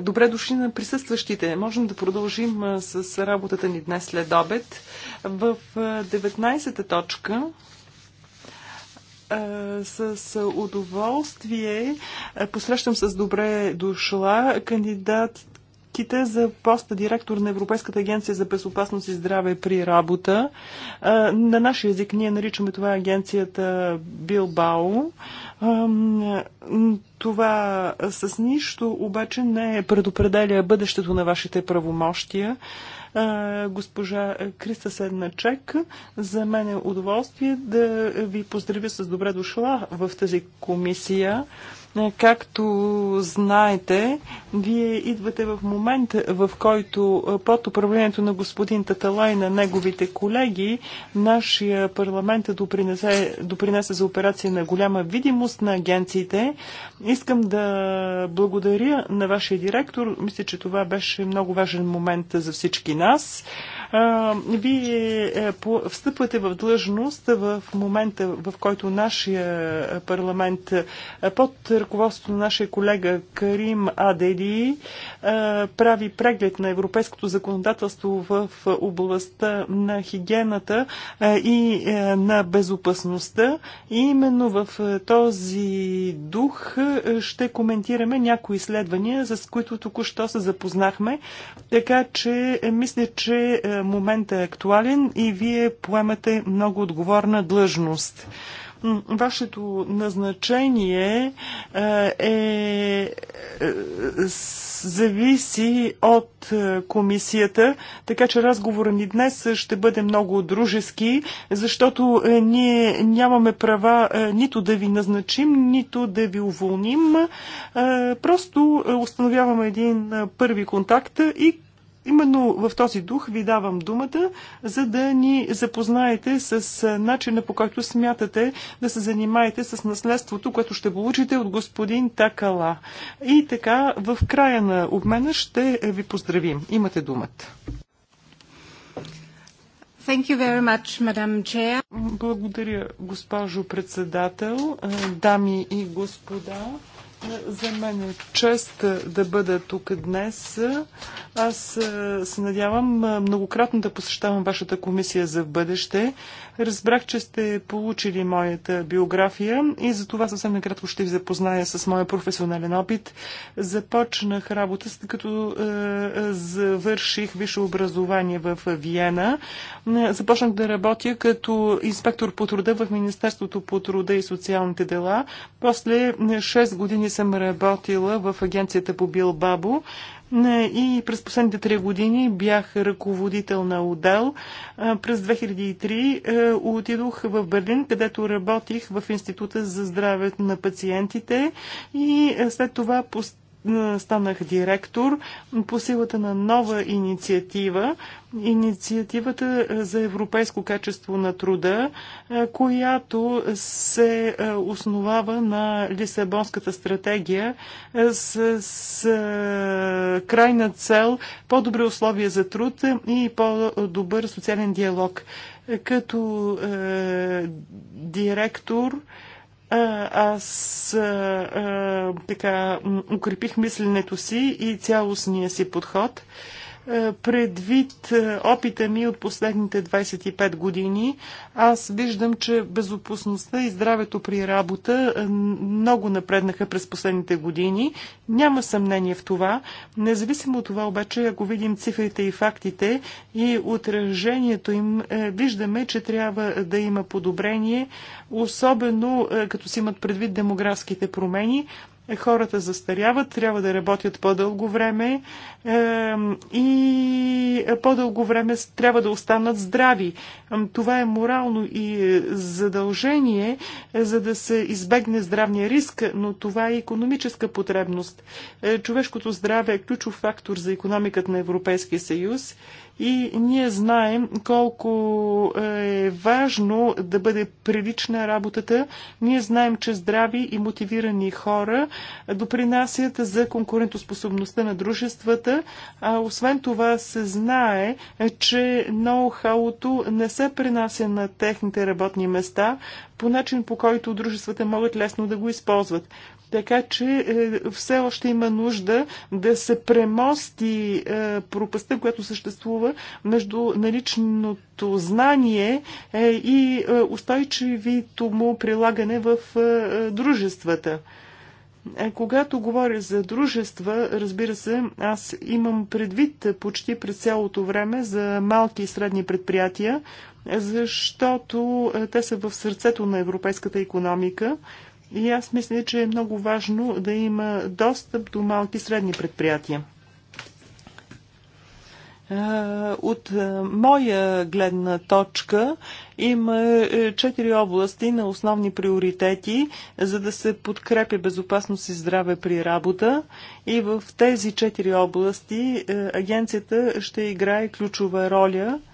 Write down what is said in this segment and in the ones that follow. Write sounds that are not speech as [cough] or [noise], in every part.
Добре дошли на присъстващите. Можем да продължим с работата ни днес след обед. В 19-та точка с удоволствие посрещам с добре дошла кандидат кандидатките за поста директор на Европейската агенция за безопасност и здраве при работа. На нашия език ние наричаме това агенцията Билбао. Това с нищо обаче не предопределя бъдещето на вашите правомощия госпожа Криста Седначек. За мен е удоволствие да ви поздравя с добре дошла в тази комисия. Е, както знаете, вие идвате в момент, в който е, под управлението на господин Таталай и на неговите колеги, нашия парламент допринесе, допринесе за операция на голяма видимост на агенциите. Искам да благодаря на вашия директор. Мисля, че това беше много важен момент за всички нас. Вие е, встъпвате в длъжност в момента, в който нашия парламент е, под ръководството на нашия колега Карим Адели е, прави преглед на европейското законодателство в областта на хигиената е, и е, на безопасността. И именно в този дух ще коментираме някои изследвания, с които току-що се запознахме. Така че мисля, че моментът е актуален и вие поемате много отговорна длъжност вашето назначение е зависи от е, комисията, така че разговора ни днес ще бъде много дружески, защото е, ние нямаме права е, нито да ви назначим, нито да ви уволним. Просто установяваме един първи контакт и Именно в този дух ви давам думата, за да ни запознаете с начина по който смятате да се занимаете с наследството, което ще получите от господин Такала. И така, в края на обмена ще ви поздравим. Имате думата. Much, Благодаря, госпожо председател, дами и господа. За мен е чест да бъда тук днес. Аз се надявам многократно да посещавам вашата комисия за в бъдеще. Разбрах, че сте получили моята биография и за това съвсем накратко ще ви запозная с моя професионален опит. Започнах работа, след като е, завърших висше образование в Виена. Започнах да работя като инспектор по труда в Министерството по труда и социалните дела. После 6 години съм работила в агенцията по Билбабо е, и през последните три години бях ръководител на отдел. Е, през 2003 е, отидох в Берлин, където работих в Института за здравето на пациентите и след това пост станах директор по силата на нова инициатива, инициативата е, за европейско качество на труда, е, която се е, основава на Лисабонската стратегия с, с крайна цел по-добри условия за труд и по-добър социален диалог. Като е, директор е, аз а, а, така укрепих мисленето си и цялостния си подход. Е, предвид е, опита ми от последните 25 години, аз виждам, че безопасността и здравето при работа е, много напреднаха през последните години. Няма съмнение в това. Независимо от това, обаче, ако видим цифрите и фактите и отражението им, виждаме, че трябва да има подобрение, особено като си имат предвид демографските промени, хората застаряват, трябва да работят по-дълго време и по-дълго време трябва да останат здрави. Това е морално и задължение, е, за да се избегне здравния риск, но това е економическа потребност. Е, човешкото здраве е ключов фактор за економиката на Европейския съюз и ние знаем колко е важно да бъде прилична работата. Ние знаем, че здрави и мотивирани хора допринасят за конкурентоспособността на дружествата. А освен това се знае, че ноу-хауто не се принася на техните работни места по начин, по който дружествата могат лесно да го използват. Така че е, все още има нужда да се премости е, пропаста, която съществува между наличното знание е, и устойчивито му прилагане в дружествата. Когато говоря за дружества, разбира се, аз имам предвид почти през цялото време за малки и средни предприятия, защото те са в сърцето на европейската економика. И аз мисля, че е много важно да има достъп до малки и средни предприятия. От моя гледна точка има е, четири области на основни приоритети, за да се подкрепя безопасност и здраве при работа. И в тези четири области е, агенцията ще играе ключова роля –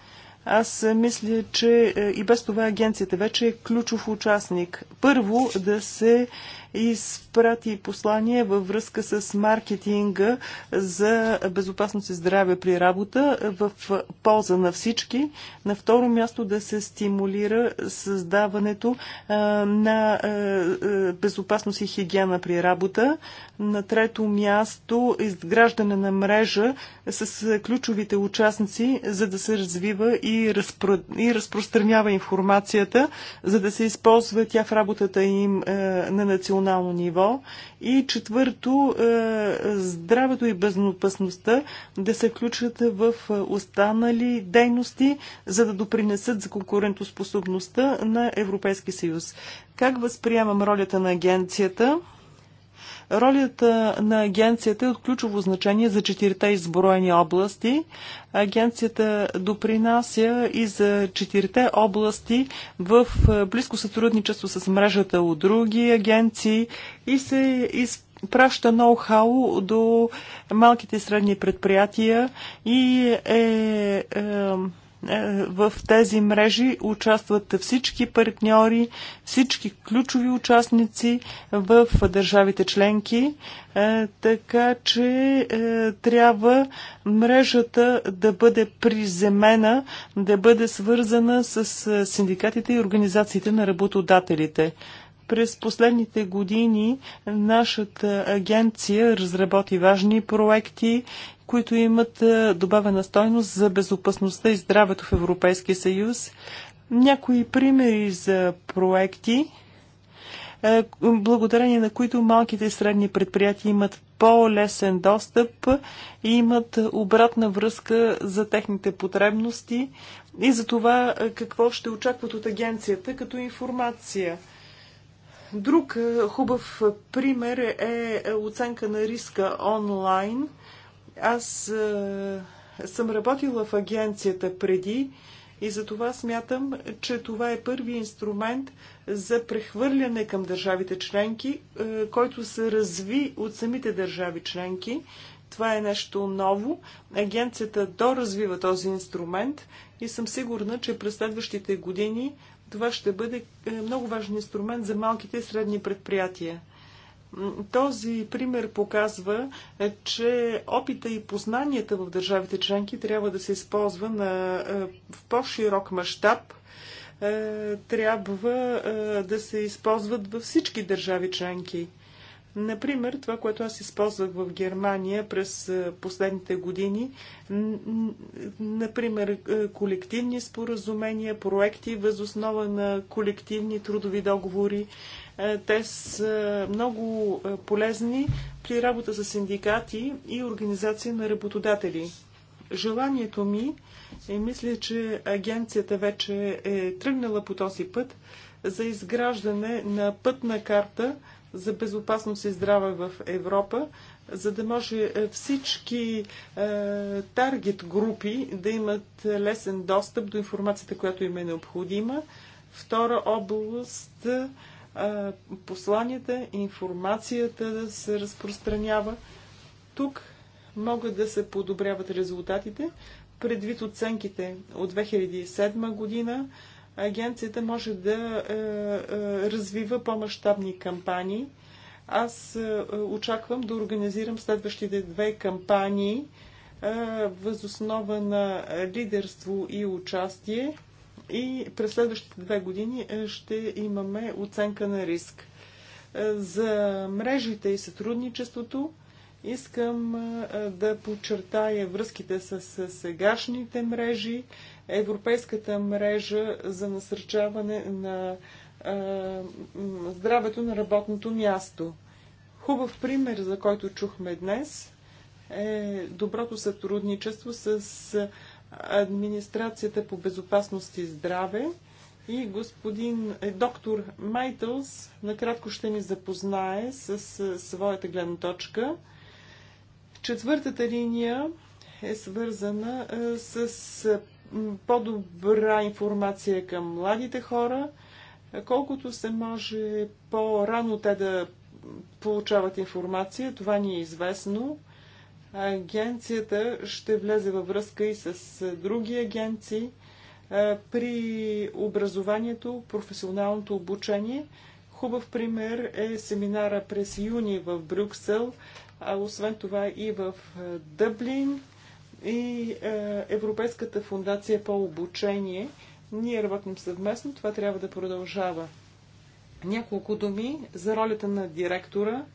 аз мисля, че е, и без това агенцията вече е ключов участник. Първо да се изпрати послание във връзка с маркетинга за безопасност и здраве при работа в полза на всички. На второ място да се стимулира създаването на безопасност и хигиена при работа. На трето място изграждане на мрежа с ключовите участници, за да се развива и, разпро... и разпространява информацията, за да се използва тя в работата им на национално национално ниво. И четвърто, е, здравето и безопасността да се включат в е, останали дейности, за да допринесат за конкурентоспособността на Европейския съюз. Как възприемам ролята на агенцията? Ролята на агенцията е от ключово значение за четирите изброени области. Агенцията допринася и за четирите области в е, близко сътрудничество с мрежата от други агенции и се изпраща праща ноу-хау до малките и средни предприятия и е, е е, в тези мрежи участват всички партньори, всички ключови участници в държавите членки, е, така че е, трябва мрежата да бъде приземена, да бъде свързана с синдикатите и организациите на работодателите. През последните години нашата агенция разработи важни проекти които имат е, добавена стойност за безопасността и здравето в Европейския съюз. Някои примери за проекти, е, благодарение на които малките и средни предприятия имат по-лесен достъп и имат обратна връзка за техните потребности и за това е, какво ще очакват от агенцията като информация. Друг хубав пример е оценка на риска онлайн – аз а, е, съм работила в агенцията преди и за това смятам, че това е първи инструмент за прехвърляне към държавите членки, а, е, който се разви от самите държави членки. Това е нещо ново. Агенцията доразвива този инструмент и съм сигурна, че през следващите години това ще бъде е, много важен инструмент за малките и средни предприятия. Този пример показва, е, че опита и познанията в държавите членки трябва да се използва на, е, в по-широк мащаб е, трябва да се използват във всички държави членки. Например, това, което аз използвах в Германия през последните години, например, колективни споразумения, проекти възоснова на колективни трудови договори, е, те са много е, полезни при работа с синдикати и организации на работодатели. Желанието ми е, мисля, че агенцията вече е тръгнала по този път за изграждане на пътна карта за безопасност и здраве в Европа, за да може е, всички е, таргет групи да имат лесен достъп до информацията, която им е необходима. Втора област посланията, информацията да се разпространява. Тук могат да се подобряват резултатите. Предвид оценките от 2007 година, агенцията може да е, е, развива по-масштабни кампании. Аз е, очаквам да организирам следващите две кампании възоснова на лидерство и участие и през следващите две години е, ще имаме оценка на риск. Е, за мрежите и сътрудничеството искам е, да подчертая връзките с сегашните мрежи, Европейската мрежа за насърчаване на здравето на работното място. Хубав пример, за който чухме днес, е доброто сътрудничество с администрацията по безопасност и здраве и господин е, доктор Майтълс накратко ще ни запознае с, с е, своята гледна точка. Четвъртата линия е свързана е, с е, по-добра информация към младите хора, колкото се може по-рано те да получават информация, това ни е известно. Агенцията ще влезе във връзка и с други агенции при образованието, професионалното обучение. Хубав пример е семинара през юни в Брюксел, а освен това и в Дъблин и Европейската фундация по обучение. Ние работим съвместно, това трябва да продължава. Няколко думи за ролята на директора –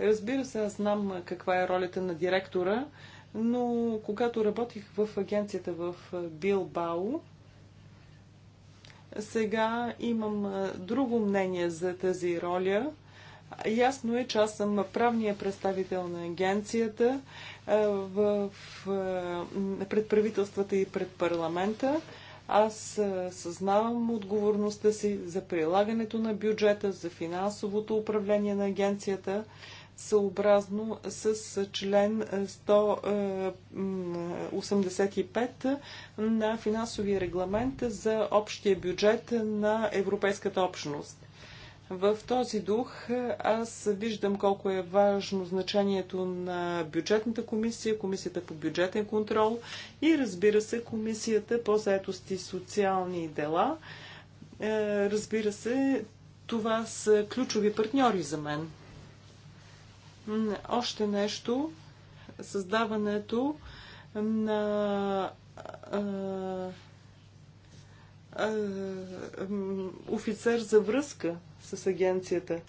Разбира се, аз знам каква е ролята на директора, но когато работих в агенцията в Билбао, сега имам друго мнение за тази роля. Ясно е, че аз съм правния представител на агенцията в, пред правителствата и пред парламента. Аз съзнавам отговорността си за прилагането на бюджета, за финансовото управление на агенцията съобразно с член 185 на финансовия регламент за общия бюджет на Европейската общност. В този дух аз виждам колко е важно значението на бюджетната комисия, комисията по бюджетен контрол и разбира се комисията по заетост и социални дела. Разбира се, това са ключови партньори за мен. Още нещо. Създаването на офицер за връзка с агенцията.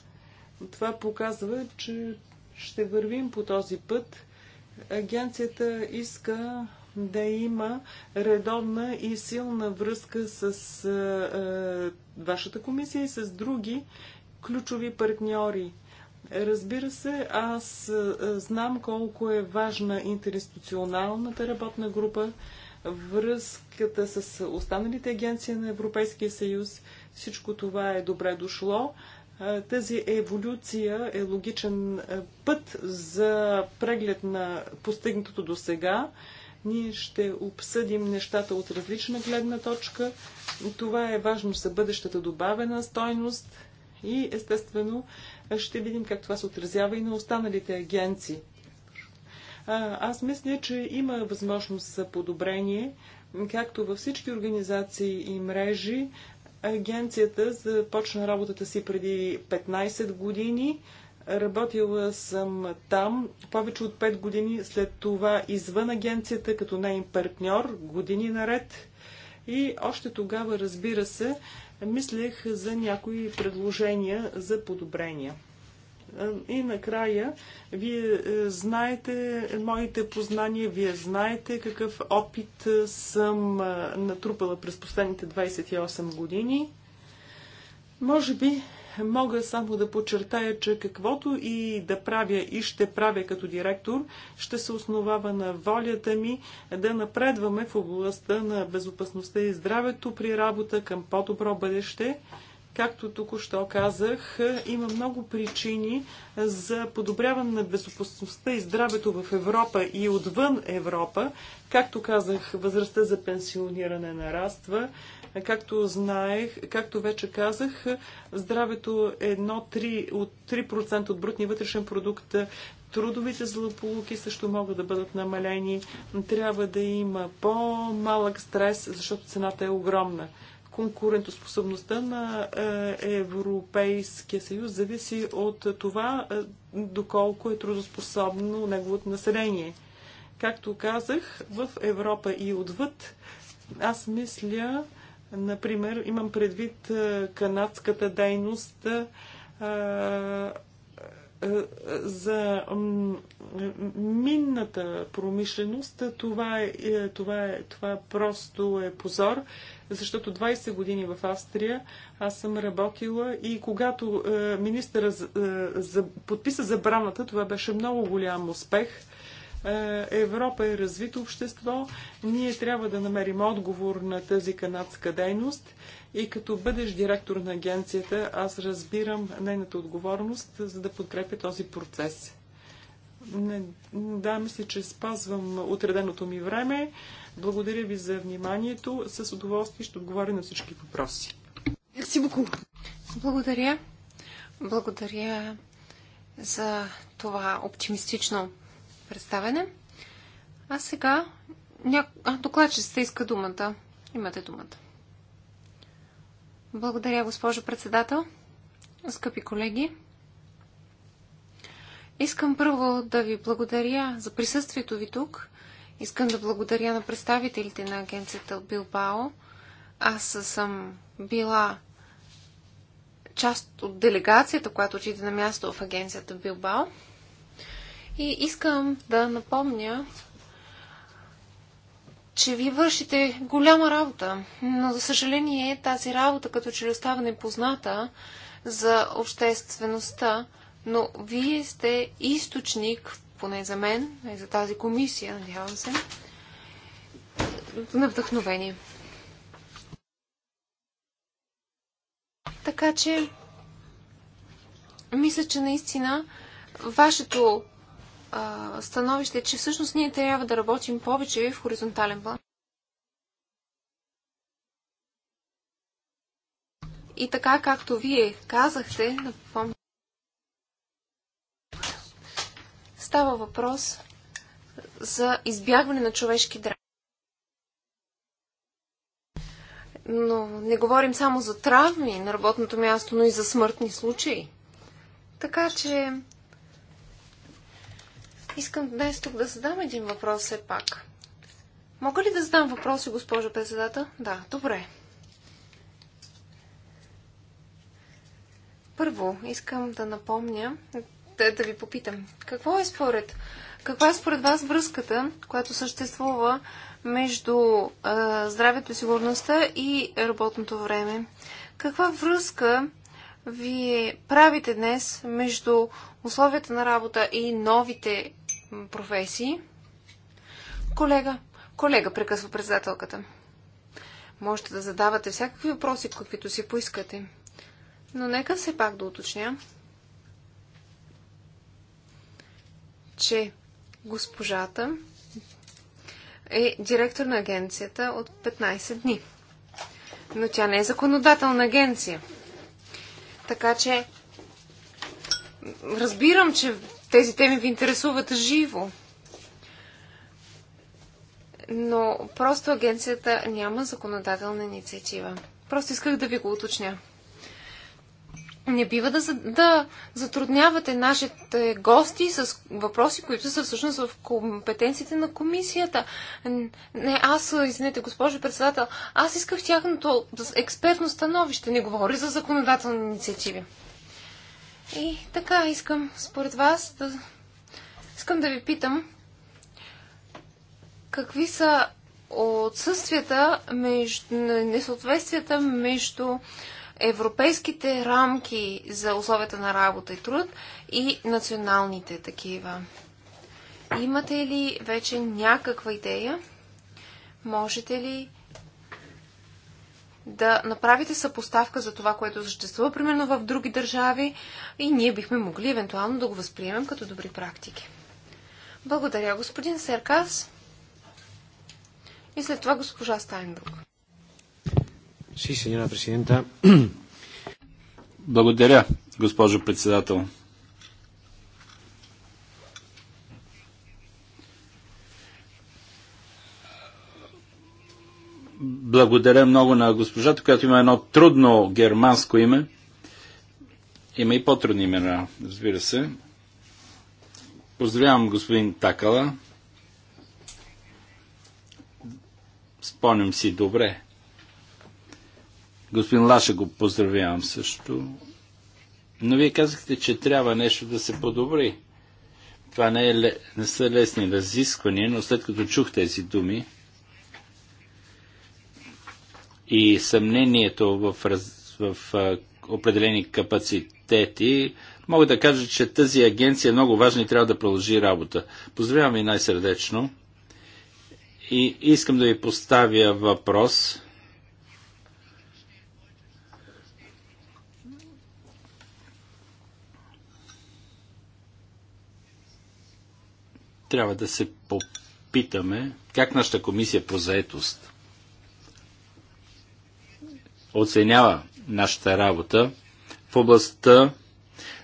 Това показва, че ще вървим по този път. Агенцията иска да има редовна и силна връзка с а, вашата комисия и с други ключови партньори. Разбира се, аз знам колко е важна интерституционалната работна група, връзката с останалите агенции на Европейския съюз. Всичко това е добре дошло. Тази еволюция е логичен път за преглед на постигнатото до сега. Ние ще обсъдим нещата от различна гледна точка. Това е важно за бъдещата добавена стойност – и естествено ще видим как това се отразява и на останалите агенции. Аз мисля, че има възможност за подобрение, както във всички организации и мрежи. Агенцията започна работата си преди 15 години. Работила съм там повече от 5 години, след това извън агенцията, като нейн партньор, години наред. И още тогава, разбира се, мислех за някои предложения за подобрения. И накрая, вие е, знаете моите познания, вие знаете какъв опит е, съм е, натрупала през последните 28 години. Може би мога само да подчертая, че каквото и да правя и ще правя като директор, ще се основава на волята ми да напредваме в областта на безопасността и здравето при работа към по-добро бъдеще. Както току-що казах, има много причини за подобряване на безопасността и здравето в Европа и отвън Европа. Както казах, възрастта за пенсиониране нараства. Е, както знаех, както вече казах, здравето е едно 3 от 3% от брутния вътрешен продукт. Трудовите злополуки също могат да бъдат намалени. Трябва да има по-малък стрес, защото цената е огромна конкурентоспособността на е, Европейския съюз зависи от това е, доколко е трудоспособно неговото население. Както казах, в Европа и отвъд, аз мисля, Например, имам предвид канадската дейност за минната промишленост, това е, е, това е, това просто е позор, защото 20 години в Австрия аз съм работила и когато е, министъра е, подписа забраната, това беше много голям успех – е, Европа е развито общество. Ние трябва да намерим отговор на тази канадска дейност. И като бъдеш директор на агенцията, аз разбирам нейната отговорност, за да подкрепя този процес. Не, да, мисля, че спазвам отреденото ми време. Благодаря ви за вниманието. С удоволствие ще отговоря на всички въпроси. Благодаря. Благодаря за това оптимистично представене. А сега ня... докладчицата иска думата. Имате думата. Благодаря, госпожо председател. Скъпи колеги, искам първо да ви благодаря за присъствието ви тук. Искам да благодаря на представителите на агенцията Билбао. Аз съм била част от делегацията, която отиде на място в агенцията Билбао. И искам да напомня, че ви вършите голяма работа, но за съжаление тази работа като че ли остава непозната за обществеността, но вие сте източник, поне за мен, и за тази комисия, надявам се, на вдъхновение. Така че, мисля, че наистина вашето а, становище, че всъщност ние трябва да работим повече в хоризонтален план. И така, както вие казахте, напомня, става въпрос за избягване на човешки драми. Но не говорим само за травми на работното място, но и за смъртни случаи. Така че Искам днес тук да задам един въпрос все пак. Мога ли да задам въпроси, госпожо председател? Да, добре. Първо, искам да напомня, да, да ви попитам, какво е според, каква е според вас връзката, която съществува между е, здравето и сигурността и работното време? Каква връзка вие правите днес между условията на работа и новите професии. Колега, колега, прекъсва председателката. Можете да задавате всякакви въпроси, каквито си поискате. Но нека все пак да уточня, че госпожата е директор на агенцията от 15 дни. Но тя не е законодателна агенция. Така че разбирам, че тези теми ви интересуват живо. Но просто агенцията няма законодателна инициатива. Просто исках да ви го уточня. Не бива да, да затруднявате нашите гости с въпроси, които са всъщност в компетенциите на комисията. Не, аз, извинете, госпожо председател, аз исках тяхното експертно становище. Не говори за законодателни инициативи. И така искам, според вас, да... искам да ви питам какви са отсъствията, между, несъответствията между европейските рамки за условията на работа и труд и националните такива. Имате ли вече някаква идея? Можете ли да направите съпоставка за това, което съществува, примерно в други държави, и ние бихме могли евентуално да го възприемем като добри практики. Благодаря, господин Серкас. И след това госпожа Стайнбрук. [clears throat] Благодаря, госпожо председател. Благодаря много на госпожата, която има едно трудно германско име. Има и по-трудни имена, разбира се. Поздравявам господин Такала. Спомням си добре. Господин Лаша го поздравявам също. Но вие казахте, че трябва нещо да се подобри. Това не, е, не са лесни разисквания, но след като чух тези думи, и съмнението в, раз... в определени капацитети, мога да кажа, че тази агенция е много важна и трябва да продължи работа. Поздравявам ви най-сърдечно и искам да ви поставя въпрос. Трябва да се попитаме как нашата комисия по заетост – оценява нашата работа в областта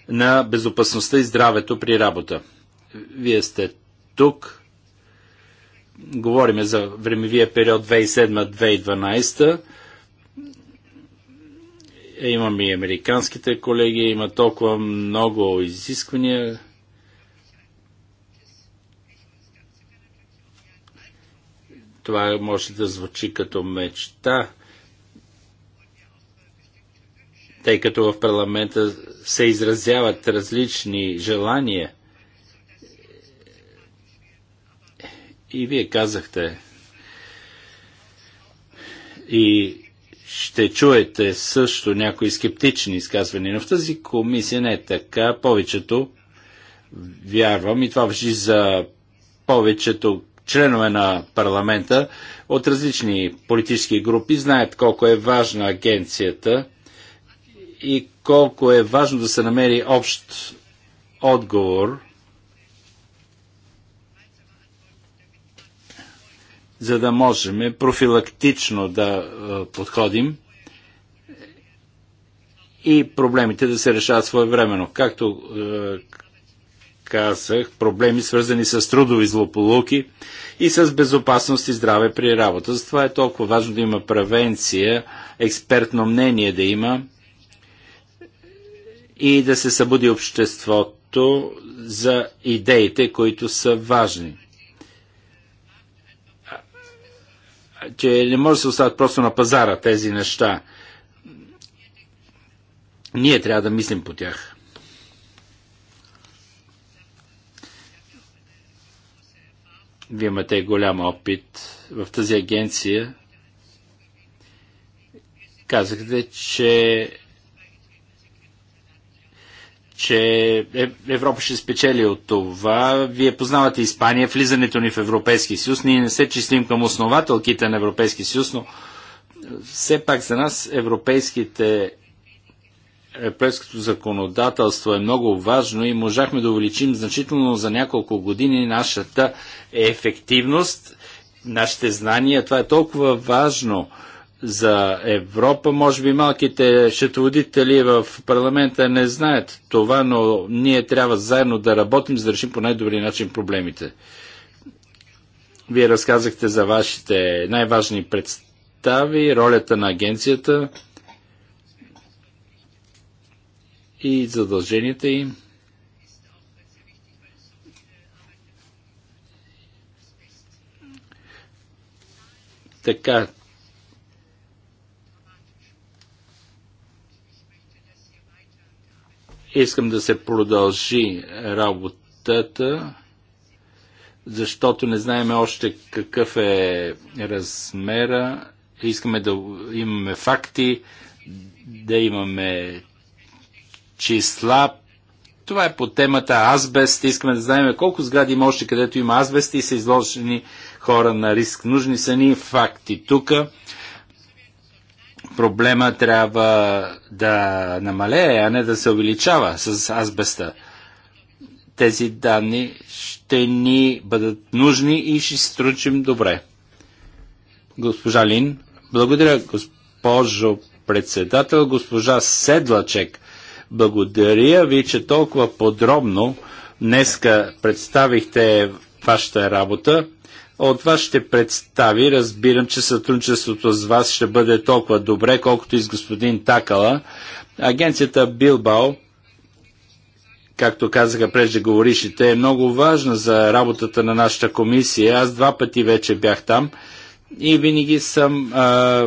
на безопасността и здравето при работа. Вие сте тук. Говориме за времевия период 2007-2012. Е, имам и американските колеги, има толкова много изисквания. Това може да звучи като мечта тъй като в парламента се изразяват различни желания. И вие казахте, и ще чуете също някои скептични изказвания, но в тази комисия не е така. Повечето, вярвам, и това въжи за повечето членове на парламента от различни политически групи, знаят колко е важна агенцията – и колко е важно да се намери общ отговор за да можем профилактично да подходим и проблемите да се решават своевременно. Както казах, проблеми свързани с трудови злополуки и с безопасност и здраве при работа. Затова е толкова важно да има превенция, експертно мнение да има и да се събуди обществото за идеите, които са важни. Че не може да се остават просто на пазара тези неща. Ние трябва да мислим по тях. Вие имате голям опит в тази агенция. Казахте, че че е, Европа ще спечели от това. Вие познавате Испания, влизането ни в Европейския съюз. Ние не се числим към основателките на Европейския съюз, но е, все пак за нас европейските е, европейското законодателство е много важно и можахме да увеличим значително за няколко години нашата ефективност, нашите знания. Това е толкова важно за Европа. Може би малките счетоводители в парламента не знаят това, но ние трябва заедно да работим, за да решим по най-добри начин проблемите. Вие разказахте за вашите най-важни представи, ролята на агенцията и задълженията им. Така, Искам да се продължи работата, защото не знаем още какъв е размера. Искаме да имаме факти, да имаме числа. Това е по темата азбест. Искаме да знаем колко сгради има още, където има азбест и са изложени хора на риск. Нужни са ни факти тук проблема трябва да намалее, а не да се увеличава с азбеста. Тези данни ще ни бъдат нужни и ще се стручим добре. Госпожа Лин, благодаря госпожо председател, госпожа Седлачек. Благодаря ви, че толкова подробно днеска представихте вашата работа от вас ще представи. Разбирам, че сътрудничеството с вас ще бъде толкова добре, колкото и с господин Такала. Агенцията Билбао, както казаха преждеговорившите, е много важна за работата на нашата комисия. Аз два пъти вече бях там и винаги съм а,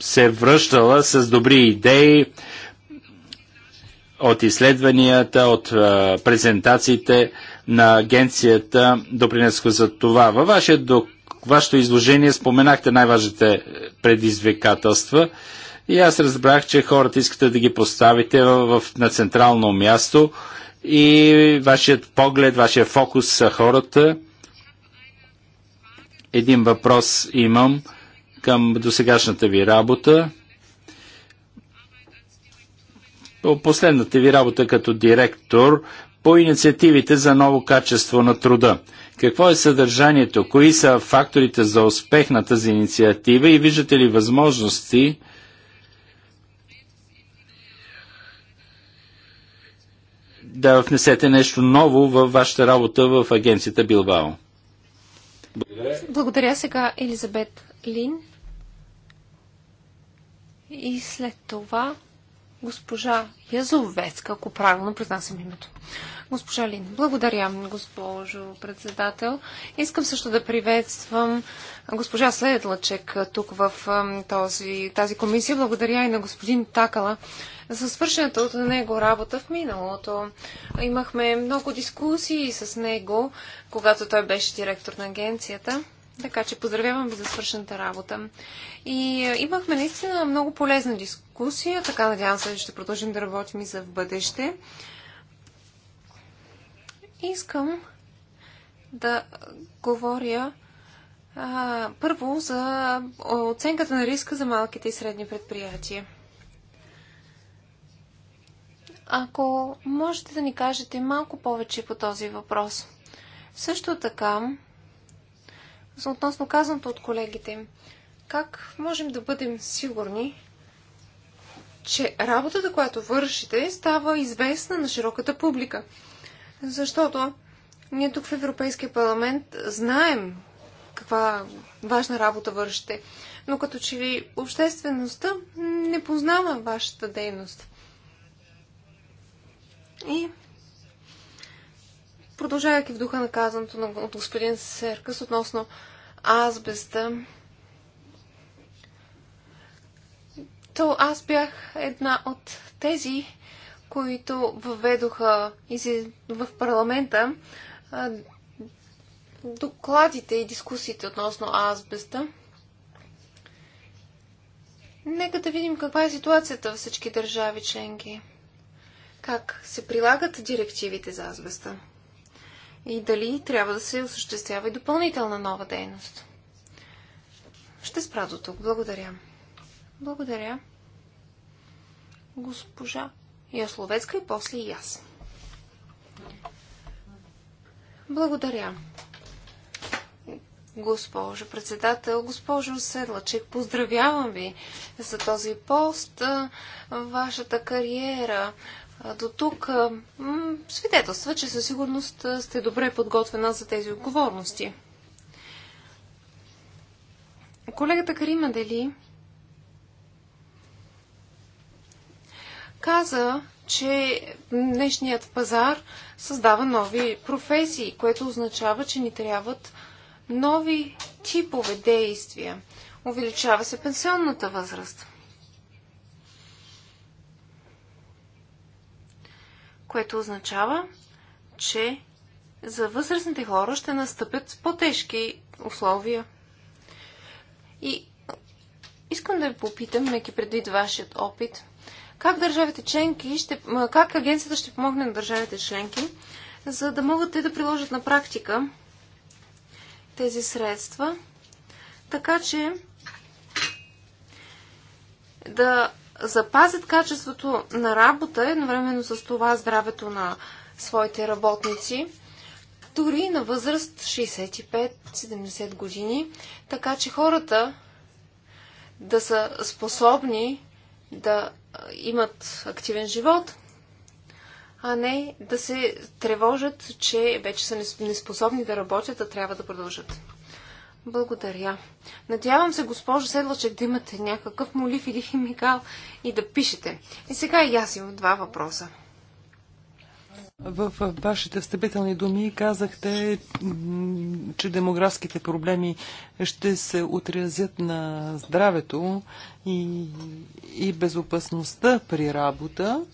се връщала с добри идеи от изследванията, от а, презентациите на агенцията допринесоха за това. Във ваше, до, вашето изложение споменахте най-важните предизвикателства и аз разбрах, че хората искате да ги поставите в, в, на централно място и вашият поглед, вашия фокус са хората. Един въпрос имам към досегашната ви работа. последната ви работа като директор по инициативите за ново качество на труда. Какво е съдържанието? Кои са факторите за успех на тази инициатива и виждате ли възможности да внесете нещо ново във вашата работа в агенцията Билбао? Благодаря. Благодаря сега Елизабет Лин. И след това госпожа Язовецка, ако правилно произнасям името. Госпожа Лин, благодаря, госпожо председател. Искам също да приветствам госпожа Следлачек тук в този, тази комисия. Благодаря и на господин Такала за свършената от него работа в миналото. Имахме много дискусии с него, когато той беше директор на агенцията. Така че поздравявам ви за свършената работа. И е, имахме наистина много полезна дискусия, така надявам се, че ще продължим да работим и за в бъдеще. Искам да говоря а, първо за оценката на риска за малките и средни предприятия. Ако можете да ни кажете малко повече по този въпрос. Също така, относно казаното от колегите, как можем да бъдем сигурни, че работата, която вършите, става известна на широката публика? защото ние тук в Европейския парламент знаем каква важна работа вършите, но като че ли обществеността не познава вашата дейност. И продължавайки в духа на казаното от господин Серкас относно азбеста, то аз бях една от тези, които въведоха в парламента докладите и дискусиите относно азбеста. Нека да видим каква е ситуацията във всички държави членки. Как се прилагат директивите за азбеста? И дали трябва да се осъществява и допълнителна нова дейност? Ще спра до тук. Благодаря. Благодаря. Госпожа Словецка и после и аз. Благодаря. Госпожо председател, госпожо Седлачек, поздравявам ви за този пост. Вашата кариера до тук свидетелства, че със сигурност сте добре подготвена за тези отговорности. Колегата Карима Дели каза, че днешният пазар създава нови професии, което означава, че ни трябват нови типове действия. Увеличава се пенсионната възраст. Което означава, че за възрастните хора ще настъпят по-тежки условия. И искам да ви попитам, имайки предвид вашият опит – как държавите членки ще, как агенцията ще помогне на държавите членки, за да могат те да приложат на практика тези средства, така че да запазят качеството на работа, едновременно с това здравето на своите работници, дори на възраст 65-70 години, така че хората да са способни да имат активен живот, а не да се тревожат, че вече са неспособни да работят, а трябва да продължат. Благодаря. Надявам се, госпожо Седлачек, да имате някакъв молив или химикал и да пишете. И сега и аз имам два въпроса. В вашите встъпителни думи казахте, че демографските проблеми ще се отразят на здравето и, и безопасността при работа.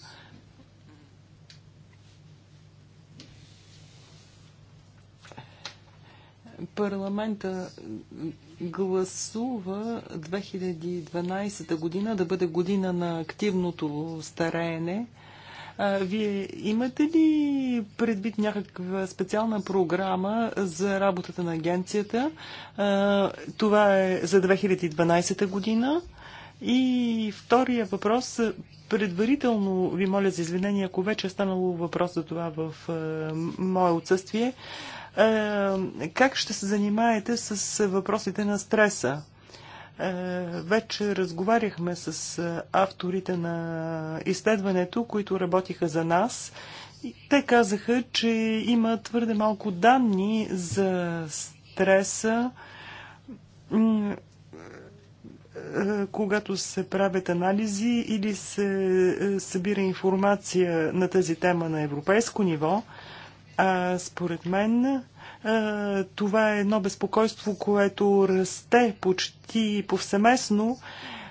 Парламента гласува 2012 година да бъде година на активното стареене. Вие имате ли предвид някаква специална програма за работата на агенцията? Това е за 2012 година. И втория въпрос. Предварително ви моля за извинение, ако вече е станало въпрос за това в мое отсъствие. Как ще се занимаете с въпросите на стреса? Е, вече разговаряхме с е, авторите на изследването, които работиха за нас. Те казаха, че има твърде малко данни за стреса, е, когато се правят анализи или се събира информация на тази тема на европейско ниво. А според мен е, това е едно безпокойство, което расте почти повсеместно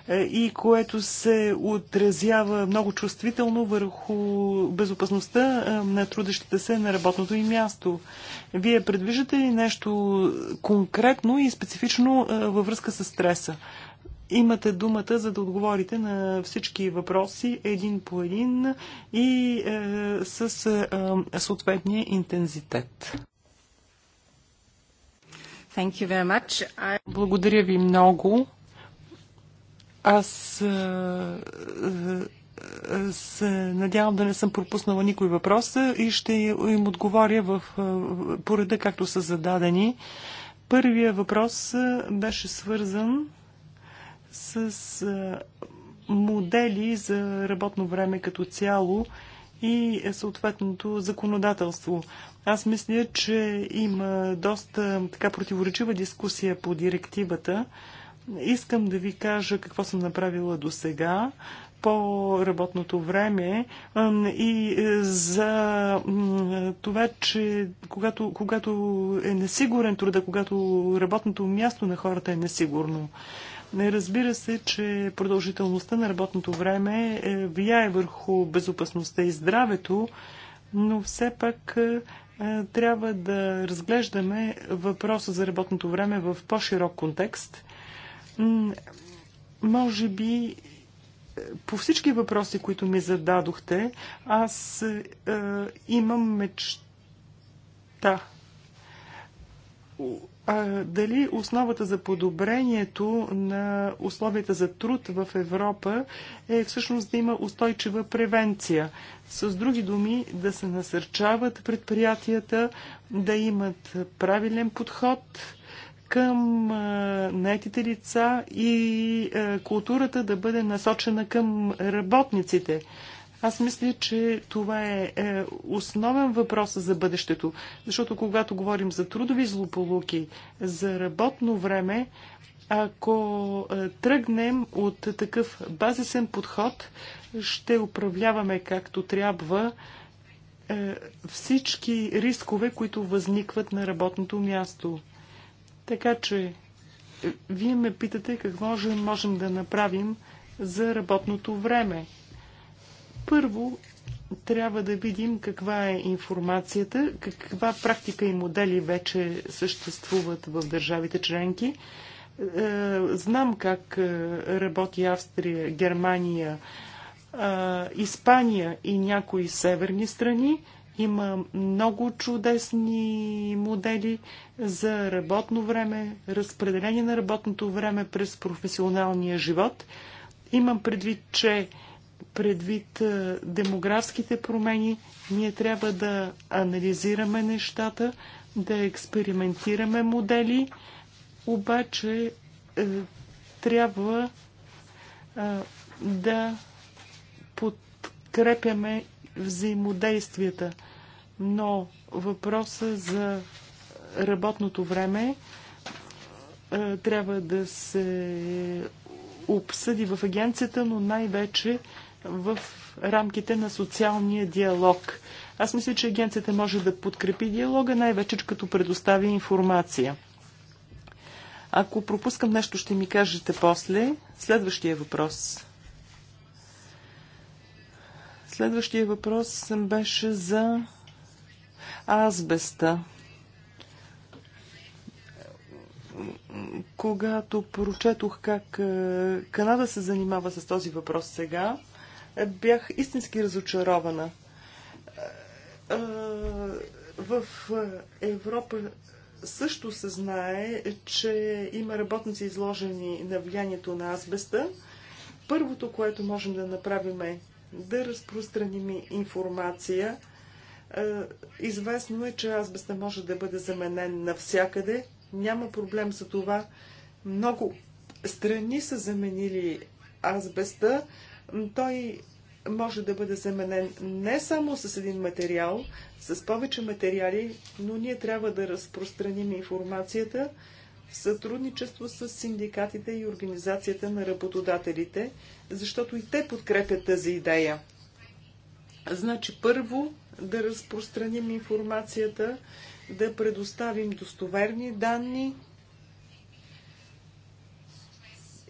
е, и което се отразява много чувствително върху безопасността е, на трудещите се на работното им място. Вие предвиждате ли нещо конкретно и специфично във връзка с стреса? Имате думата, за да отговорите на всички въпроси един по един и е, с е, съответния интензитет. I... Благодаря ви много. Аз се надявам да не съм пропуснала никой въпрос и ще им отговоря в пореда, както са зададени. Първия въпрос беше свързан с модели за работно време като цяло и е съответното законодателство. Аз мисля, че има доста така противоречива дискусия по директивата. Искам да ви кажа какво съм направила до сега по работното време и е, за това, че когато, когато е несигурен труда, когато работното място на хората е несигурно. Не разбира се, че продължителността на работното време е, влияе върху безопасността и здравето, но все пак е, е, трябва да разглеждаме въпроса за работното време в по-широк контекст. Може би по всички въпроси, които ми зададохте, аз имам мечта а, дали основата за подобрението на условията за труд в Европа е всъщност да има устойчива превенция. С други думи, да се насърчават предприятията, да имат правилен подход към а, наетите лица и а, културата да бъде насочена към работниците. Аз мисля, че това е, е основен въпрос за бъдещето, защото когато говорим за трудови злополуки, за работно време, ако е, тръгнем от такъв базисен подход, ще управляваме както трябва е, всички рискове, които възникват на работното място. Така че, вие ме питате какво можем, можем да направим за работното време. Първо, трябва да видим каква е информацията, каква практика и модели вече съществуват в държавите членки. Е, знам как е, работи Австрия, Германия, е, Испания и някои северни страни. Има много чудесни модели за работно време, разпределение на работното време през професионалния живот. Имам предвид, че предвид демографските промени, ние трябва да анализираме нещата, да експериментираме модели, обаче е, трябва да подкрепяме взаимодействията. Но въпроса за работното време е, трябва да се обсъди в агенцията, но най-вече в рамките на социалния диалог. Аз мисля, че агенцията може да подкрепи диалога, най-вече като предостави информация. Ако пропускам нещо, ще ми кажете после. Следващия въпрос. Следващия въпрос беше за азбеста. Когато прочетох как е, Канада се занимава с този въпрос сега, бях истински разочарована. В Европа също се знае, че има работници изложени на влиянието на азбеста. Първото, което можем да направим е да разпространим информация. Известно е, че азбеста може да бъде заменен навсякъде. Няма проблем за това. Много страни са заменили азбеста. Той може да бъде заменен не само с един материал, с повече материали, но ние трябва да разпространим информацията в сътрудничество с синдикатите и организацията на работодателите, защото и те подкрепят тази идея. Значи първо да разпространим информацията, да предоставим достоверни данни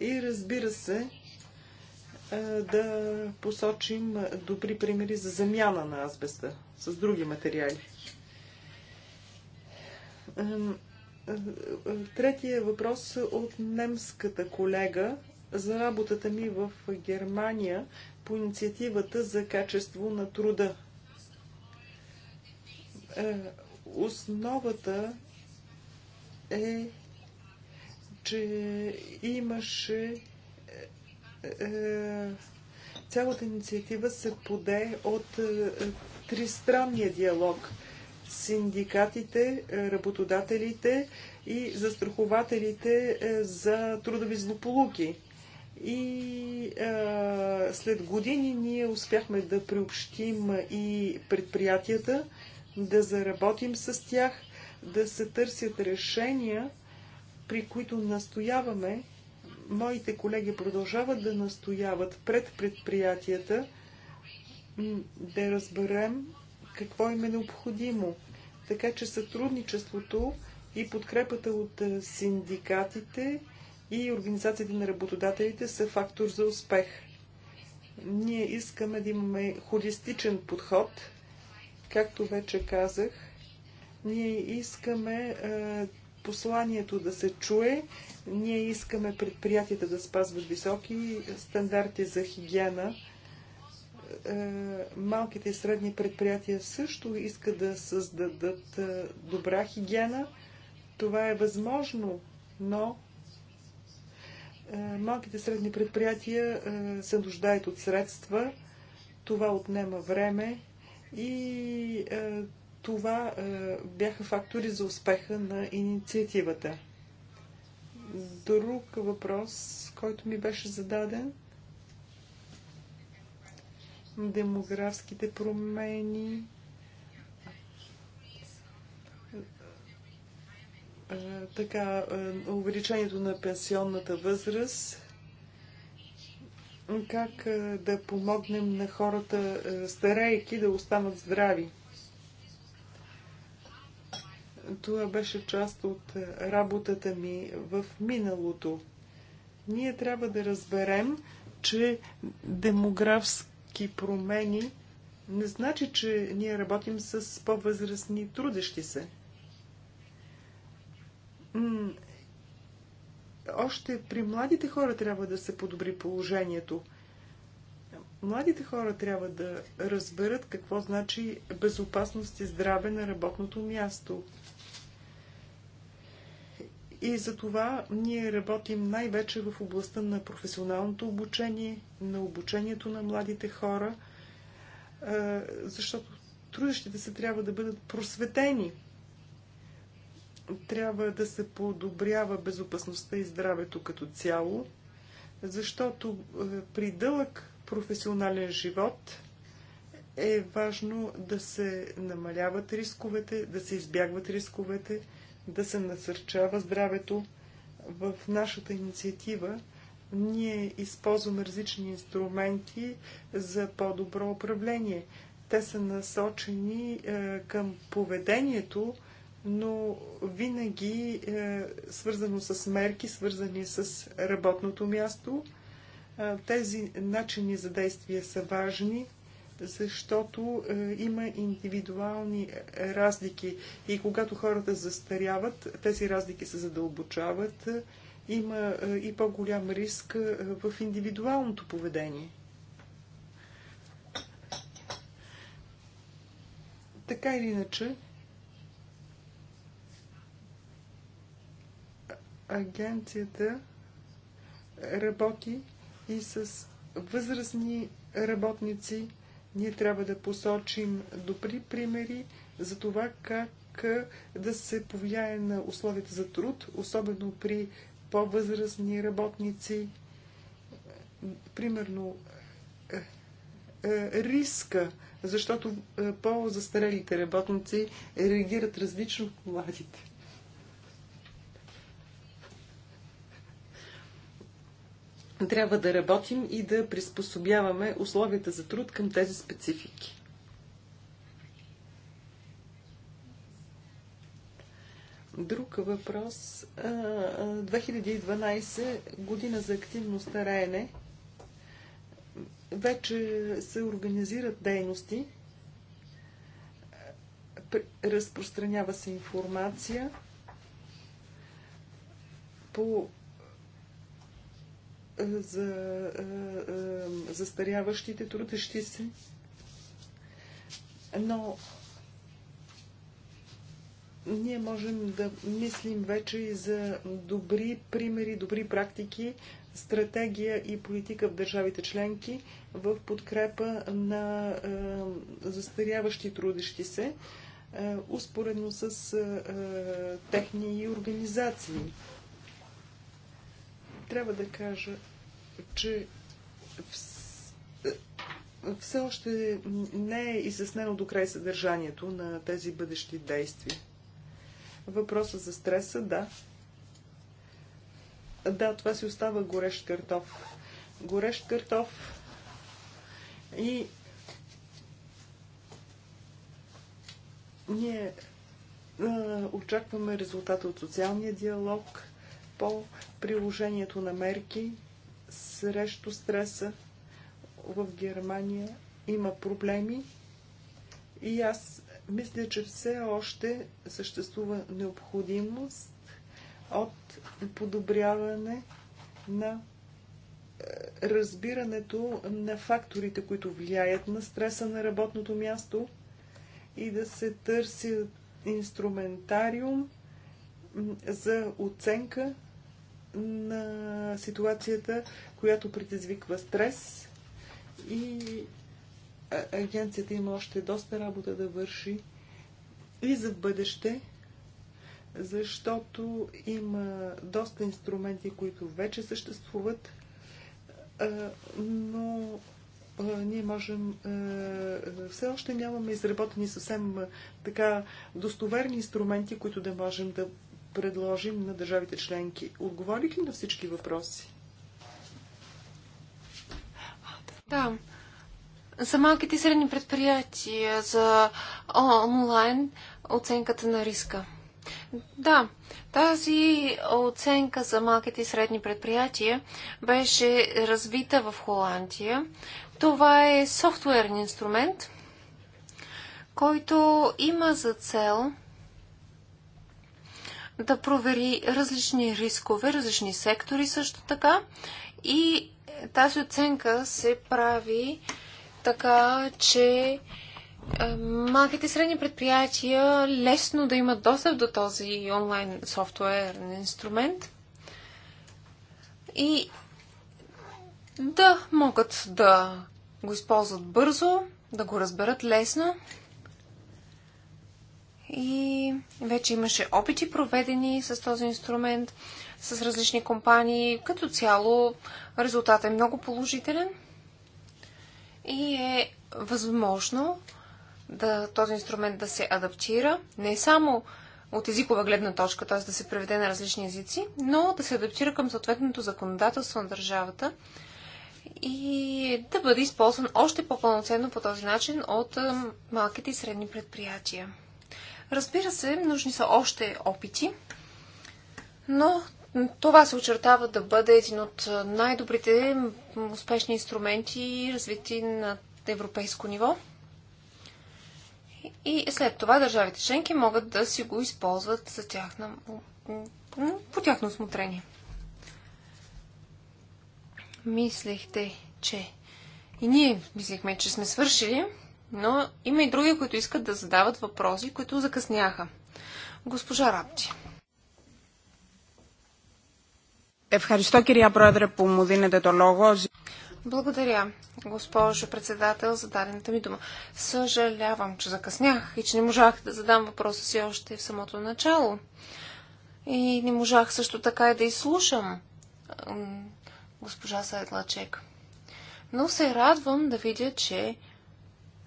и разбира се, е, да посочим добри примери за замяна на азбеста с други материали. Е, е, третия въпрос от немската колега за работата ми в Германия по инициативата за качество на труда. Основата е, че имаше е, цялата инициатива се поде от е, тристранния диалог. Синдикатите, е, работодателите и застрахователите за трудови злополуки. И а, след години ние успяхме да приобщим и предприятията, да заработим с тях, да се търсят решения, при които настояваме Моите колеги продължават да настояват пред предприятията да разберем какво им е необходимо. Така че сътрудничеството и подкрепата от синдикатите и организациите на работодателите са фактор за успех. Ние искаме да имаме холистичен подход, както вече казах. Ние искаме посланието да се чуе. Ние искаме предприятията да спазват високи стандарти за хигиена. Е, малките и средни предприятия също искат да създадат е, добра хигиена. Това е възможно, но е, малките и средни предприятия се нуждаят от средства. Това отнема време и това е, бяха фактори за успеха на инициативата. Друг въпрос, който ми беше зададен. Демографските промени. Е, така, е, увеличението на пенсионната възраст как да помогнем на хората старейки да останат здрави. Това беше част от работата ми в миналото. Ние трябва да разберем, че демографски промени не значи, че ние работим с по-възрастни трудещи се. Още при младите хора трябва да се подобри положението. Младите хора трябва да разберат какво значи безопасност и здраве на работното място. И за това ние работим най-вече в областта на професионалното обучение, на обучението на младите хора, защото трудещите се трябва да бъдат просветени. Трябва да се подобрява безопасността и здравето като цяло, защото при дълъг професионален живот е важно да се намаляват рисковете, да се избягват рисковете, да се насърчава здравето. В нашата инициатива ние използваме различни инструменти за по-добро управление. Те са насочени е, към поведението, но винаги е, свързано с мерки, свързани с работното място. Е, тези начини за действие са важни, защото е, има индивидуални разлики и когато хората застаряват, тези разлики се задълбочават, има е, и по-голям риск е, в индивидуалното поведение. Така или иначе, агенцията работи и с възрастни работници, ние трябва да посочим добри примери за това как да се повлияе на условията за труд, особено при по-възрастни работници. Примерно, риска, защото по-застарелите работници реагират различно от младите. трябва да работим и да приспособяваме условията за труд към тези специфики. Друг въпрос. 2012 година за активно стараене. Вече се организират дейности. Разпространява се информация по за застаряващите, трудещи се. Но ние можем да мислим вече и за добри примери, добри практики, стратегия и политика в държавите членки в подкрепа на застаряващи трудещи се, успоредно с техни организации. Трябва да кажа че все още не е изяснено до край съдържанието на тези бъдещи действия. Въпроса за стреса, да. Да, това си остава горещ картоф. Горещ картоф и ние а, очакваме резултата от социалния диалог по приложението на мерки, срещу стреса. В Германия има проблеми и аз мисля, че все още съществува необходимост от подобряване на е, разбирането на факторите, които влияят на стреса на работното място и да се търси инструментариум за оценка на ситуацията, която предизвиква стрес и агенцията има още доста работа да върши и за бъдеще, защото има доста инструменти, които вече съществуват, но ние можем, все още нямаме изработени съвсем така достоверни инструменти, които да можем да предложим на държавите членки? Отговорих ли на всички въпроси? Да. За малките и средни предприятия, за онлайн оценката на риска. Да, тази оценка за малките и средни предприятия беше развита в Холандия. Това е софтуерен инструмент, който има за цел да провери различни рискове, различни сектори също така. И тази оценка се прави така, че е, малките и средни предприятия лесно да имат достъп до този онлайн софтуерен инструмент и да могат да го използват бързо, да го разберат лесно и вече имаше опити проведени с този инструмент, с различни компании. Като цяло резултатът е много положителен и е възможно да, този инструмент да се адаптира не само от езикова гледна точка, т.е. да се преведе на различни езици, но да се адаптира към съответното законодателство на държавата и да бъде използван още по-пълноценно по този начин от малките и средни предприятия. Разбира се, нужни са още опити, но това се очертава да бъде един от най-добрите успешни инструменти, развити на европейско ниво. И след това държавите членки могат да си го използват за тяхна, по тяхно осмотрение. Мислехте, че... И ние мислехме, че сме свършили, но има и други, които искат да задават въпроси, които закъсняха. Госпожа Рапти. Благодаря, госпожо председател, за дадената ми дума. Съжалявам, че закъснях и че не можах да задам въпроса си още в самото начало. И не можах също така и да изслушам госпожа Сайдлачек. Но се радвам да видя, че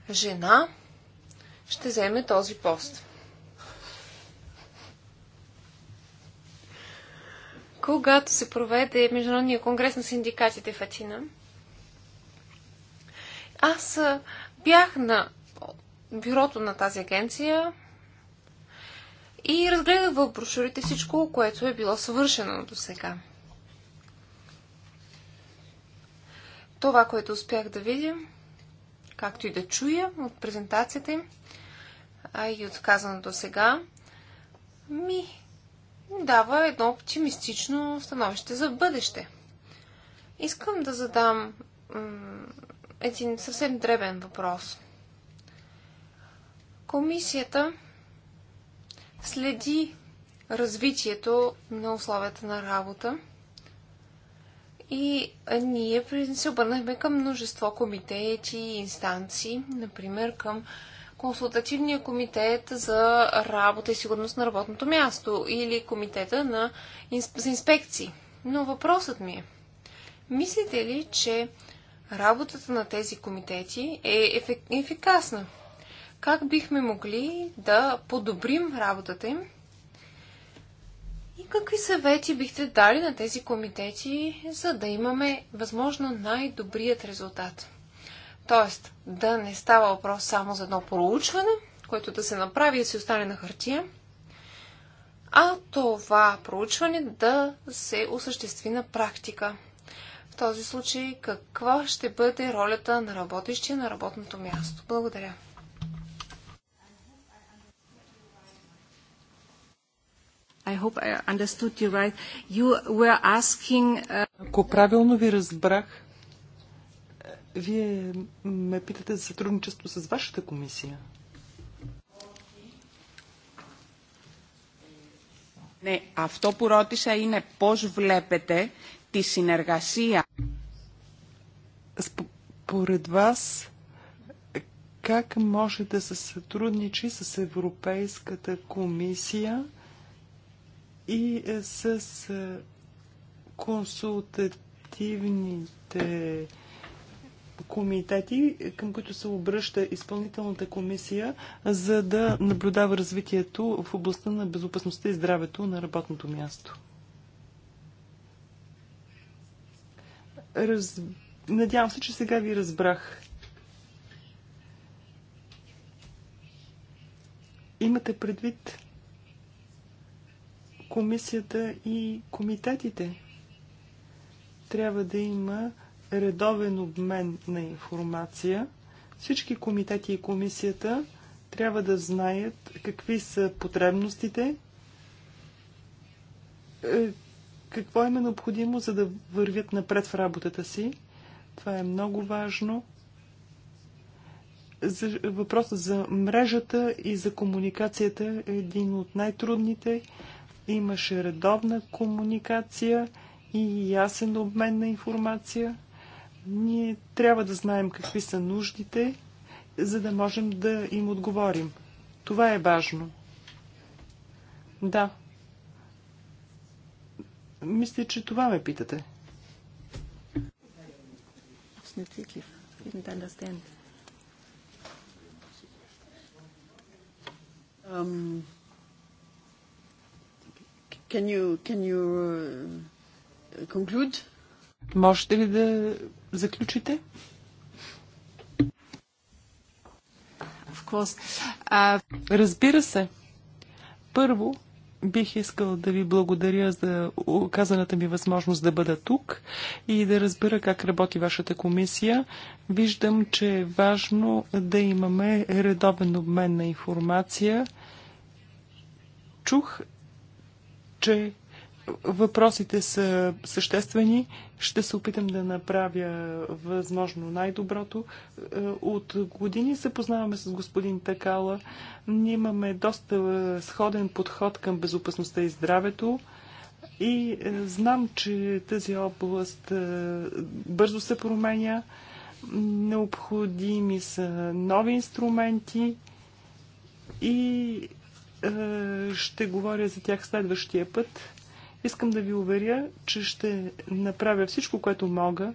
жена ще вземе този пост. Когато се проведе Международния конгрес на синдикатите в Атина, аз бях на бюрото на тази агенция и разгледах в брошурите всичко, което е било свършено до сега. Това, което успях да видя, както и да чуя от презентацията им, а и от казаното сега, ми дава едно оптимистично становище за бъдеще. Искам да задам един съвсем дребен въпрос. Комисията следи развитието на условията на работа – и ние се обърнахме към множество комитети и инстанции, например към консултативния комитет за работа и сигурност на работното място или комитета на, за инспекции. Но въпросът ми е, мислите ли, че работата на тези комитети е ефикасна? Как бихме могли да подобрим работата им и какви съвети бихте дали на тези комитети, за да имаме възможно най-добрият резултат? Тоест, да не става въпрос само за едно проучване, което да се направи и да се остане на хартия, а това проучване да се осъществи на практика. В този случай, каква ще бъде ролята на работещия на работното място? Благодаря. I hope I understood you right. You were asking... Uh, Ако правилно ви разбрах, вие ме питате за сътрудничество с вашата комисия. Ναι, αυτό που ρώτησα είναι πώς βλέπετε τη συνεργασία. Според вас, как може да се сътрудничи с Европейската комисия и е, с е, консултативните комитети, към които се обръща изпълнителната комисия, за да наблюдава развитието в областта на безопасността и здравето на работното място. Раз... Надявам се, че сега ви разбрах. Имате предвид комисията и комитетите. Трябва да има редовен обмен на информация. Всички комитети и комисията трябва да знаят какви са потребностите, е, какво им е необходимо, за да вървят напред в работата си. Това е много важно. За въпросът за мрежата и за комуникацията е един от най-трудните. Имаше редовна комуникация и ясен обмен на информация. Ние трябва да знаем какви са нуждите, за да можем да им отговорим. Това е важно. Да. Мисля, че това ме питате. Um, Can you, can you uh, conclude? Можете ли да заключите? Uh, Разбира се. Първо, бих искал да ви благодаря за оказаната ми възможност да бъда тук и да разбера как работи вашата комисия. Виждам, че е важно да имаме редовен обмен на информация. Чух че въпросите са съществени. Ще се опитам да направя възможно най-доброто. Е, от години се познаваме с господин Такала. Ние имаме доста сходен подход към безопасността и здравето. И е, знам, че тази област е, бързо се променя. Необходими са нови инструменти и е, ще говоря за тях следващия път. Искам да ви уверя, че ще направя всичко, което мога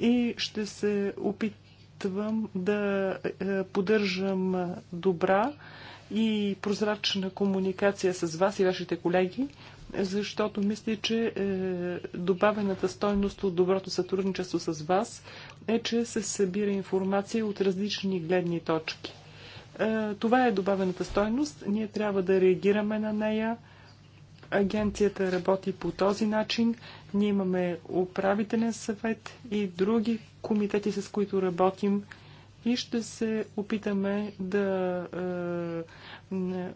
и ще се опитвам да е, поддържам добра и прозрачна комуникация с вас и вашите колеги, защото мисля, че е, добавената стойност от доброто сътрудничество с вас е, че се събира информация от различни гледни точки. Е, това е добавената стойност. Ние трябва да реагираме на нея. Агенцията работи по този начин. Ние имаме управителен съвет и други комитети, с които работим и ще се опитаме да е,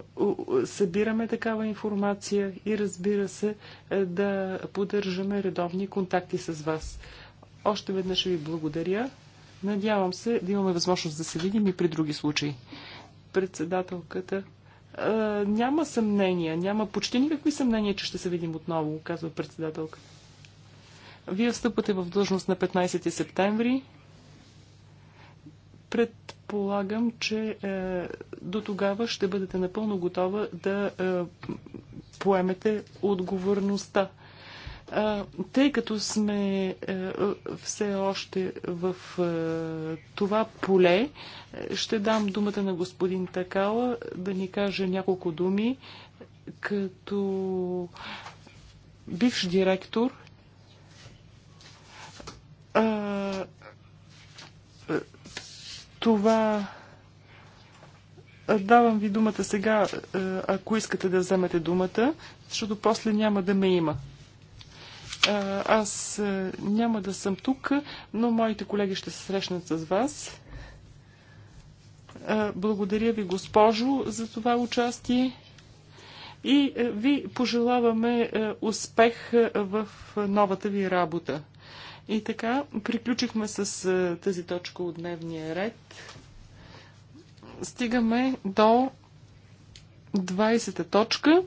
събираме такава информация и разбира се е, да поддържаме редовни контакти с вас. Още веднъж ви благодаря. Надявам се да имаме възможност да се видим и при други случаи. Председателката. А, няма съмнение, няма почти никакви съмнения, че ще се видим отново, казва председателката. Вие встъпвате в длъжност на 15 септември. Предполагам, че е, до тогава ще бъдете напълно готова да е, поемете отговорността. Тъй като сме е, все още в е, това поле, е, ще дам думата на господин Такала да ни каже няколко думи като бивш директор това давам ви думата сега, ако искате да вземете думата, защото после няма да ме има. Аз няма да съм тук, но моите колеги ще се срещнат с вас. Благодаря ви, госпожо, за това участие и ви пожелаваме успех в новата ви работа. И така, приключихме с тази точка от дневния ред. Стигаме до 20-та точка.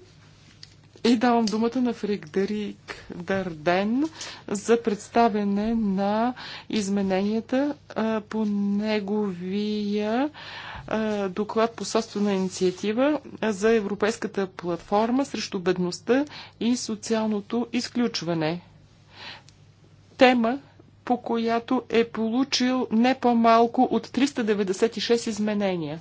И давам думата на Фредерик Дарден за представяне на измененията по неговия доклад по собствена инициатива за Европейската платформа срещу бедността и социалното изключване. Тема, по която е получил не по-малко от 396 изменения.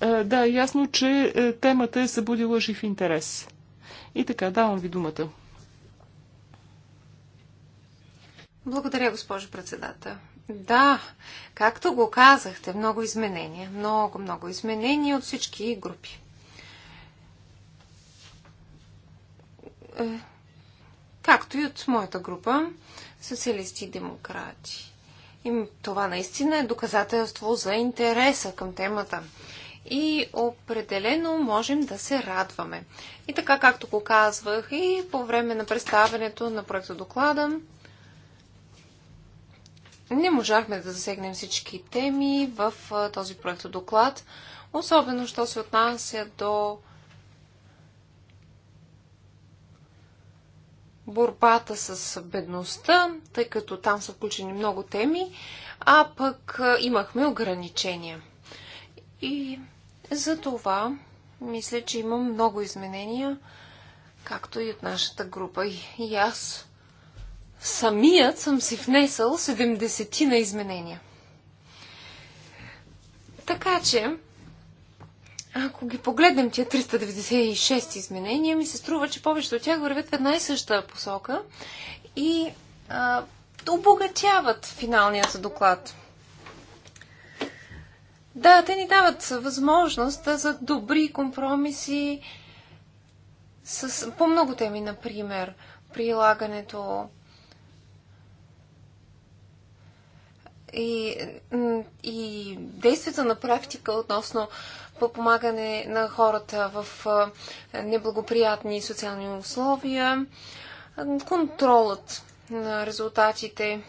Е, да, ясно, че е, темата е събудила жив интерес. И така, давам ви думата. Благодаря, госпожо председател. Да, както го казахте, много изменения. Много, много изменения от всички групи. Е, както и от моята група, социалисти и демократи. И това наистина е доказателство за интереса към темата и определено можем да се радваме. И така, както го казвах и по време на представянето на проекта доклада, не можахме да засегнем всички теми в този проект доклад, особено що се отнася до борбата с бедността, тъй като там са включени много теми, а пък имахме ограничения. И за това мисля, че има много изменения, както и от нашата група. И аз самият съм си внесъл 70 на изменения. Така че, ако ги погледнем тия 396 изменения, ми се струва, че повечето от тях вървят в една и съща посока и а, обогатяват финалният доклад. Да, те ни дават възможност да, за добри компромиси с, по много теми, например, прилагането и, и действията на практика относно помагане на хората в неблагоприятни социални условия, контролът на резултатите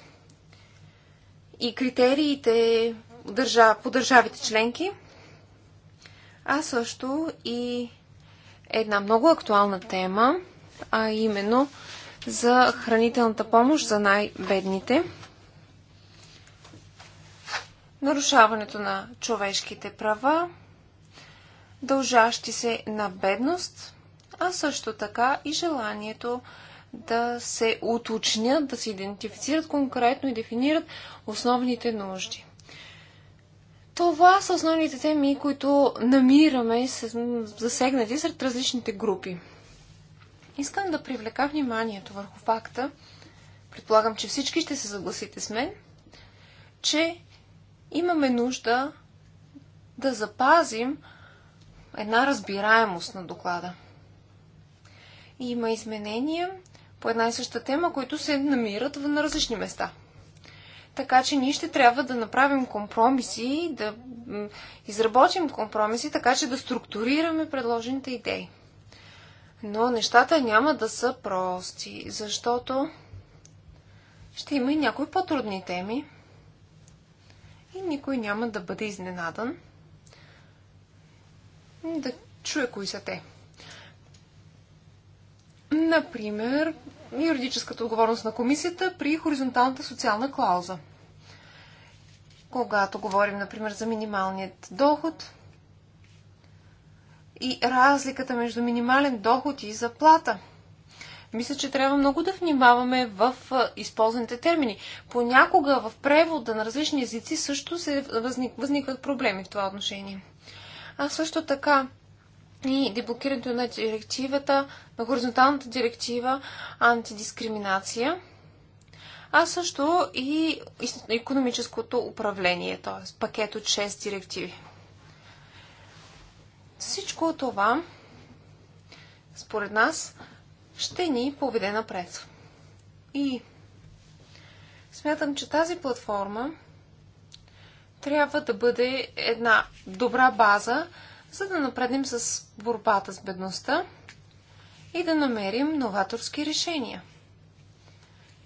и критериите държа, по държавите членки, а също и една много актуална тема, а именно за хранителната помощ за най-бедните. Нарушаването на човешките права, дължащи се на бедност, а също така и желанието да се уточнят, да се идентифицират конкретно и дефинират основните нужди. Това са основните теми, които намираме засегнати сред различните групи. Искам да привлека вниманието върху факта, предполагам, че всички ще се съгласите с мен, че имаме нужда да запазим една разбираемост на доклада. И има изменения по една и съща тема, които се намират на различни места – така че ние ще трябва да направим компромиси, да изработим компромиси, така че да структурираме предложените идеи. Но нещата няма да са прости, защото ще има и някои по-трудни теми и никой няма да бъде изненадан да чуе кои са те. Например, юридическата отговорност на комисията при хоризонталната социална клауза. Когато говорим, например, за минималният доход и разликата между минимален доход и заплата. Мисля, че трябва много да внимаваме в използваните термини. Понякога в превода на различни езици също се възникват проблеми в това отношение. А също така, и деблокирането на директивата, на хоризонталната директива антидискриминация, а също и економическото управление, т.е. пакет от 6 директиви. Всичко това, според нас, ще ни поведе напред. И смятам, че тази платформа трябва да бъде една добра база за да напреднем с борбата с бедността и да намерим новаторски решения.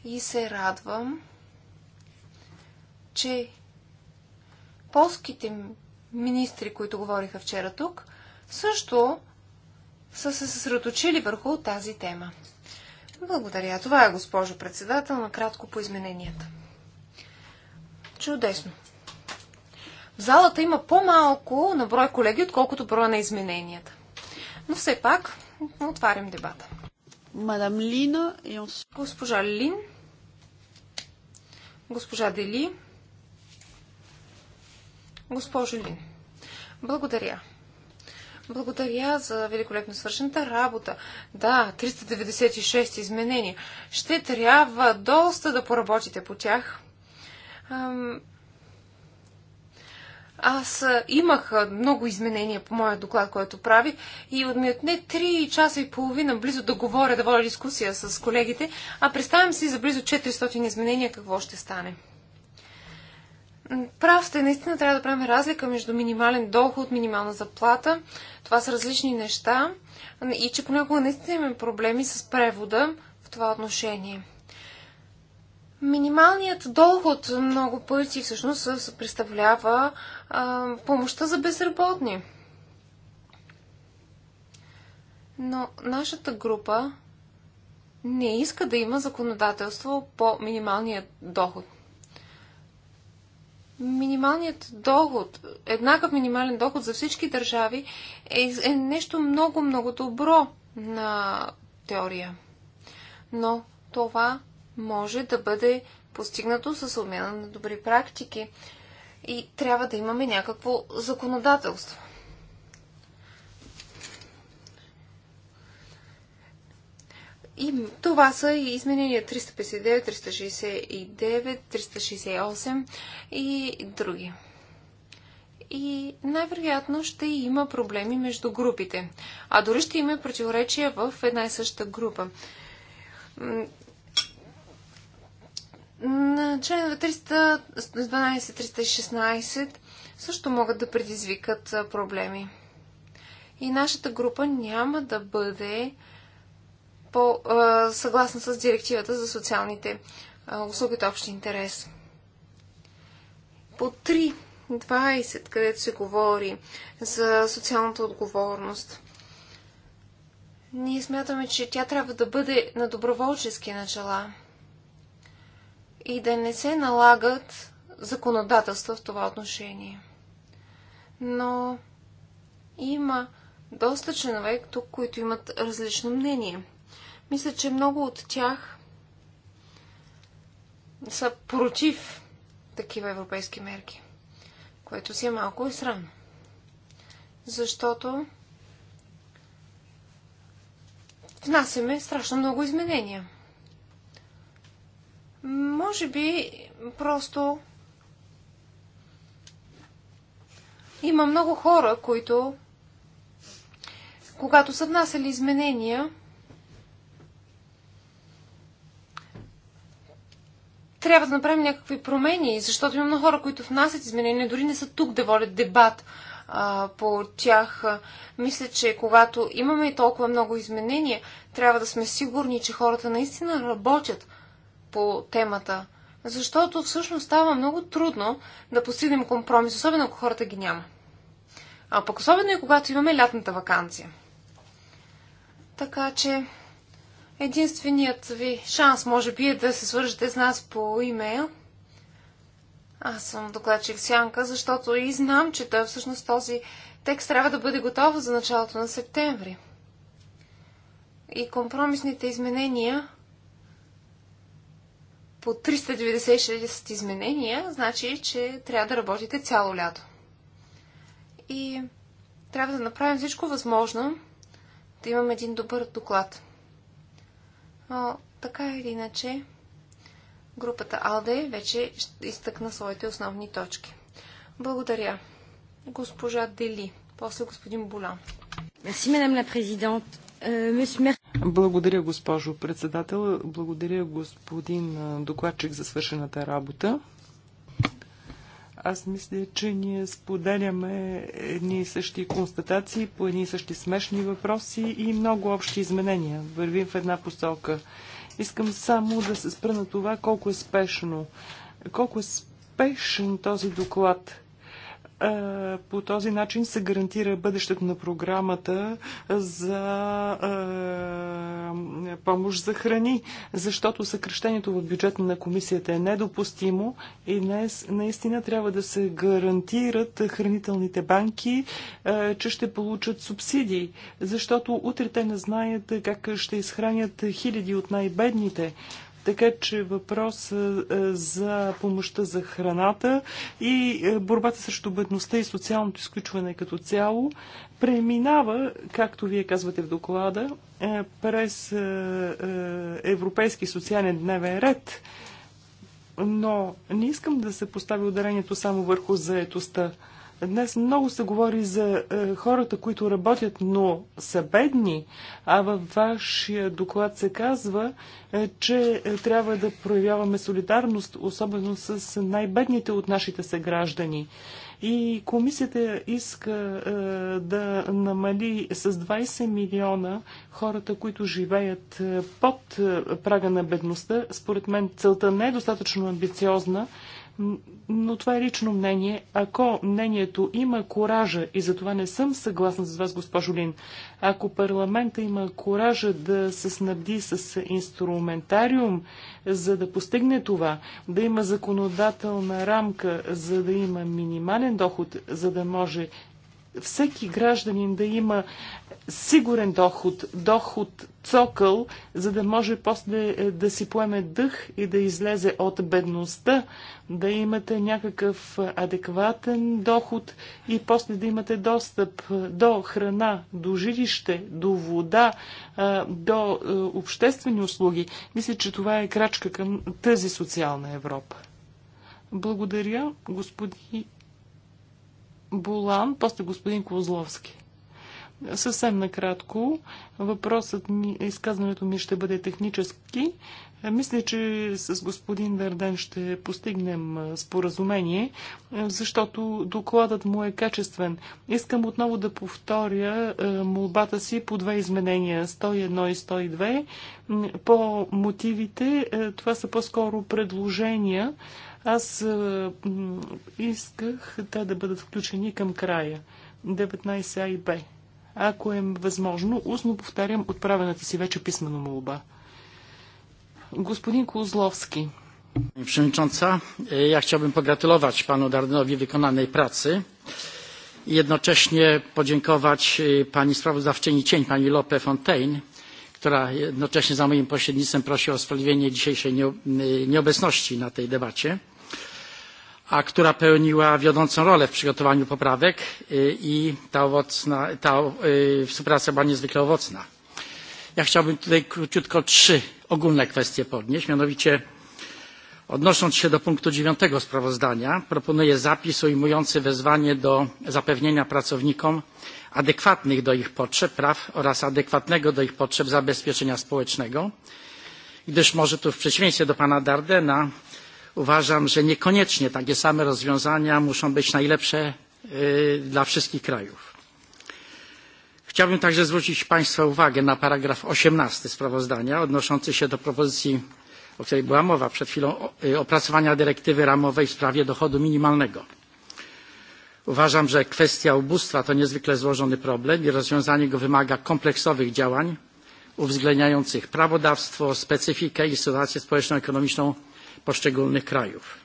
И се радвам, че полските министри, които говориха вчера тук, също са се съсредоточили върху тази тема. Благодаря. Това е, госпожо председател, накратко по измененията. Чудесно. В залата има по-малко на брой колеги, отколкото броя на измененията. Но все пак отварям дебата. Мадам Лина и госпожа Лин, госпожа Дели, госпожо Лин. Благодаря. Благодаря за великолепно свършената работа. Да, 396 изменения. Ще трябва доста да поработите по тях. Ам, аз имах много изменения по моя доклад, който прави и ми отне 3 часа и половина близо да говоря, да водя дискусия с колегите, а представям си за близо 400 изменения какво ще стане. Прав сте, наистина трябва да правим разлика между минимален доход, минимална заплата. Това са различни неща и че понякога наистина имаме проблеми с превода в това отношение. Минималният доход много пъти всъщност представлява а, помощта за безработни. Но нашата група не иска да има законодателство по минималният доход. Минималният доход, еднакъв минимален доход за всички държави е, е нещо много, много добро на теория. Но това може да бъде постигнато с обмяна на добри практики и трябва да имаме някакво законодателство. И това са и изменения 359, 369, 368 и други. И най-вероятно ще има проблеми между групите. А дори ще има противоречия в една и съща група на членове 312-316 също могат да предизвикат проблеми. И нашата група няма да бъде по, а, съгласна с директивата за социалните а, услуги от общ интерес. По 3.20, където се говори за социалната отговорност, ние смятаме, че тя трябва да бъде на доброволчески начала – и да не се налагат законодателства в това отношение. Но има доста членове тук, които имат различно мнение. Мисля, че много от тях са против такива европейски мерки, което си е малко и срамно. Защото внасяме страшно много изменения. Може би просто има много хора, които когато са внасяли изменения, трябва да направим някакви промени, защото има много хора, които внасят изменения, дори не са тук да водят дебат а, по тях. Мисля, че когато имаме толкова много изменения, трябва да сме сигурни, че хората наистина работят – по темата, защото всъщност става много трудно да постигнем компромис, особено ако хората ги няма. А пък особено и когато имаме лятната вакансия. Така че единственият ви шанс може би е да се свържете с нас по имейл. Аз съм докладчик Сянка, защото и знам, че той всъщност този текст трябва да бъде готов за началото на септември. И компромисните изменения по 396 изменения, значи, че трябва да работите цяло лято. И трябва да направим всичко възможно да имам един добър доклад. Но, така или иначе, групата Алде вече изтъкна своите основни точки. Благодаря. Госпожа Дели, после господин Булан. Merci, madame la présidente. Euh, monsieur... Благодаря, госпожо председател. Благодаря, господин докладчик, за свършената работа. Аз мисля, че ние споделяме едни и същи констатации по едни и същи смешни въпроси и много общи изменения. Вървим в една посока. Искам само да се спра на това колко е спешно. Колко е спешен този доклад. Е, по този начин се гарантира бъдещето на програмата за е, помощ за храни, защото съкрещението в бюджета на комисията е недопустимо и днес наистина трябва да се гарантират хранителните банки, е, че ще получат субсидии, защото утре те не знаят как ще изхранят хиляди от най-бедните. Така че въпрос е, е, за помощта за храната и е, борбата срещу бедността и социалното изключване като цяло преминава, както вие казвате в доклада, през европейски социален дневен ред. Но не искам да се постави ударението само върху заетостта. Днес много се говори за е, хората, които работят, но са бедни, а във вашия доклад се казва, е, че е, трябва да проявяваме солидарност, особено с най-бедните от нашите съграждани. И комисията иска е, да намали с 20 милиона хората, които живеят под прага на бедността. Според мен целта не е достатъчно амбициозна но това е лично мнение. Ако мнението има коража, и за това не съм съгласна с вас, госпожо Лин, ако парламента има коража да се снабди с инструментариум, за да постигне това, да има законодателна рамка, за да има минимален доход, за да може всеки гражданин да има сигурен доход, доход цокъл, за да може после е, да си поеме дъх и да излезе от бедността, да имате някакъв адекватен доход и после да имате достъп до храна, до жилище, до вода, до е, обществени услуги. Мисля, че това е крачка към тази социална Европа. Благодаря, господин Булан, после господин Козловски. Съвсем накратко, въпросът ми, изказването ми ще бъде технически. Мисля, че с господин Дарден ще постигнем споразумение, защото докладът му е качествен. Искам отново да повторя молбата си по две изменения 101 и 102. По мотивите, това са по-скоро предложения. Аз исках те да бъдат включени към края. 19А и Б ако е възможно, устно повтарям отправената си вече писмена молба. Господин Козловски. Przewodnicząca, ja chciałbym pogratulować panu Darnowi wykonanej pracy i jednocześnie podziękować pani sprawozdawczyni cień, pani Lope Fontaine, która jednocześnie za moim pośrednictwem prosi o usprawiedliwienie dzisiejszej nieobecności na tej debacie a która pełniła wiodącą rolę w przygotowaniu poprawek i ta, owocna, ta współpraca była niezwykle owocna. Ja chciałbym tutaj króciutko trzy ogólne kwestie podnieść, mianowicie odnosząc się do punktu dziewiątego sprawozdania proponuję zapis ujmujący wezwanie do zapewnienia pracownikom adekwatnych do ich potrzeb praw oraz adekwatnego do ich potrzeb zabezpieczenia społecznego gdyż może tu w przeciwieństwie do pana Dardena uważam, że niekoniecznie takie same rozwiązania muszą być najlepsze dla wszystkich krajów. Chciałbym także zwrócić Państwa uwagę na paragraf 18 sprawozdania odnoszący się do propozycji, o której była mowa przed chwilą, opracowania dyrektywy ramowej w sprawie dochodu minimalnego. Uważam, że kwestia ubóstwa to niezwykle złożony problem i rozwiązanie go wymaga kompleksowych działań uwzględniających prawodawstwo, specyfikę i sytuację społeczno-ekonomiczną poszczególnych krajów.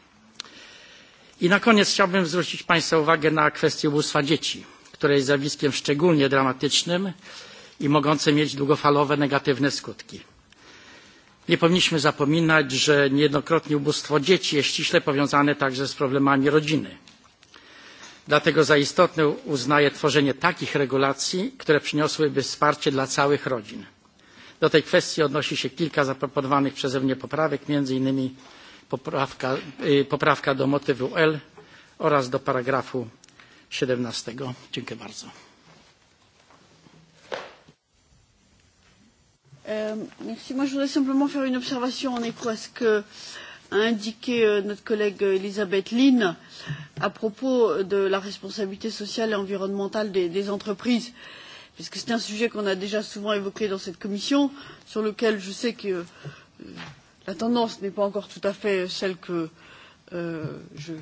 I na koniec chciałbym zwrócić Państwa uwagę na kwestię ubóstwa dzieci, które jest zjawiskiem szczególnie dramatycznym i mogącym mieć długofalowe negatywne skutki. Nie powinniśmy zapominać, że niejednokrotnie ubóstwo dzieci jest ściśle powiązane także z problemami rodziny. Dlatego za istotne uznaję tworzenie takich regulacji, które przyniosłyby wsparcie dla całych rodzin. Do tej kwestii odnosi się kilka zaproponowanych przeze mnie poprawek, między innymi poprawka do motywu L oraz do paragrafu 17. Dziękuję bardzo. Moi, je voudrais simplement faire une observation en écho à ce que a indiqué notre collègue Elisabeth Lynn à propos de la responsabilité sociale et environnementale des, entreprises, puisque c'est un sujet qu'on a déjà souvent évoqué dans cette commission, sur lequel je sais que la tendance n'est pas encore tout à fait celle que, euh, je,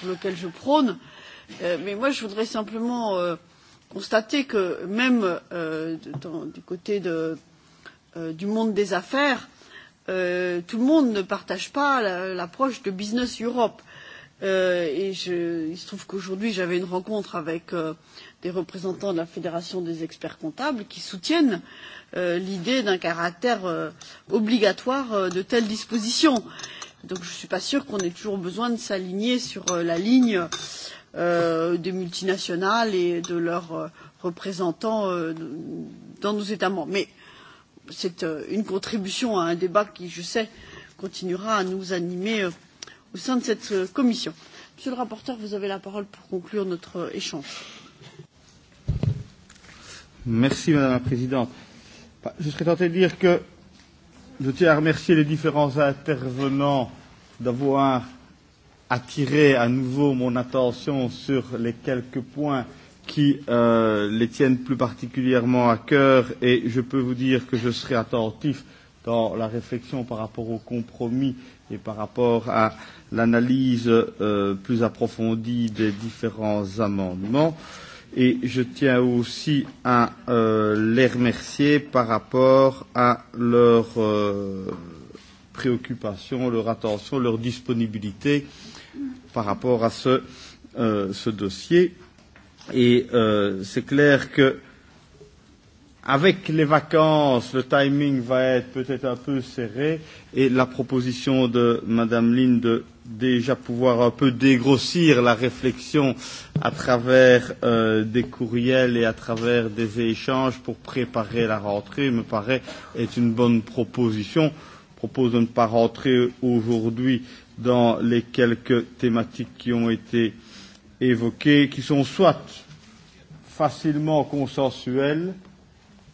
pour laquelle je prône, euh, mais moi je voudrais simplement euh, constater que même euh, dans, du côté de, euh, du monde des affaires, euh, tout le monde ne partage pas l'approche de Business Europe. Euh, et je, il se trouve qu'aujourd'hui j'avais une rencontre avec euh, des représentants de la Fédération des experts comptables qui soutiennent l'idée d'un caractère obligatoire de telles dispositions. Donc je ne suis pas sûre qu'on ait toujours besoin de s'aligner sur la ligne des multinationales et de leurs représentants dans nos États membres. Mais c'est une contribution à un débat qui, je sais, continuera à nous animer au sein de cette commission. Monsieur le rapporteur, vous avez la parole pour conclure notre échange. Merci Madame la Présidente. Je serais tenté de dire que je tiens à remercier les différents intervenants d'avoir attiré à nouveau mon attention sur les quelques points qui euh, les tiennent plus particulièrement à cœur et je peux vous dire que je serai attentif dans la réflexion par rapport au compromis et par rapport à l'analyse euh, plus approfondie des différents amendements. Euh, Et je tiens aussi à euh, les remercier par rapport à leur euh, préoccupation, leur attention, leur disponibilité par rapport à ce, euh, ce dossier. Et euh, c'est clair que avec les vacances, le timing va être peut-être un peu serré et la proposition de Madame Lynn de déjà pouvoir un peu dégrossir la réflexion à travers euh, des courriels et à travers des échanges pour préparer la rentrée me paraît est une bonne proposition. Je propose de ne pas rentrer aujourd'hui dans les quelques thématiques qui ont été évoquées, qui sont soit facilement consensuelles,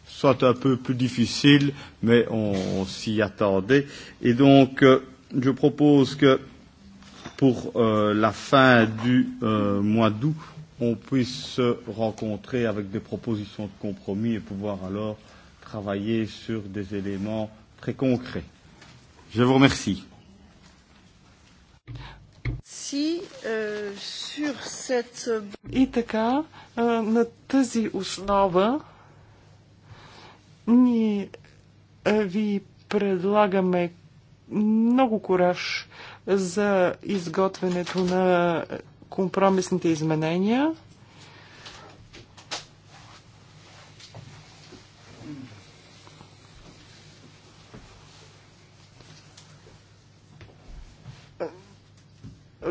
soit un peu plus difficiles, mais on, on s'y attendait. Et donc, euh, je propose que pour euh, la fin du euh, mois d'août, on puisse se rencontrer avec des propositions de compromis et pouvoir alors travailler sur des éléments très concrets. Je vous remercie. Си е, sur cette... И така, е, на тази основа ние е, ви предлагаме много кораж за изготвянето на компромисните изменения.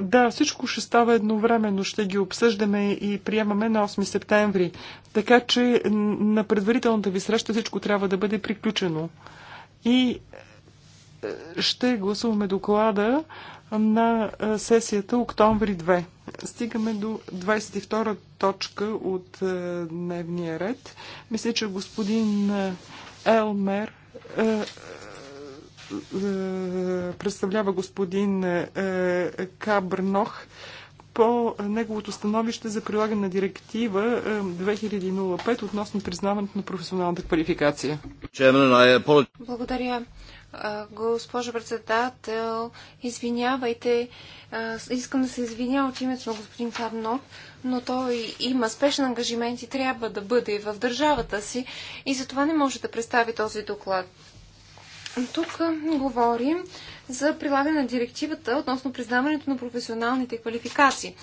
Да, всичко ще става едновременно. Ще ги обсъждаме и приемаме на 8 септември. Така че на предварителната ви среща всичко трябва да бъде приключено. И ще гласуваме доклада на сесията октомври 2. Стигаме до 22 точка от дневния ред. Мисля, че господин Елмер представлява господин Кабрнох по неговото становище за прилагане на директива 2005 относно признаването на професионалната квалификация. Благодаря. Госпожо председател, извинявайте. Искам да се извиня от името на господин Карнов, но той има спешен ангажимент и трябва да бъде в държавата си и затова не може да представи този доклад. Тук говорим за прилагане на директивата относно признаването на професионалните квалификации,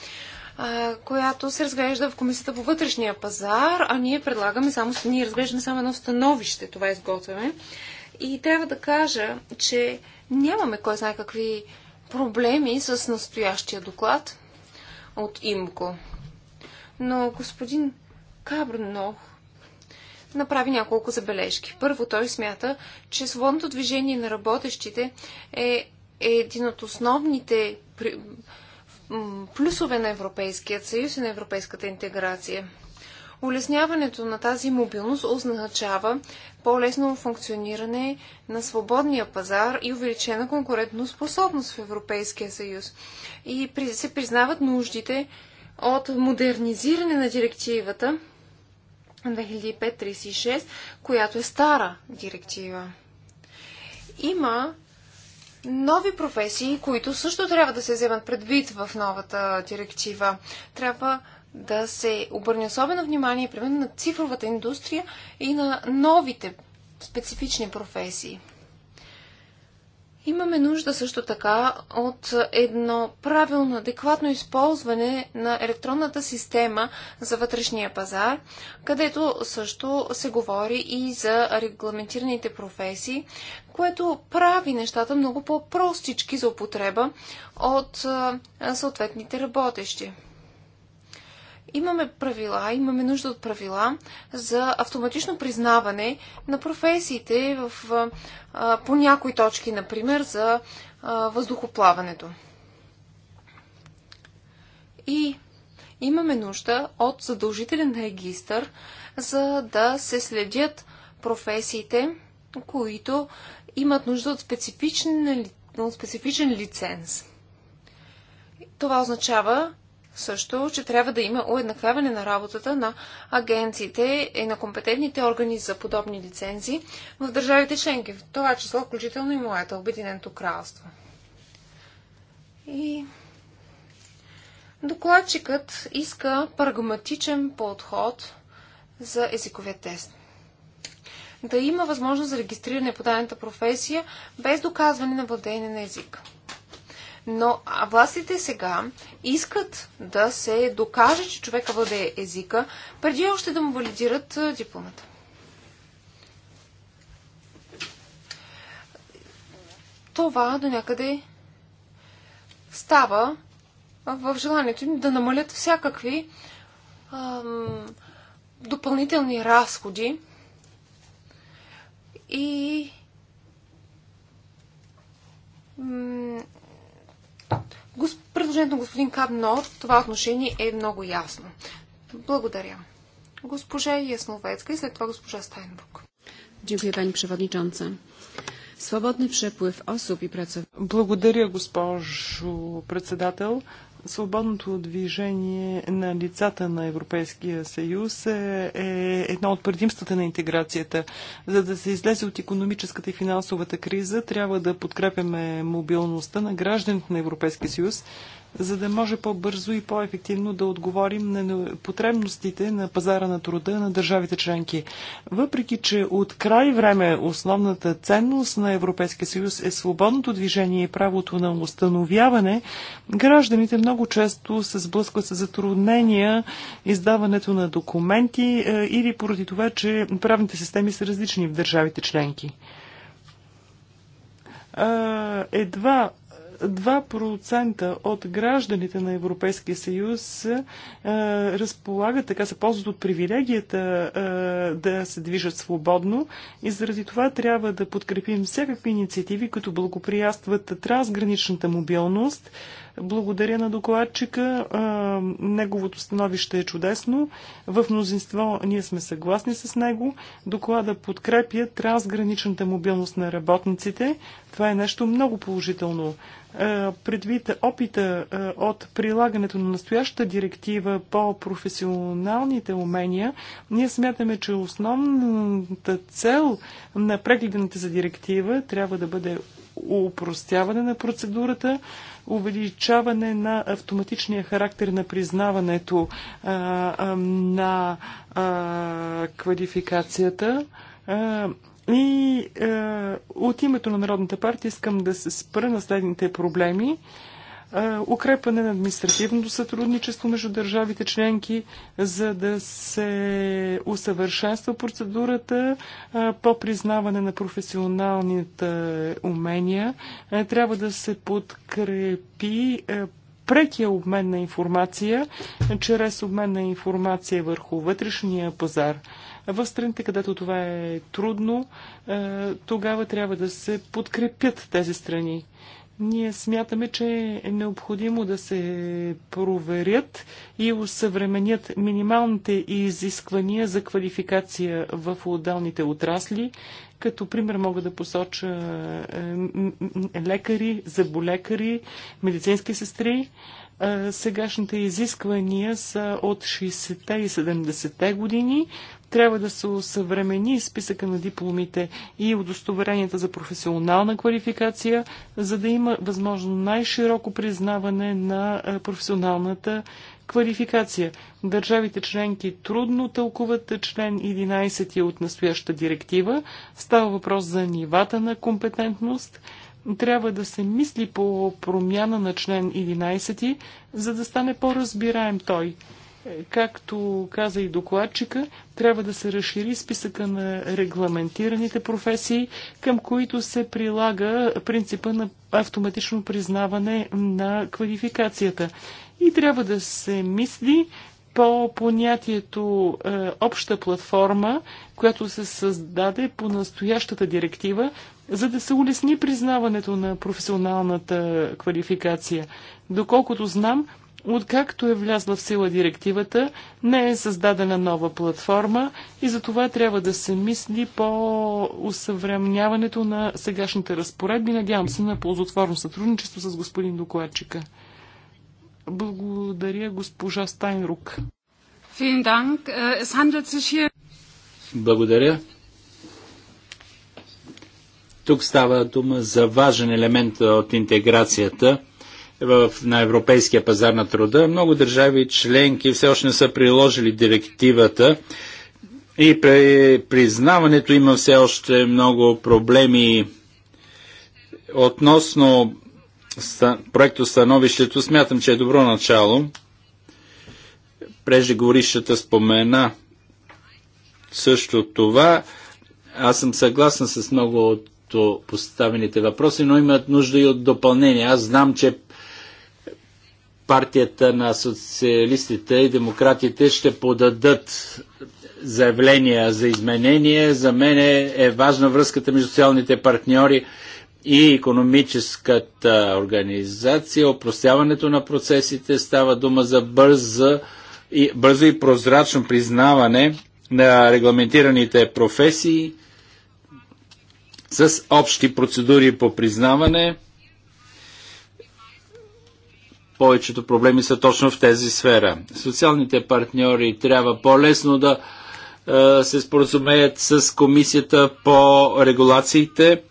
която се разглежда в Комисията по вътрешния пазар, а ние предлагаме само, ние разглеждаме само едно становище, това изготвяме. И трябва да кажа, че нямаме кой знае какви проблеми с настоящия доклад от ИМКО. Но господин Кабрнох направи няколко забележки. Първо, той смята, че свободното движение на работещите е един от основните плюсове на Европейския съюз и на европейската интеграция. Улесняването на тази мобилност означава по-лесно функциониране на свободния пазар и увеличена конкурентоспособност в Европейския съюз. И се признават нуждите от модернизиране на директивата 2005-36, която е стара директива. Има нови професии, които също трябва да се вземат предвид в новата директива. Трябва да се обърне особено внимание, примерно, на цифровата индустрия и на новите специфични професии. Имаме нужда също така от едно правилно, адекватно използване на електронната система за вътрешния пазар, където също се говори и за регламентираните професии, което прави нещата много по-простички за употреба от съответните работещи. Имаме правила, имаме нужда от правила за автоматично признаване на професиите в, а, по някои точки, например, за а, въздухоплаването. И имаме нужда от задължителен регистър, за да се следят професиите, които имат нужда от специфичен, от специфичен лиценз. Това означава, също, че трябва да има уеднаквяване на работата на агенциите и на компетентните органи за подобни лицензии в държавите членки, в това число включително и моята Обединеното кралство. И докладчикът иска прагматичен подход за езиковия тест. Да има възможност за регистриране по дадената професия без доказване на владеене на език. Но властите сега искат да се докаже, че човека владее езика, преди още да му валидират дипломата. Това до някъде става в желанието им да намалят всякакви ам, допълнителни разходи и Предложението на господин Кабнор в това отношение е много ясно. Благодаря. Госпожа Ясновецка и след това госпожа Стайнбук. Дякую, пани Преводниченце. Свободен przepływ особи i pracowników. Благодаря, госпожо председател. Свободното движение на лицата на Европейския съюз е, е едно от предимствата на интеграцията. За да се излезе от економическата и финансовата криза, трябва да подкрепяме мобилността на гражданите на Европейския съюз, за да може по-бързо и по-ефективно да отговорим на потребностите на пазара на труда на държавите членки. Въпреки, че от край време основната ценност на Европейския съюз е свободното движение и правото на установяване, гражданите много често се сблъскват с затруднения издаването на документи е, или поради това, че правните системи са различни в държавите членки е, едва 2% от гражданите на Европейския съюз е, разполагат, така се ползват от привилегията е, да се движат свободно и заради това трябва да подкрепим всякакви инициативи, които благоприятстват трансграничната мобилност, благодаря на докладчика. Неговото становище е чудесно. В мнозинство ние сме съгласни с него. Доклада подкрепя трансграничната мобилност на работниците. Това е нещо много положително. Предвид опита от прилагането на настоящата директива по професионалните умения, ние смятаме, че основната цел на прегледаните за директива трябва да бъде упростяване на процедурата, увеличаване на автоматичния характер на признаването на квалификацията. И а, от името на Народната партия искам да се спра на следните проблеми укрепване на административното сътрудничество между държавите членки, за да се усъвършенства процедурата по признаване на професионалните умения. Трябва да се подкрепи прекия обмен на информация, чрез обмен на информация върху вътрешния пазар. В страните, където това е трудно, тогава трябва да се подкрепят тези страни. Ние смятаме, че е необходимо да се проверят и усъвременят минималните изисквания за квалификация в отдалните отрасли. Като пример мога да посоча е, лекари, заболекари, медицински сестри. Е, сегашните изисквания са от 60-те и 70-те години. Трябва да се усъвремени списъка на дипломите и удостоверенията за професионална квалификация, за да има възможно най-широко признаване на професионалната квалификация. Държавите членки трудно тълкуват член 11 от настояща директива. Става въпрос за нивата на компетентност. Трябва да се мисли по промяна на член 11, за да стане по-разбираем той както каза и докладчика, трябва да се разшири списъка на регламентираните професии, към които се прилага принципа на автоматично признаване на квалификацията. И трябва да се мисли по понятието е, обща платформа, която се създаде по настоящата директива, за да се улесни признаването на професионалната квалификация. Доколкото знам, Откакто е влязла в сила директивата, не е създадена нова платформа и за това трябва да се мисли по усъвремняването на сегашните разпоредби. Надявам се на ползотворно сътрудничество с господин докладчика. Благодаря госпожа Стайнрук. Äh, Благодаря. Тук става дума за важен елемент от интеграцията – в, на европейския пазар на труда. Много държави членки все още не са приложили директивата и при признаването има все още много проблеми относно проекто становището. Смятам, че е добро начало. Преждеговорищата спомена също това. Аз съм съгласен с много от поставените въпроси, но имат нужда и от допълнение. Аз знам, че партията на социалистите и демократите ще подадат заявления за изменение. За мен е важна връзката между социалните партньори и економическата организация, опростяването на процесите, става дума за бързо и, бързо и прозрачно признаване на регламентираните професии с общи процедури по признаване – повечето проблеми са точно в тези сфера. Социалните партньори трябва по-лесно да е, се споразумеят с комисията по регулациите,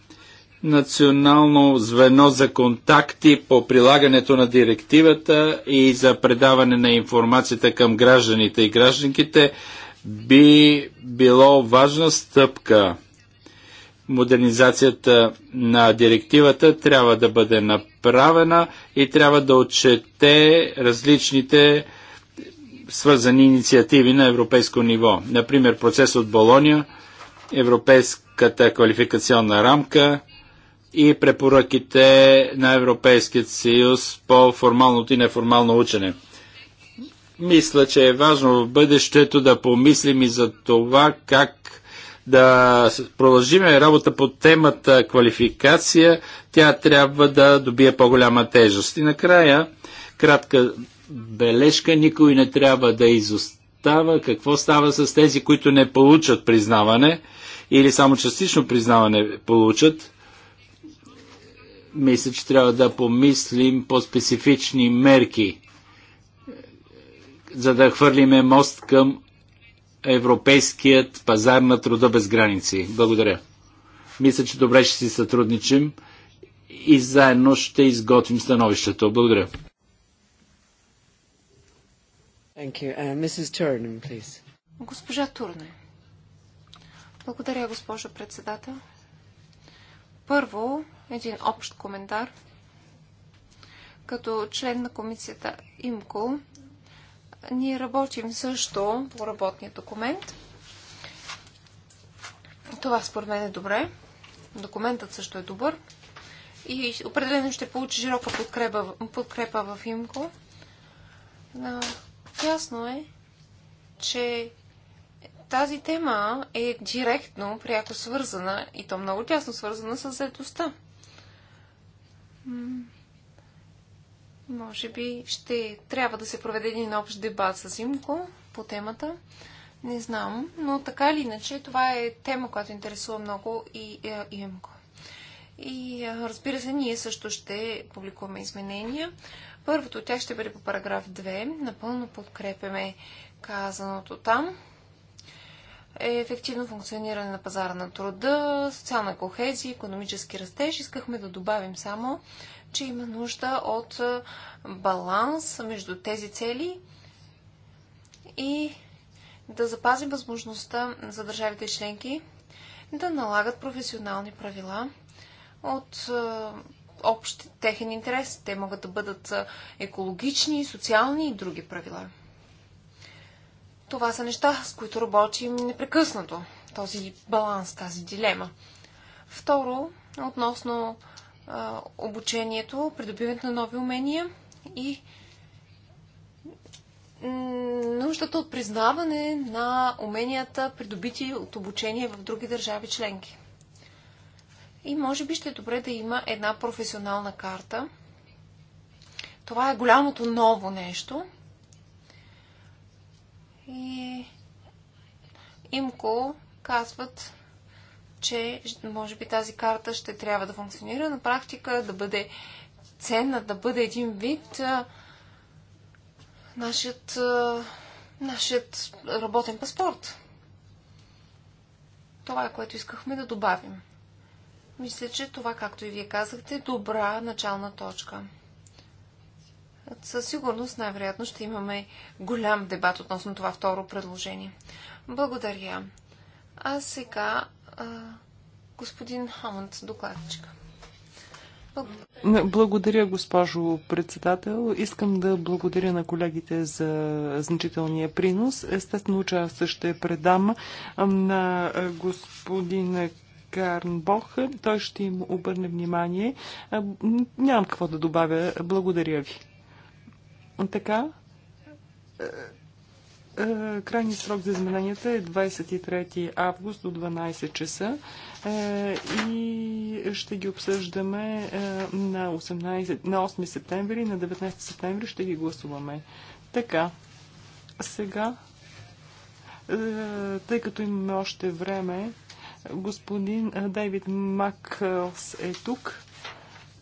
национално звено за контакти по прилагането на директивата и за предаване на информацията към гражданите и гражданките би било важна стъпка модернизацията на директивата трябва да бъде направена и трябва да отчете различните свързани инициативи на европейско ниво. Например, процес от Болония, Европейската квалификационна рамка и препоръките на Европейският съюз по формалното и неформално учене. Мисля, че е важно в бъдещето да помислим и за това как да продължиме работа по темата квалификация, тя трябва да добие по-голяма тежест. И накрая, кратка бележка, никой не трябва да изостава какво става с тези, които не получат признаване или само частично признаване получат. Мисля, че трябва да помислим по специфични мерки, за да хвърлиме мост към европейският пазар на труда без граници. Благодаря. Мисля, че добре ще си сътрудничим и заедно ще изготвим становището. Благодаря. Uh, Госпожа Турне. Благодаря, госпожо председател. Първо, един общ коментар. Като член на комисията ИМКО, ние работим също по работния документ. Това според мен е добре. Документът също е добър. И определено ще получи широка подкрепа, подкрепа в имко. Ясно е, че тази тема е директно, пряко свързана и то много тясно свързана с заедостта. Може би ще трябва да се проведе един общ дебат с Имко по темата. Не знам, но така или иначе това е тема, която интересува много и е, Имко. И е, разбира се, ние също ще публикуваме изменения. Първото от тях ще бъде по параграф 2. Напълно подкрепяме казаното там. Е, ефективно функциониране на пазара на труда, социална кохезия, економически растеж. Искахме да добавим само че има нужда от баланс между тези цели и да запази възможността за държавите членки да налагат професионални правила от общ техен интерес. Те могат да бъдат екологични, социални и други правила. Това са неща, с които работим непрекъснато. Този баланс, тази дилема. Второ, относно обучението, придобиването на нови умения и нуждата от признаване на уменията, придобити от обучение в други държави членки. И може би ще е добре да има една професионална карта. Това е голямото ново нещо. И имко казват, че може би тази карта ще трябва да функционира на практика, да бъде ценна, да бъде един вид нашият, нашият работен паспорт. Това е което искахме да добавим. Мисля, че това, както и вие казахте, е добра начална точка. Със сигурност най-вероятно ще имаме голям дебат относно това второ предложение. Благодаря. А сега господин Хамънд, докладчика. Благодаря, госпожо председател. Искам да благодаря на колегите за значителния принос. Естествено, че аз ще предам на господин Карнбох. Той ще им обърне внимание. Нямам какво да добавя. Благодаря ви. Така. Е, крайният срок за измененията е 23 август до 12 часа е, и ще ги обсъждаме е, на, 18, на 8 септември, на 19 септември ще ги гласуваме. Така, сега, тъй като имаме още време, господин Дейвид Макълс е тук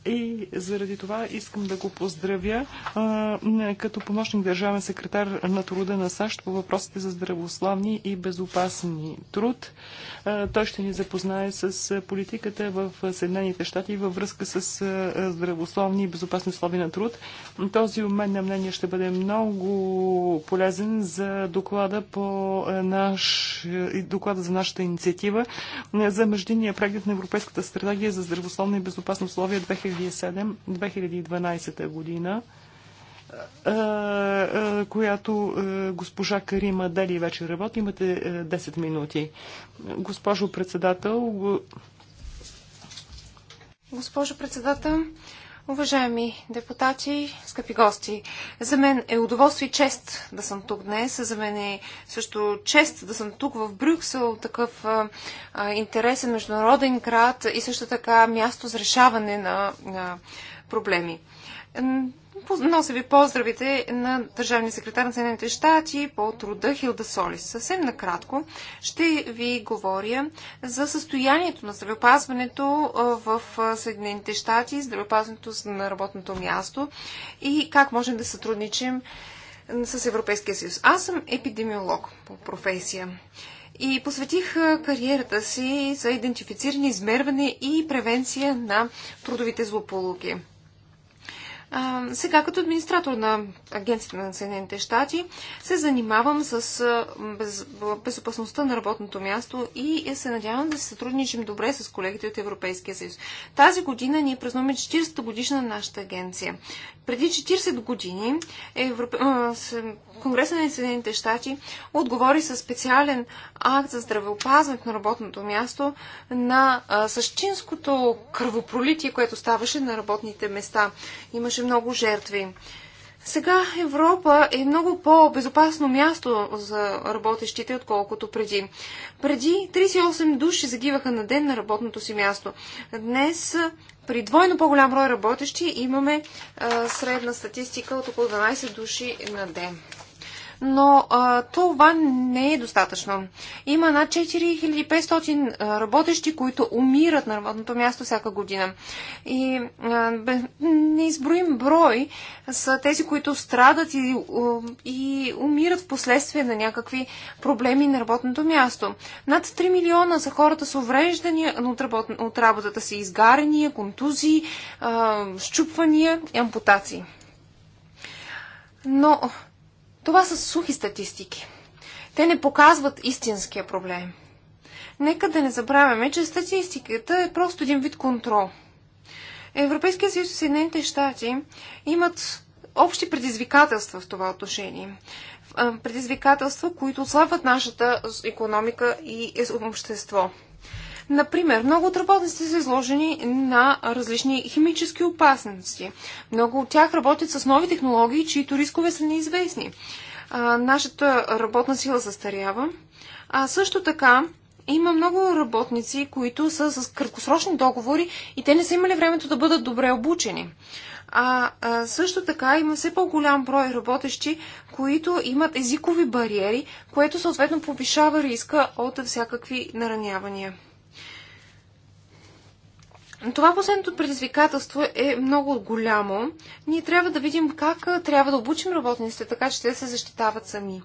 и заради това искам да го поздравя а, като помощник държавен секретар на труда на САЩ по въпросите за здравословни и безопасни труд. А, той ще ни запознае с политиката в Съединените щати във връзка с а, здравословни и безопасни условия на труд. Този обмен на мнение ще бъде много полезен за доклада по наш, доклада за нашата инициатива за междинния преглед на Европейската стратегия за здравословни и безопасни условия 2000 2007-2012 година, която госпожа Карима Дели вече работи. Имате 10 минути. Госпожо председател, Госпожо председател, Уважаеми депутати, скъпи гости, за мен е удоволствие и чест да съм тук днес. За мен е също чест да съм тук в Брюксел, такъв а, интересен международен град и също така място за решаване на, на проблеми. Нося ви поздравите на държавния секретар на Съединените щати по труда Хилда Солис. Съвсем накратко ще ви говоря за състоянието на здравеопазването в Съединените щати, здравеопазването на работното място и как можем да сътрудничим с Европейския съюз. Аз съм епидемиолог по професия и посветих кариерата си за идентифициране, измерване и превенция на трудовите злополуки сега като администратор на Агенцията на Съединените щати се занимавам с без, безопасността на работното място и се надявам да се сътрудничим добре с колегите от Европейския съюз. Тази година ние празнуваме 40-та годишна на нашата агенция. Преди 40 години Европ... Конгреса на Съединените щати отговори със специален акт за здравеопазването на работното място на същинското кръвопролитие, което ставаше на работните места. Имаше имаше много жертви. Сега Европа е много по-безопасно място за работещите, отколкото преди. Преди 38 души загиваха на ден на работното си място. Днес при двойно по-голям брой работещи имаме а, средна статистика от около 12 души на ден но а, това не е достатъчно. Има над 4500 работещи, които умират на работното място всяка година. И неизброим брой са тези, които страдат и, и умират в последствие на някакви проблеми на работното място. Над 3 милиона са хората с увреждания от, работ... от работата си, изгарения, контузии, а, щупвания и ампутации. Но това са сухи статистики. Те не показват истинския проблем. Нека да не забравяме, че статистиката е просто един вид контрол. Европейския съюз и Съединените щати имат общи предизвикателства в това отношение. Предизвикателства, които отслабват нашата економика и е, общество. Например, много от работниците са изложени на различни химически опасности. Много от тях работят с нови технологии, чието рискове са неизвестни. А, нашата работна сила застарява. А също така, има много работници, които са с краткосрочни договори и те не са имали времето да бъдат добре обучени. А, а също така има все по-голям брой работещи, които имат езикови бариери, което съответно повишава риска от всякакви наранявания това последното предизвикателство е много голямо. Ние трябва да видим как трябва да обучим работниците, така че те се защитават сами.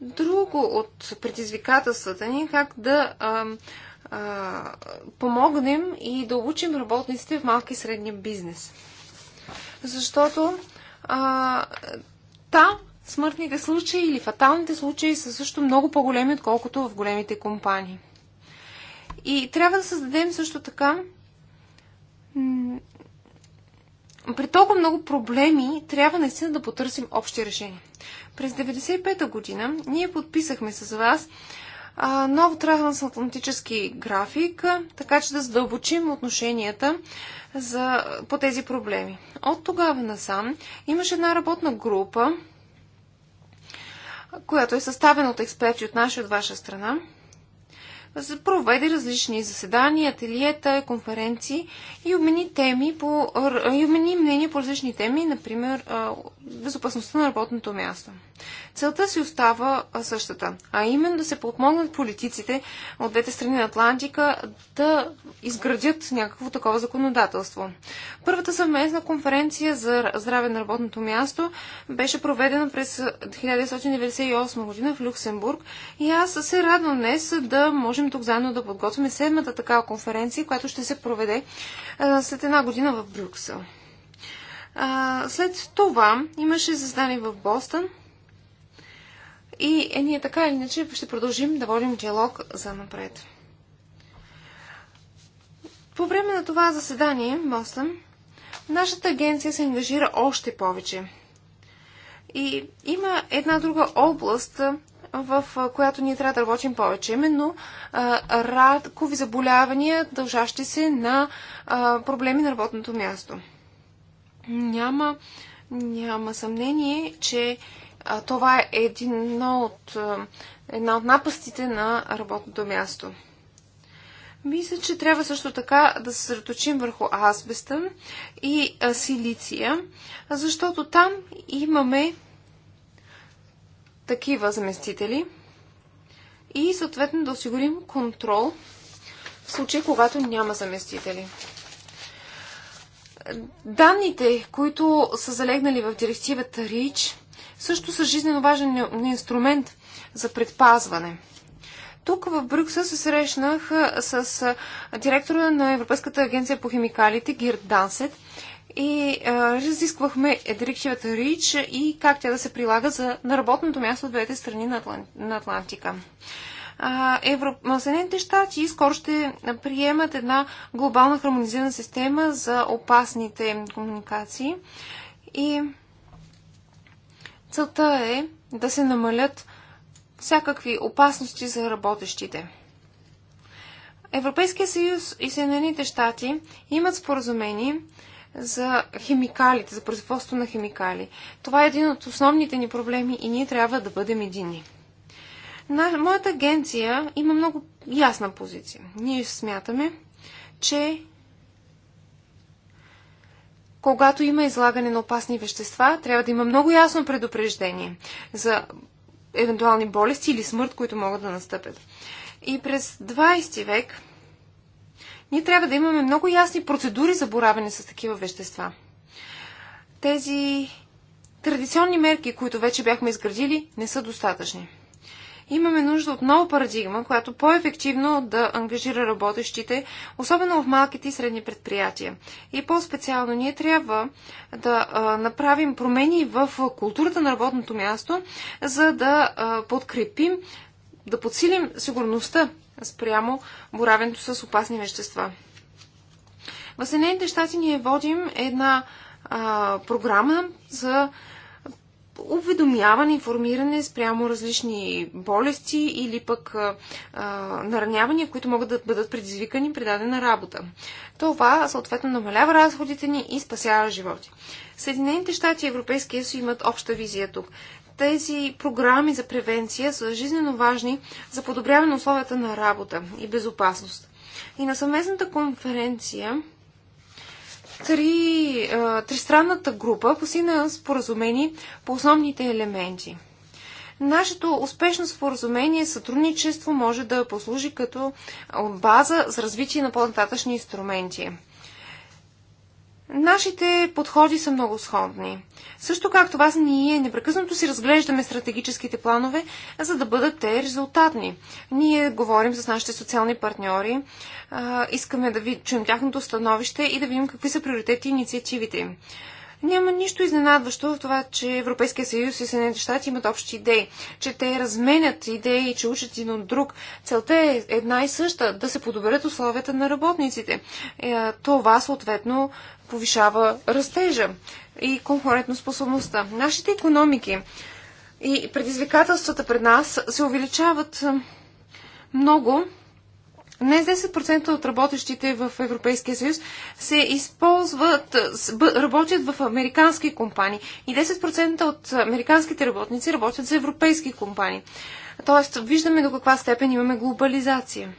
Друго от предизвикателствата ни е как да а, а, помогнем и да обучим работниците в малки и средния бизнес. Защото а, там смъртните случаи или фаталните случаи са също много по-големи, отколкото в големите компании. И трябва да създадем също така при толкова много проблеми трябва наистина да потърсим общи решения. През 1995-та година ние подписахме с вас а, нов трансатлантически график, така че да задълбочим отношенията за, по тези проблеми. От тогава насам имаше една работна група, която е съставена от експерти от наша и от ваша страна, проведе различни заседания, ателиета, конференции и обмени, теми по, и обмени мнения по различни теми, например безопасността на работното място. Целта си остава същата, а именно да се подмогнат политиците от двете страни на Атлантика да изградят някакво такова законодателство. Първата съвместна конференция за здраве на работното място беше проведена през 1998 година в Люксембург и аз се радвам днес да може можем тук заедно да подготвим седмата такава конференция, която ще се проведе след една година в Брюксел. след това имаше заседание в Бостън и е, ние така или иначе ще продължим да водим диалог за напред. По време на това заседание, Бостън, нашата агенция се ангажира още повече. И има една друга област, в която ние трябва да работим повече, именно ракови заболявания, дължащи се на проблеми на работното място. Няма, няма съмнение, че това е едно от, една от напастите на работното място. Мисля, че трябва също така да се съсредоточим върху азбеста и силиция, защото там имаме такива заместители и съответно да осигурим контрол в случай, когато няма заместители. Данните, които са залегнали в директивата РИЧ, също са жизненно важен инструмент за предпазване. Тук в Брюксел се срещнах с директора на Европейската агенция по химикалите Гирд Дансет и а, разисквахме директивата РИЧ и как тя да се прилага за, на работното място от двете страни на, Атлан, на Атлантика. Евро... Съединените щати скоро ще приемат една глобална хармонизирана система за опасните комуникации и целта е да се намалят всякакви опасности за работещите. Европейския съюз и Съединените щати имат споразумение, за химикалите, за производство на химикали. Това е един от основните ни проблеми и ние трябва да бъдем едини. На, моята агенция има много ясна позиция. Ние смятаме, че когато има излагане на опасни вещества, трябва да има много ясно предупреждение за евентуални болести или смърт, които могат да настъпят. И през 20 век ние трябва да имаме много ясни процедури за боравене с такива вещества. Тези традиционни мерки, които вече бяхме изградили, не са достатъчни. Имаме нужда от нова парадигма, която по-ефективно да ангажира работещите, особено в малките и средни предприятия. И по-специално ние трябва да направим промени в културата на работното място, за да подкрепим, да подсилим сигурността спрямо боравенето с опасни вещества. В Съединените щати ние водим една а, програма за уведомяване, информиране спрямо различни болести или пък а, наранявания, които могат да бъдат предизвикани при дадена работа. Това съответно намалява разходите ни и спасява животи. Съединените щати и Европейския съюз имат обща визия тук тези програми за превенция са жизненно важни за подобряване на условията на работа и безопасност. И на съвместната конференция три, тристранната група постигна споразумение по основните елементи. Нашето успешно споразумение сътрудничество може да послужи като база за развитие на по-нататъчни инструменти. Нашите подходи са много сходни. Също както вас, ние непрекъснато си разглеждаме стратегическите планове, за да бъдат те резултатни. Ние говорим с нашите социални партньори, искаме да ви, чуем тяхното становище и да видим какви са приоритети и инициативите им. Няма нищо изненадващо в това, че Европейския съюз и Съединените щати имат общи идеи, че те разменят идеи, че учат един от друг. Целта е една и съща да се подобрят условията на работниците. Е, това съответно повишава растежа и конкурентоспособността. Нашите економики и предизвикателствата пред нас се увеличават много. Днес 10% от работещите в Европейския съюз се използват, работят в американски компании и 10% от американските работници работят за европейски компании. Тоест, виждаме до каква степен имаме глобализация.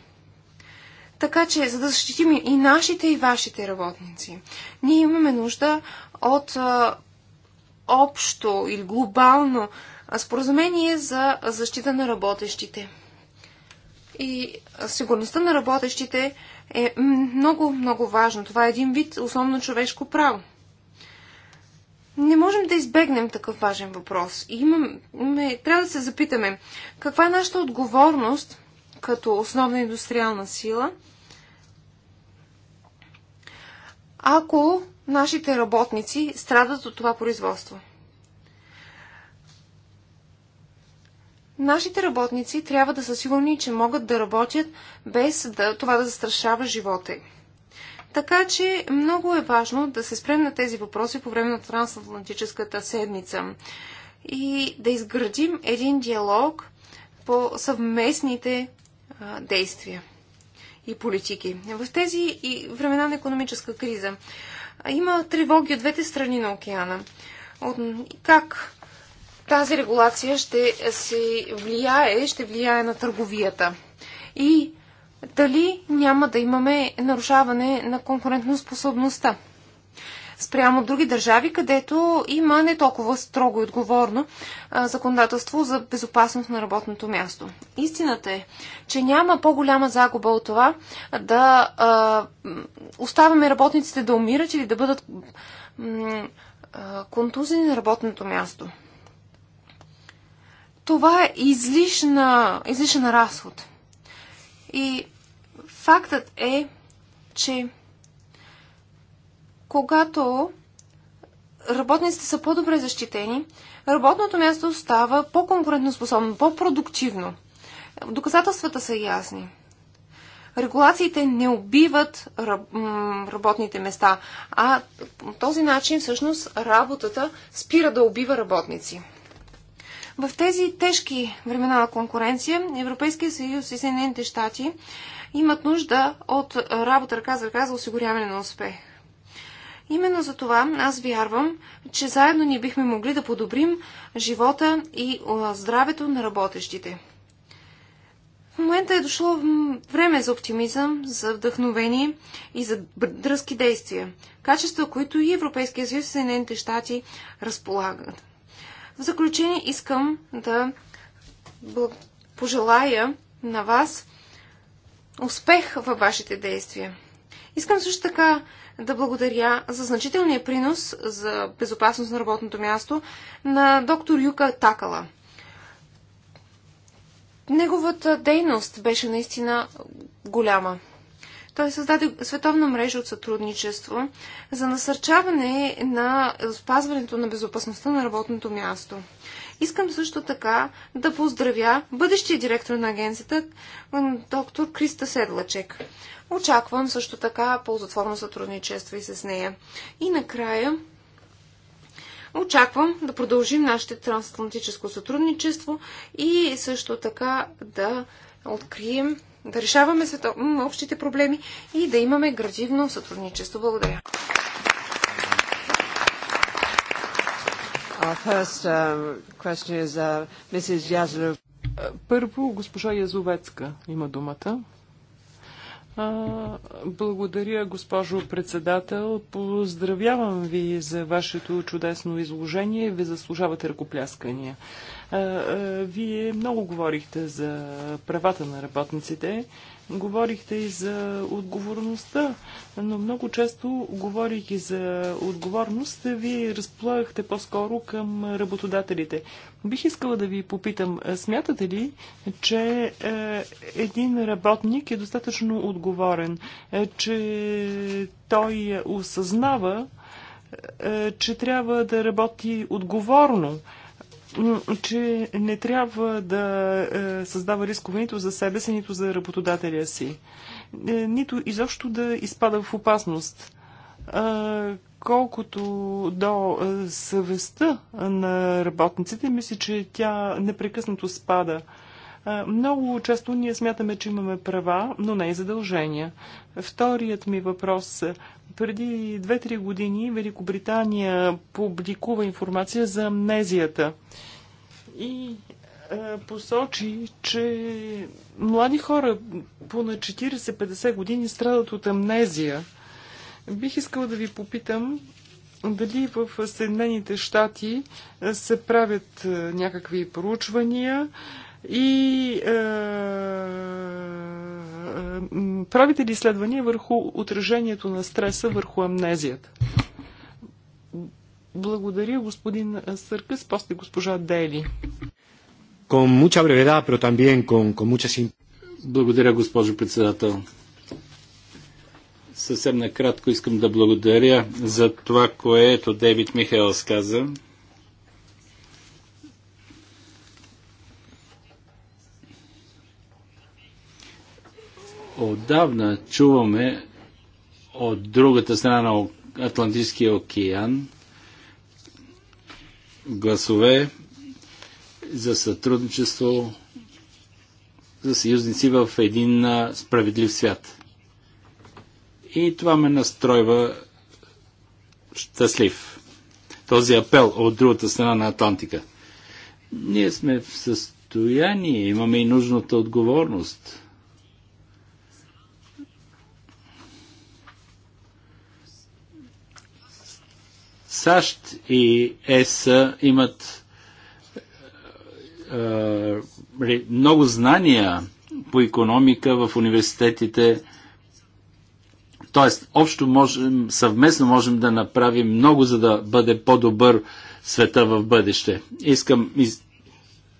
Така че, за да защитим и нашите, и вашите работници, ние имаме нужда от а, общо или глобално споразумение за защита на работещите. И сигурността на работещите е много, много важно. Това е един вид основно човешко право. Не можем да избегнем такъв важен въпрос. И ме, трябва да се запитаме каква е нашата отговорност като основна индустриална сила – ако нашите работници страдат от това производство. Нашите работници трябва да са сигурни, че могат да работят без да, това да застрашава живота им. Така че много е важно да се спрем на тези въпроси по време на трансатлантическата седмица и да изградим един диалог по съвместните а, действия и политики. В тези и времена на економическа криза има тревоги от двете страни на океана. От, как тази регулация ще се влияе, ще влияе на търговията. И дали няма да имаме нарушаване на конкурентоспособността. способността спрямо други държави, където има не толкова строго и отговорно законодателство за безопасност на работното място. Истината е, че няма по-голяма загуба от това да а, оставяме работниците да умират или да бъдат контузени на работното място. Това е излишна, разход. И фактът е, че когато работниците са по-добре защитени, работното място става по-конкурентоспособно, по-продуктивно. Доказателствата са ясни. Регулациите не убиват работните места, а по този начин всъщност работата спира да убива работници. В тези тежки времена на конкуренция Европейския съюз и Съединените щати имат нужда от работа ръка за ръка за осигуряване на успех. Именно за това аз вярвам, че заедно ни бихме могли да подобрим живота и здравето на работещите. В момента е дошло време за оптимизъм, за вдъхновение и за дръзки действия, качества, които и Европейския съюз и Съединените щати разполагат. В заключение искам да пожелая на вас успех във вашите действия. Искам също така да благодаря за значителния принос за безопасност на работното място на доктор Юка Такала. Неговата дейност беше наистина голяма. Той създаде световна мрежа от сътрудничество за насърчаване на спазването на безопасността на работното място. Искам също така да поздравя бъдещия директор на агенцията, доктор Криста Седлачек. Очаквам също така ползотворно сътрудничество и с нея. И накрая Очаквам да продължим нашето трансатлантическо сътрудничество и също така да открием, да решаваме общите проблеми и да имаме градивно сътрудничество. Благодаря. Our first uh, question is uh, Mrs. Yazlov. Първо госпожа Язовецка има думата. Благодаря, госпожо председател. Поздравявам ви за вашето чудесно изложение. Ви заслужавате ръкопляскания. Вие много говорихте за правата на работниците. Говорихте и за отговорността, но много често, говорейки за отговорност, вие разполагахте по-скоро към работодателите. Бих искала да ви попитам, смятате ли, че е, един работник е достатъчно отговорен, е, че той осъзнава, е, че трябва да работи отговорно, че не трябва да е, създава рискове нито за себе си, нито за работодателя си. Е, нито изобщо да изпада в опасност. Е, колкото до съвестта на работниците, мисля, че тя непрекъснато спада. Много често ние смятаме, че имаме права, но не и задължения. Вторият ми въпрос. Преди 2-3 години Великобритания публикува информация за амнезията и посочи, че млади хора по на 40-50 години страдат от амнезия. Бих искала да ви попитам дали в Съединените щати се правят някакви проучвания, и е, правите ли изследвания върху отражението на стреса върху амнезията? Благодаря, господин Съркъс, после госпожа Дели. Благодаря, госпожо председател. Съвсем накратко искам да благодаря за това, което Дейвид Михайлс каза. отдавна чуваме от другата страна на Атлантическия океан гласове за сътрудничество за съюзници в един справедлив свят. И това ме настройва щастлив. Този апел от другата страна на Атлантика. Ние сме в състояние, имаме и нужната отговорност САЩ и ЕС имат е, много знания по економика в университетите. Тоест, общо можем, съвместно можем да направим много, за да бъде по-добър света в бъдеще. Искам из...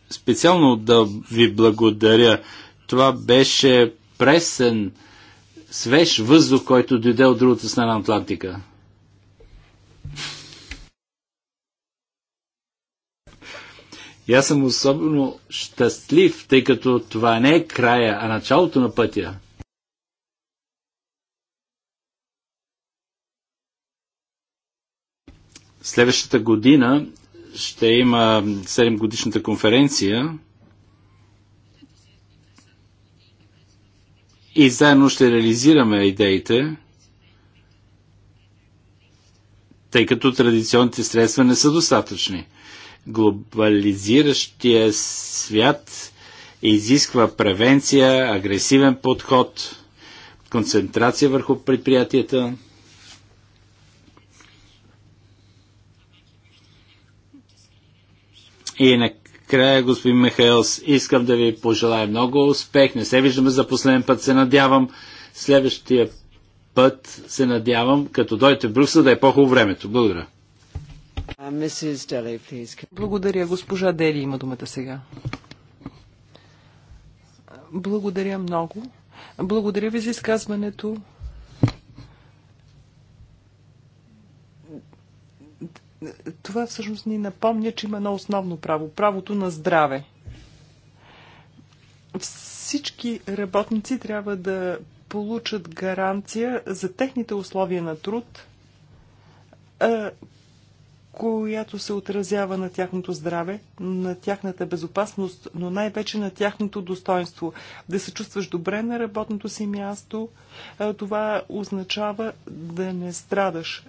специално да ви благодаря. Това беше пресен, свеж въздух, който дойде от другата страна на Атлантика. И аз съм особено щастлив, тъй като това не е края, а началото на пътя. Следващата година ще има 7 годишната конференция и заедно ще реализираме идеите, тъй като традиционните средства не са достатъчни. Глобализиращия свят изисква превенция, агресивен подход, концентрация върху предприятията. И накрая, господин Михайлс, искам да ви пожелая много успех. Не се виждаме за последен път, се надявам. Следващия път се надявам, като дойдете в Брюксел, да е по-хубаво времето. Благодаря. Благодаря. Госпожа Дели има думата сега. Благодаря много. Благодаря ви за изказването. Това всъщност ни напомня, че има едно основно право правото на здраве. Всички работници трябва да получат гаранция за техните условия на труд, която се отразява на тяхното здраве, на тяхната безопасност, но най-вече на тяхното достоинство. Да се чувстваш добре на работното си място, това означава да не страдаш.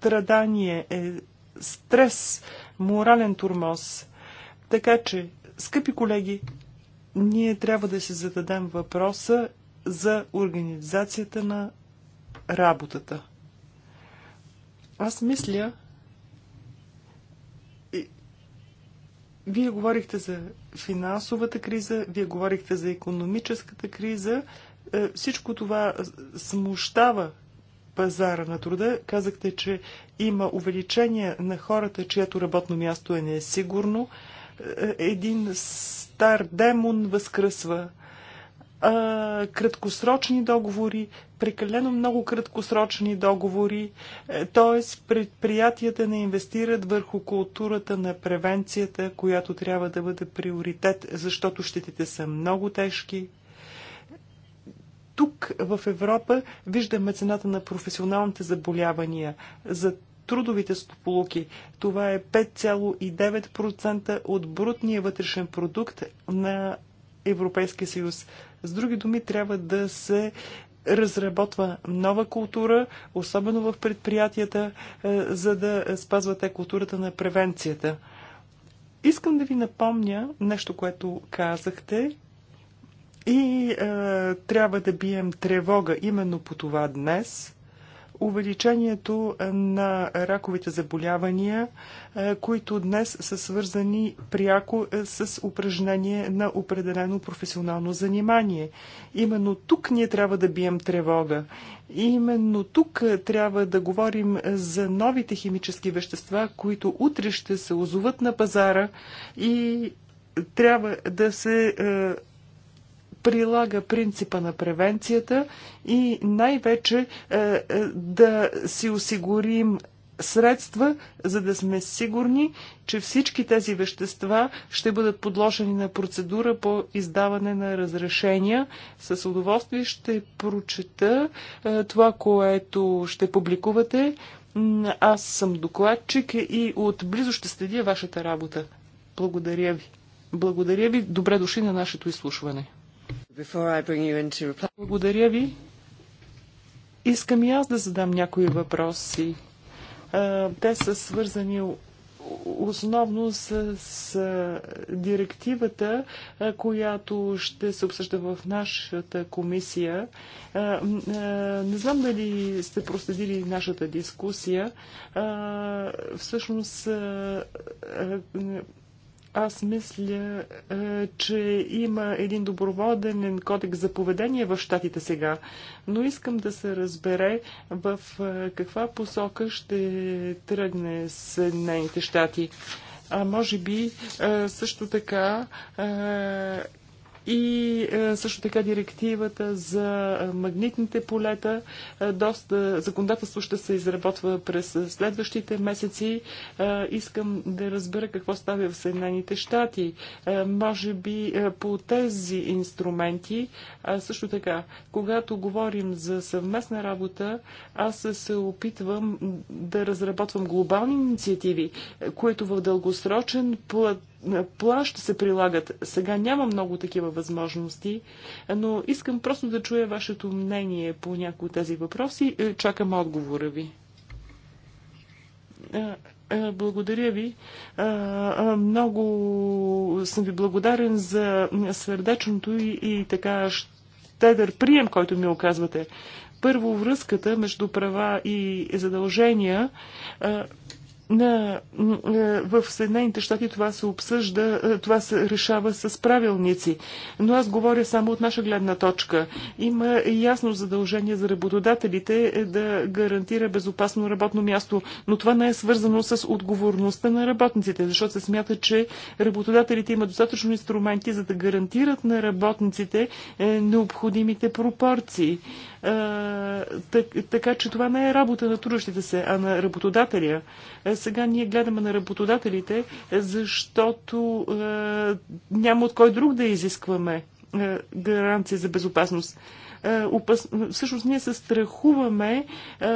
Страдание е стрес, морален турмоз. Така че, скъпи колеги, ние трябва да си зададем въпроса за организацията на работата. Аз мисля, Вие говорихте за финансовата криза, вие говорихте за економическата криза. Е, всичко това смущава пазара на труда. Казахте, че има увеличение на хората, чието работно място е несигурно. Е, един стар демон възкръсва краткосрочни договори, прекалено много краткосрочни договори, т.е. предприятията не инвестират върху културата на превенцията, която трябва да бъде приоритет, защото щетите са много тежки. Тук в Европа виждаме цената на професионалните заболявания. За трудовите сполуки. Това е 5,9% от брутния вътрешен продукт на Европейския съюз. С други думи, трябва да се разработва нова култура, особено в предприятията, е, за да спазвате културата на превенцията. Искам да ви напомня нещо, което казахте и е, трябва да бием тревога именно по това днес – увеличението на раковите заболявания, е, които днес са свързани пряко е, с упражнение на определено професионално занимание. Именно тук ние трябва да бием тревога. Именно тук е, трябва да говорим за новите химически вещества, които утре ще се озоват на пазара и трябва да се прилага принципа на превенцията и най-вече е, е, да си осигурим средства, за да сме сигурни, че всички тези вещества ще бъдат подложени на процедура по издаване на разрешения. С удоволствие ще прочета е, това, което ще публикувате. Аз съм докладчик и отблизо ще следя вашата работа. Благодаря ви. Благодаря ви. Добре дошли на нашето изслушване. Благодаря ви. Искам и аз да задам някои въпроси. Те са свързани основно с, с директивата, която ще се обсъжда в нашата комисия. Не знам дали сте проследили нашата дискусия. Всъщност аз мисля, е, че има един доброводен кодекс за поведение в щатите сега, но искам да се разбере в е, каква посока ще тръгне Съединените щати. А може би е, също така и е, също така директивата за е, магнитните полета. Е, доста законодателство ще се изработва през следващите месеци. Искам да разбера какво става в Съединените щати. Може би по тези инструменти, също така, когато говорим за съвместна работа, аз се опитвам да разработвам глобални инициативи, които в дългосрочен плът е, ще се прилагат. Сега няма много такива възможности, но искам просто да чуя вашето мнение по някои от тези въпроси. Е, чакам отговора ви. Е, благодаря ви. Много съм ви благодарен за сърдечното и, и така щедър прием, който ми оказвате. Първо, връзката между права и задължения е, в Съединените щати това се обсъжда, е, това се решава с правилници. Но аз говоря само от наша гледна точка. Има ясно задължение за работодателите е, да гарантира безопасно работно място, но това не е свързано с отговорността на работниците, защото се смята, че работодателите имат достатъчно инструменти, за да гарантират на работниците необходимите пропорции така че това не е работа на трудещите се, а на работодателя. Сега ние гледаме на работодателите, защото няма от кой друг да изискваме гаранция за безопасност опас... всъщност ние се страхуваме а,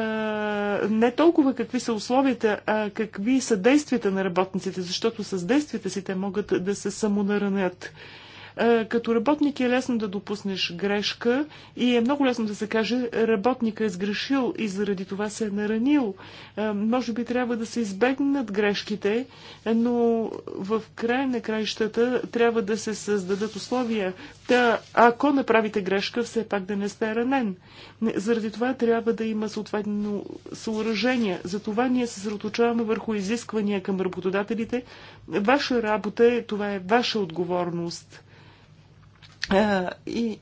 не толкова какви са условията, а какви са действията на работниците, защото с действията си те могат да се самонаранят. Е, като работник е лесно да допуснеш грешка и е много лесно да се каже работника е сгрешил и заради това се е наранил. Е, може би трябва да се избегнат грешките, но в края на краищата трябва да се създадат условия. Та, ако направите грешка, все пак да не сте ранен. Заради това трябва да има съответно съоръжение. Затова ние се съсредоточаваме върху изисквания към работодателите. Ваша работа е, това е ваша отговорност и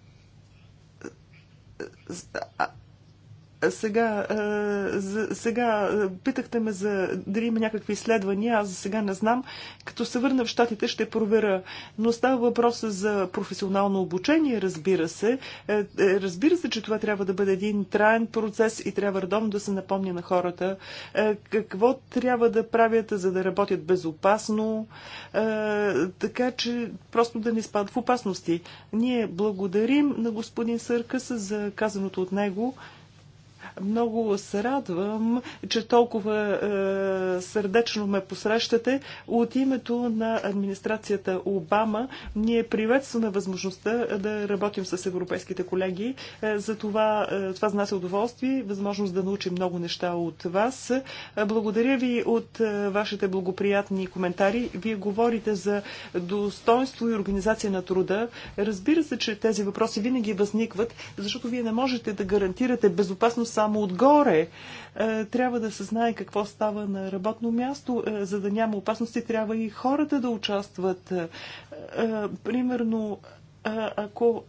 сега, за, сега питахте ме за дали има някакви изследвания, аз за сега не знам. Като се върна в щатите ще проверя. Но става въпроса за професионално обучение, разбира се. Е, е, разбира се, че това трябва да бъде един траен процес и трябва редовно да се напомня на хората е, какво трябва да правят, за да работят безопасно, така че просто да не спадат в опасности. Ние благодарим на господин Съркъс за казаното от него. Много се радвам, че толкова е, сърдечно ме посрещате. От името на администрацията Обама ние приветстваме възможността да работим с европейските колеги. Е, за това, е, това за нас е удоволствие, възможност да научим много неща от вас. Е, благодаря ви от е, вашите благоприятни коментари. Вие говорите за достоинство и организация на труда. Разбира се, че тези въпроси винаги възникват, защото вие не можете да гарантирате безопасност само отгоре. Е, трябва да се знае какво става на работно място. Е, за да няма опасности, трябва и хората да участват. Е, примерно, ако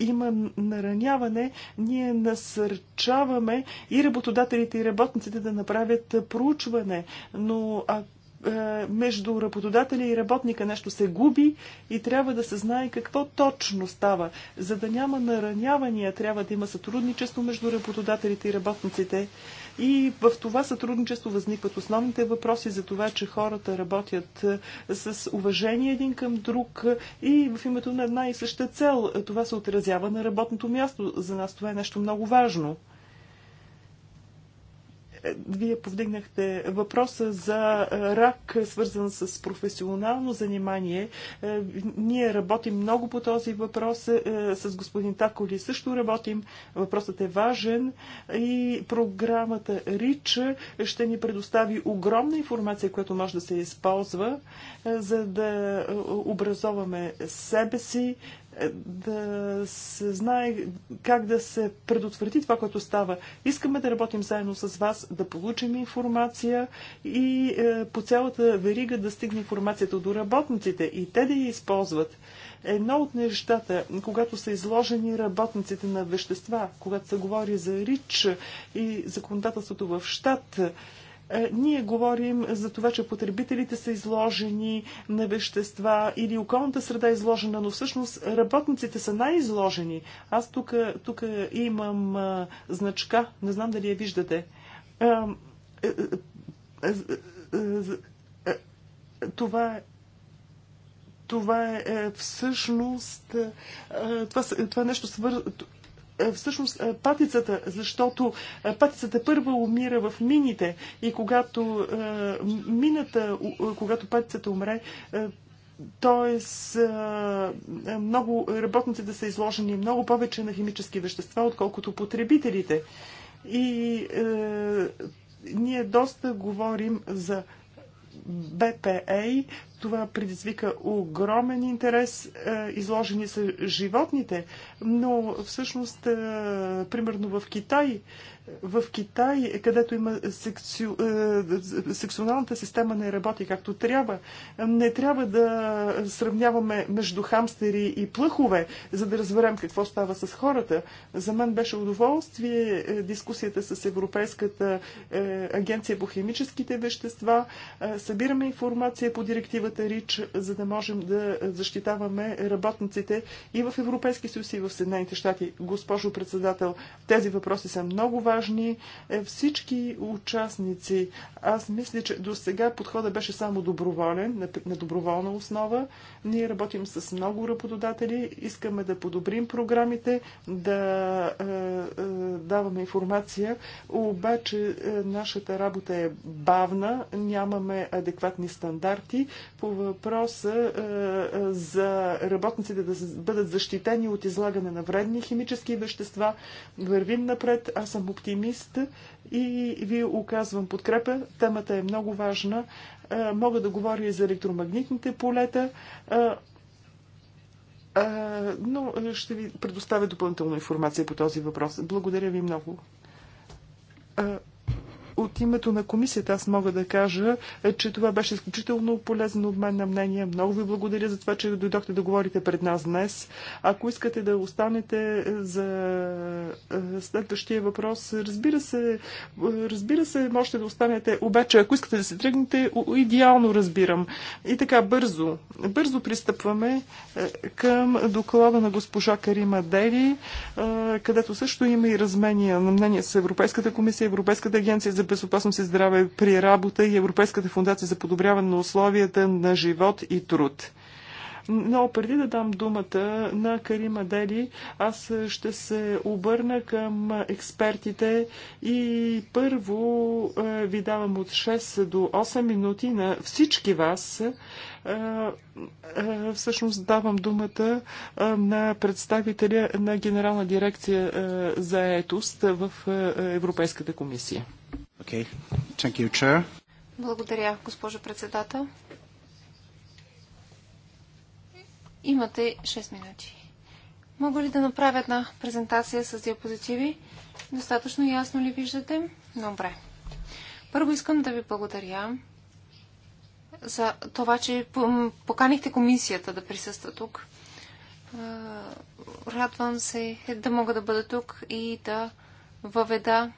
има нараняване, ние насърчаваме и работодателите и работниците да направят проучване. Но ако е, между работодателя и работника нещо се губи и трябва да се знае какво точно става. За да няма наранявания, трябва да има сътрудничество между работодателите и работниците. И в това сътрудничество възникват основните въпроси за това, че хората работят е, с уважение един към друг е, и в името на една и съща цел. Това се отразява на работното място. За нас това е нещо много важно. Вие повдигнахте въпроса за рак, свързан с професионално занимание. Ние работим много по този въпрос. С господин Таколи също работим. Въпросът е важен и програмата РИЧ ще ни предостави огромна информация, която може да се използва, за да образоваме себе си, е, да се знае как да се предотврати това, което става. Искаме да работим заедно с вас, да получим информация и е, по цялата верига да стигне информацията до работниците и те да я използват. Едно от нещата, когато са изложени работниците на вещества, когато се говори за РИЧ и законодателството в щат, е, ние говорим за това, че потребителите са изложени на вещества или околната среда е изложена, но всъщност работниците са най-изложени. Аз тук, тук имам а, е, значка, не знам дали я виждате. Е, това е това е всъщност това, това е нещо свързано е, всъщност е, патицата, защото е, патицата първа умира в мините и когато мината, когато патицата умре, т.е. много работниците са изложени много повече на химически вещества, отколкото потребителите. И е, ние доста говорим за БПА, това предизвика огромен интерес. Е, изложени са животните, но всъщност, е, примерно в Китай, в Китай, където има сексю... Е, сексуалната система не работи както трябва. Не трябва да сравняваме между хамстери и плъхове, за да разберем какво става с хората. За мен беше удоволствие дискусията с Европейската агенция по химическите вещества. Събираме информация по директива неговата РИЧ, за да можем да защитаваме работниците и в Европейски съюз, и в Съединените щати. Госпожо председател, тези въпроси са много важни. Е, всички участници, аз мисля, че до сега подходът беше само доброволен, на доброволна основа. Ние работим с много работодатели, искаме да подобрим програмите, да е, е, даваме информация, обаче е, нашата работа е бавна, нямаме адекватни стандарти по въпроса е, е, за работниците да бъдат защитени от излагане на вредни химически вещества. Вървим напред. Аз съм оптимист и ви оказвам подкрепа. Темата е много важна. Е, мога да говоря и за електромагнитните полета, но ще ви предоставя допълнителна информация по този въпрос. Благодаря ви много. От името на комисията аз мога да кажа, е, че това беше изключително полезно от мен на мнение. Много ви благодаря за това, че дойдохте да говорите пред нас днес. Ако искате да останете е, за е, следващия въпрос, разбира се, разбира се, можете да останете. Обаче, ако искате да се тръгнете, идеално разбирам. И така, бързо, бързо пристъпваме към доклада на госпожа Карима Дели, където също има и размения на мнение с Европейската комисия, Европейската агенция за безопасност и здраве при работа и Европейската фундация за подобряване на условията на живот и труд. Но преди да дам думата на Карима Дели, аз ще се обърна към експертите и първо е, ви давам от 6 до 8 минути на всички вас. Е, е, всъщност давам думата на представителя на Генерална дирекция за етост в Европейската комисия. Okay. Thank you, chair. Благодаря, госпожо председател. Имате 6 минути. Мога ли да направя една презентация с диапозитиви? Достатъчно ясно ли виждате? Добре. Първо искам да ви благодаря за това, че поканихте комисията да присъства тук. Радвам се е да мога да бъда тук и да въведа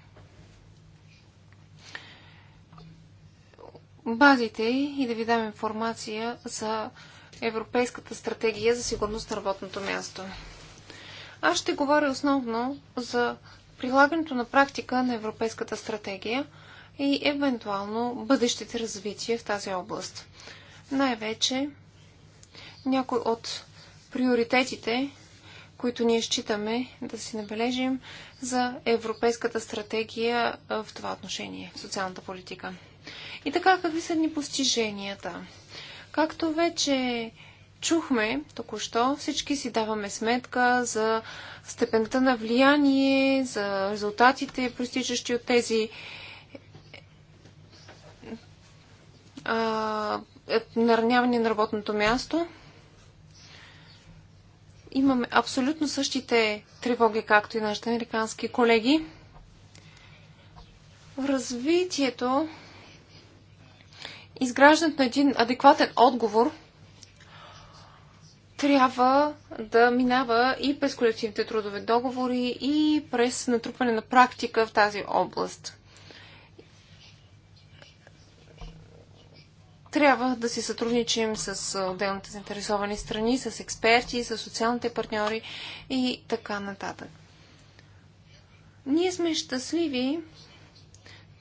базите и да ви дам информация за Европейската стратегия за сигурност на работното място. Аз ще говоря основно за прилагането на практика на Европейската стратегия и евентуално бъдещите развития в тази област. Най-вече някой от приоритетите, които ние считаме да си набележим за Европейската стратегия в това отношение, в социалната политика. И така, какви са ни постиженията? Както вече чухме току-що, всички си даваме сметка за степента на влияние, за резултатите, проистичащи от тези е, нараняване на работното място. Имаме абсолютно същите тревоги, както и нашите американски колеги. В развитието изграждането на един адекватен отговор трябва да минава и през колективните трудови договори, и през натрупване на практика в тази област. Трябва да си сътрудничим с отделните заинтересовани страни, с експерти, с социалните партньори и така нататък. Ние сме щастливи,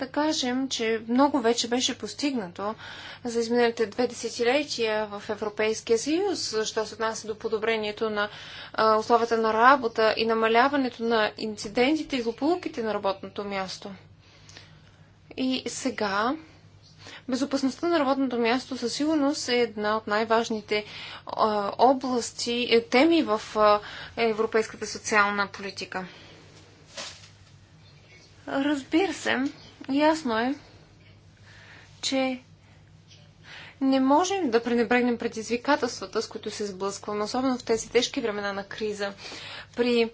да кажем, че много вече беше постигнато за изминалите две десетилетия в Европейския съюз, що се отнася до подобрението на а, условията на работа и намаляването на инцидентите и злополуките на работното място. И сега Безопасността на работното място със сигурност е една от най-важните области, е, теми в европейската социална политика. Разбира се, Ясно е, че не можем да пренебрегнем предизвикателствата, с които се сблъскваме, особено в тези тежки времена на криза. При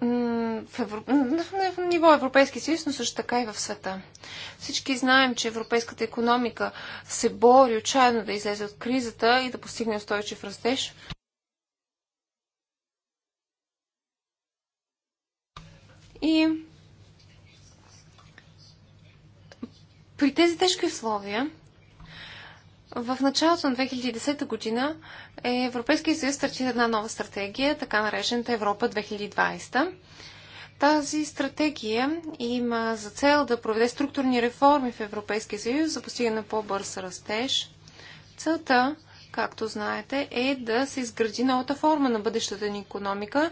в Евро... на ниво Европейски съюз, но също така и в света. Всички знаем, че европейската економика се бори отчаяно да излезе от кризата и да постигне устойчив растеж. И При тези тежки условия, в началото на 2010 година е, Европейския съюз стартира една нова стратегия, така наречената Европа 2020. Тази стратегия има за цел да проведе структурни реформи в Европейския съюз за постигане на по-бърз растеж. Целта, както знаете, е да се изгради новата форма на бъдещата ни економика,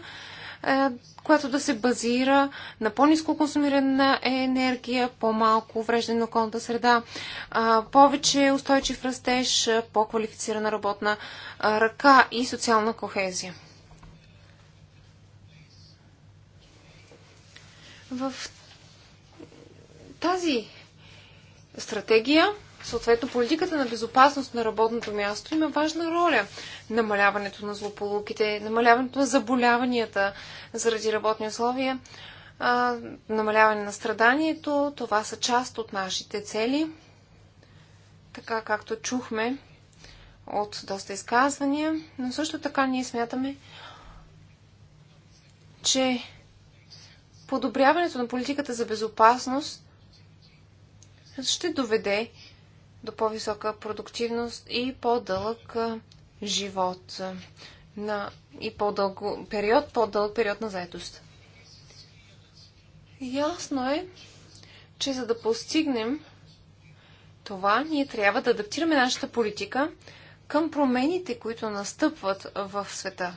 е, която да се базира на по-низко консумиране на енергия, по-малко увреждане на околната среда, повече устойчив растеж, по-квалифицирана работна ръка и социална кохезия. В тази стратегия Съответно, политиката на безопасност на работното място има важна роля. Намаляването на злополуките, намаляването на заболяванията заради работни условия, намаляване на страданието, това са част от нашите цели. Така както чухме от доста изказвания, но също така ние смятаме, че подобряването на политиката за безопасност ще доведе до по-висока продуктивност и по-дълъг живот на и по-дълго период, по-дълъг период на заедост. Ясно е, че за да постигнем това, ние трябва да адаптираме нашата политика към промените, които настъпват в света.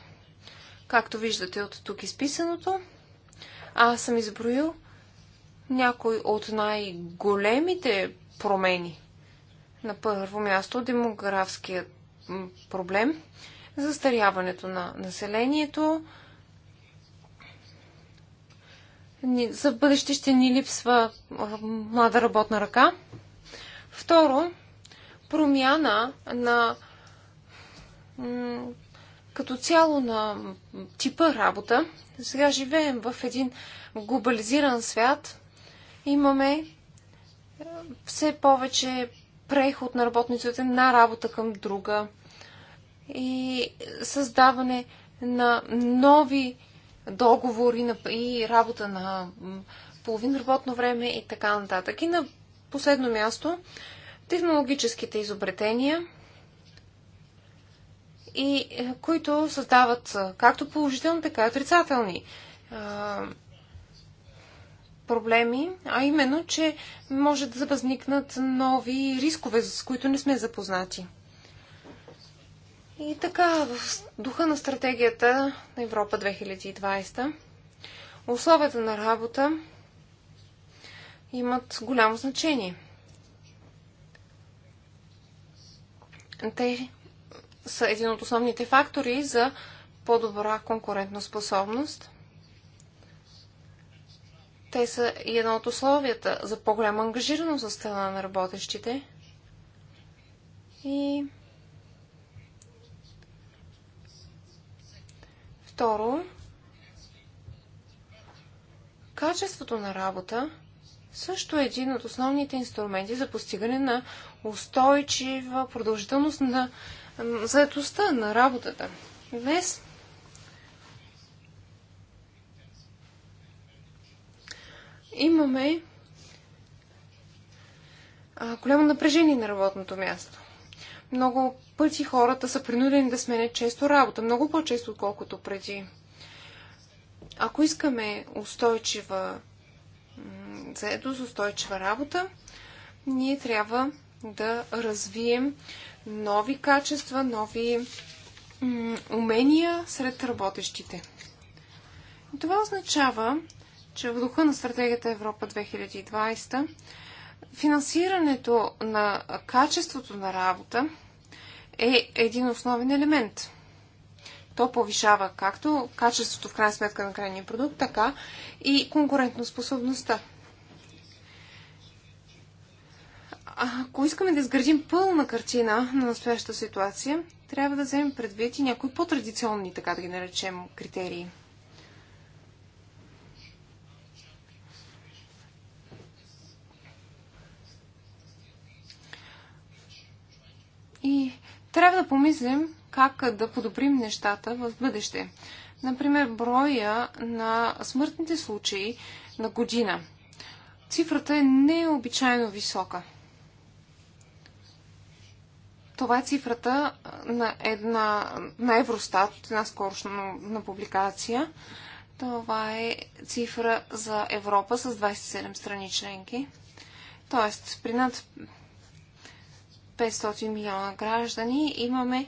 Както виждате от тук изписаното, аз съм изброил някои от най-големите промени – на първо място демографският проблем, застаряването на населението. За бъдеще ще ни липсва млада работна ръка. Второ, промяна на като цяло на типа работа. Сега живеем в един глобализиран свят. Имаме все повече преход на работниците на работа към друга и създаване на нови договори и работа на половин работно време и така нататък. И на последно място технологическите изобретения и е, които създават както положителни, така и отрицателни проблеми, а именно, че може да възникнат нови рискове, с които не сме запознати. И така, в духа на стратегията на Европа 2020, условията на работа имат голямо значение. Те са един от основните фактори за по-добра конкурентоспособност – те са и едно от условията за по-голяма ангажираност от страна на работещите. И второ, качеството на работа също е един от основните инструменти за постигане на устойчива продължителност на заедостта на работата. Днес имаме а, голямо напрежение на работното място. Много пъти хората са принудени да сменят често работа, много по-често, отколкото преди. Ако искаме устойчива заедост, устойчива работа, ние трябва да развием нови качества, нови умения сред работещите. Това означава, че в духа на стратегията Европа 2020 финансирането на качеството на работа е един основен елемент. То повишава както качеството в крайна сметка на крайния продукт, така и конкурентоспособността. Ако искаме да изградим пълна картина на настоящата ситуация, трябва да вземем предвид и някои по-традиционни, така да ги наречем, критерии – И трябва да помислим как да подобрим нещата в бъдеще. Например, броя на смъртните случаи на година. Цифрата е необичайно висока. Това е цифрата на, една, на Евростат, една скорошна публикация. Това е цифра за Европа с 27 страни членки. Тоест, при над 500 милиона граждани, имаме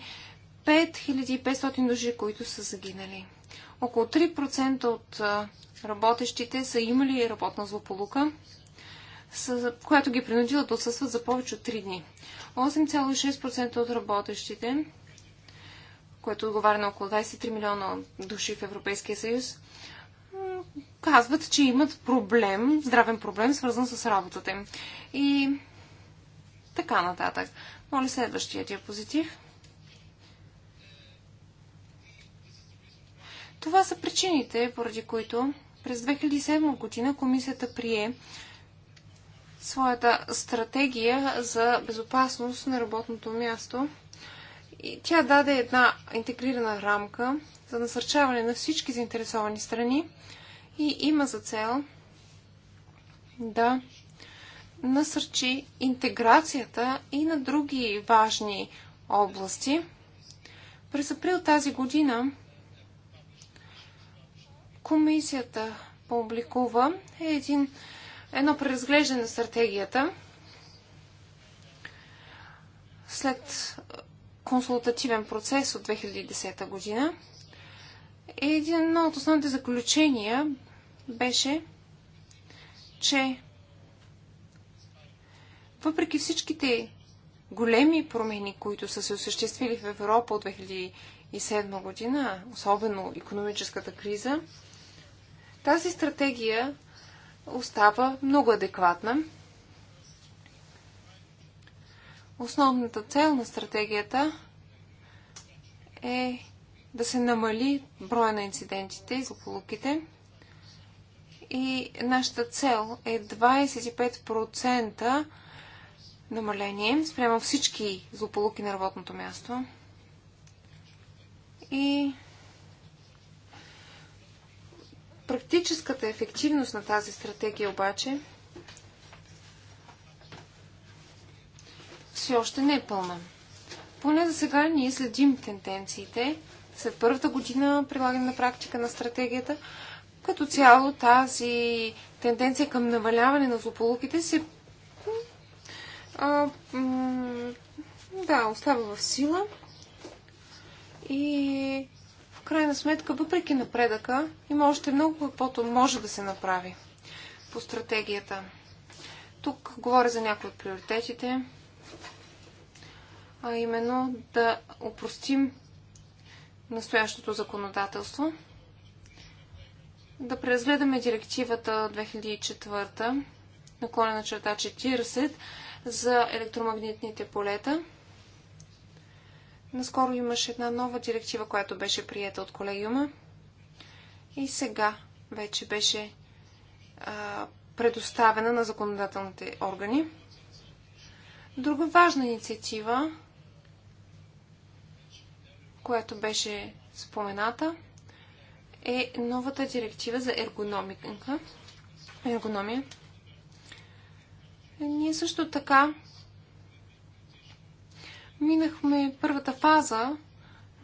5500 души, които са загинали. Около 3% от работещите са имали работна злополука, която ги принудила да отсъстват за повече от 3 дни. 8,6% от работещите, което отговаря на около 23 милиона души в Европейския съюз, казват, че имат проблем, здравен проблем, свързан с работата им. И така нататък. Моля следващия диапозитив. Това са причините, поради които през 2007 година комисията прие своята стратегия за безопасност на работното място. И тя даде една интегрирана рамка за насърчаване на всички заинтересовани страни и има за цел да насърчи интеграцията и на други важни области. През април тази година комисията публикува един, едно преразглеждане на стратегията след е, консултативен процес от 2010 година. Едно от основните заключения беше, че въпреки всичките големи промени, които са се осъществили в Европа от 2007 година, особено економическата криза, тази стратегия остава много адекватна. Основната цел на стратегията е да се намали броя на инцидентите и злополуките. И нашата цел е 25% намаление спрямо всички злополуки на работното място. И практическата ефективност на тази стратегия обаче все още не е пълна. Поне за сега ние следим тенденциите след първата година прилагане на практика на стратегията. Като цяло тази тенденция към намаляване на злополуките се а, да, остава в сила. И в крайна сметка, въпреки напредъка, има още много каквото може да се направи по стратегията. Тук говоря за някои от приоритетите, а именно да упростим настоящото законодателство, да преразгледаме директивата 2004 наклона на черта 40 за електромагнитните полета. Наскоро имаше една нова директива, която беше приета от колегиума и сега вече беше а, предоставена на законодателните органи. Друга важна инициатива, която беше спомената, е новата директива за ергономика, ергономия, ние също така минахме първата фаза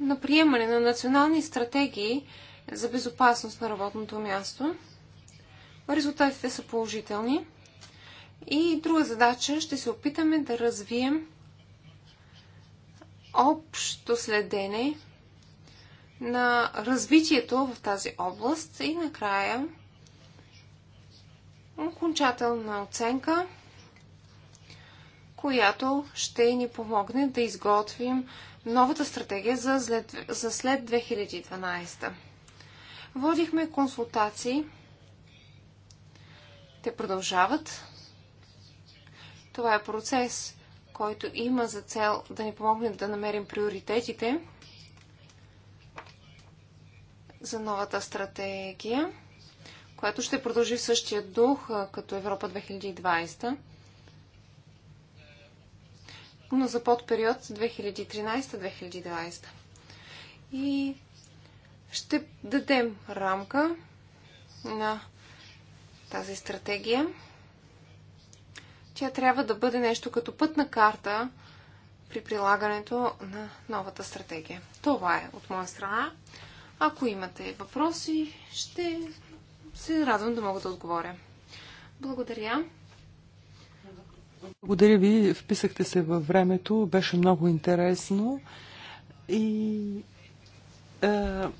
на приемане на национални стратегии за безопасност на работното място. Резултатите са положителни. И друга задача ще се опитаме да развием общо следене на развитието в тази област и накрая окончателна оценка която ще ни помогне да изготвим новата стратегия за след, за след 2012. Водихме консултации. Те продължават. Това е процес, който има за цел да ни помогне да намерим приоритетите за новата стратегия, която ще продължи в същия дух като Европа 2020 но за подпериод 2013-2020. И ще дадем рамка на тази стратегия. Тя трябва да бъде нещо като пътна карта при прилагането на новата стратегия. Това е от моя страна. Ако имате въпроси, ще се радвам да мога да отговоря. Благодаря. Благодаря ви. Вписахте се във времето. Беше много интересно. И е, а,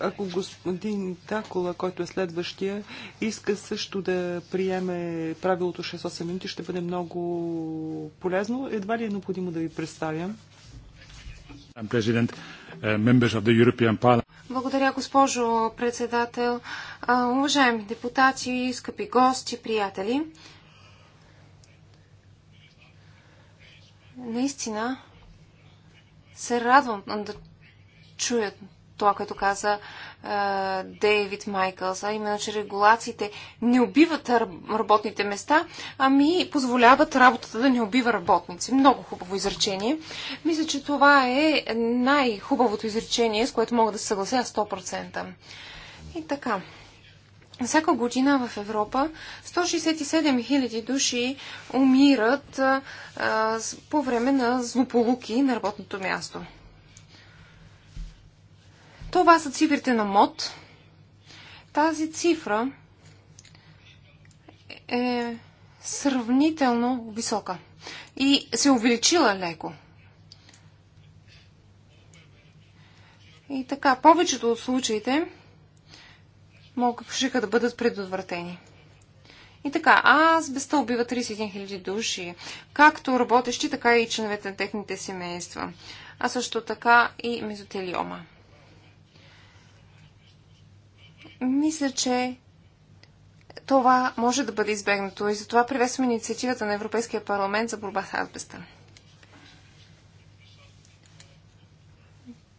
ако господин Такола, който е следващия, иска също да приеме правилото 6-8 минути, ще бъде много полезно. Едва ли е необходимо да ви представям? Uh, благодаря, госпожо председател. Уважаеми депутати, скъпи гости, приятели, Наистина се радвам да чуят това, което каза е, Дейвид Майкълс, а именно, че регулациите не убиват работните места, ами позволяват работата да не убива работници. Много хубаво изречение. Мисля, че това е най-хубавото изречение, с което мога да се съглася 100%. И така. Всяка година в Европа 167 000 души умират а, по време на злополуки на работното място. Това са цифрите на МОД. Тази цифра е сравнително висока и се е увеличила леко. И така, повечето от случаите можеха да бъдат предотвратени. И така, аз без това убива 31 000 души, както работещи, така и членовете на техните семейства, а също така и мезотелиома. Мисля, че това може да бъде избегнато и затова приветствам инициативата на Европейския парламент за борба с азбеста.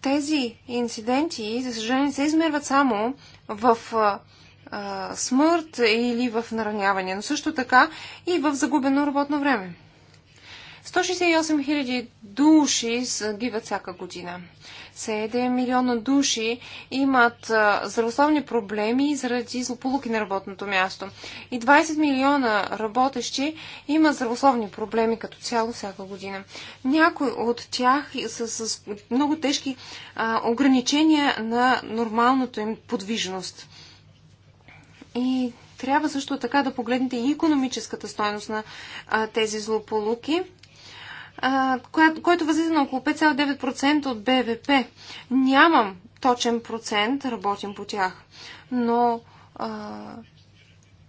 Тези инциденти, за съжаление, се измерват само в а, смърт или в нараняване, но също така и в загубено работно време. 168 000 души гиват всяка година. 7 милиона души имат здравословни проблеми заради злополуки на работното място. И 20 милиона работещи имат здравословни проблеми като цяло всяка година. Някои от тях са с много тежки а, ограничения на нормалното им подвижност. И трябва също така да погледнете и економическата стойност на а, тези злополуки който възлиза на около 5,9% от БВП. Нямам точен процент, работим по тях, но а,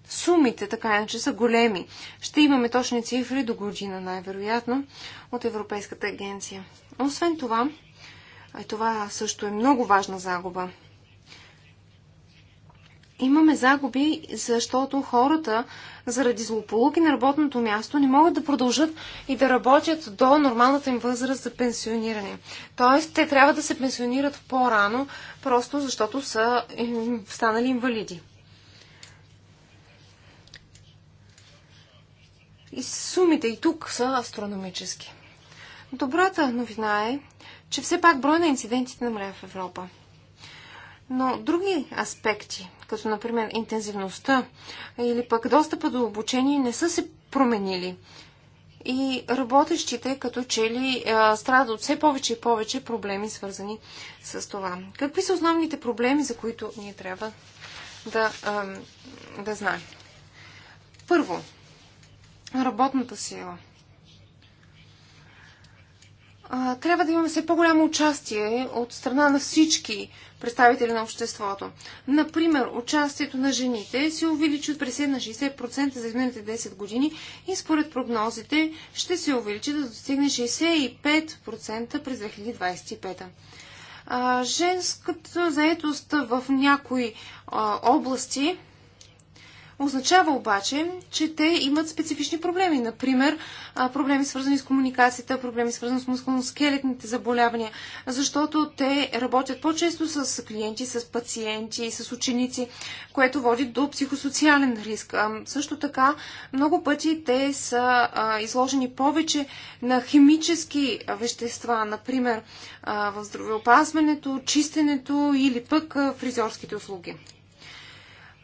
сумите, така иначе, са големи. Ще имаме точни цифри до година, най-вероятно, от Европейската агенция. Освен това, това също е много важна загуба имаме загуби, защото хората заради злополуки на работното място не могат да продължат и да работят до нормалната им възраст за пенсиониране. Тоест, те трябва да се пенсионират по-рано, просто защото са станали инвалиди. И сумите и тук са астрономически. Добрата новина е, че все пак брой на инцидентите намаля в Европа. Но други аспекти като например интензивността или пък достъпа до обучение не са се променили. И работещите като че ли страдат от все повече и повече проблеми, свързани с това. Какви са основните проблеми, за които ние трябва да, да знаем? Първо, работната сила трябва да имаме все по-голямо участие от страна на всички представители на обществото. Например, участието на жените се увеличи от пресед на 60% за изминалите 10 години и според прогнозите ще се увеличи да достигне 65% през 2025. женската заетост в някои области Означава обаче, че те имат специфични проблеми. Например, проблеми свързани с комуникацията, проблеми свързани с мускулно-скелетните заболявания, защото те работят по-често с клиенти, с пациенти, с ученици, което води до психосоциален риск. Също така, много пъти те са изложени повече на химически вещества, например в здравеопазването, чистенето или пък фризьорските услуги.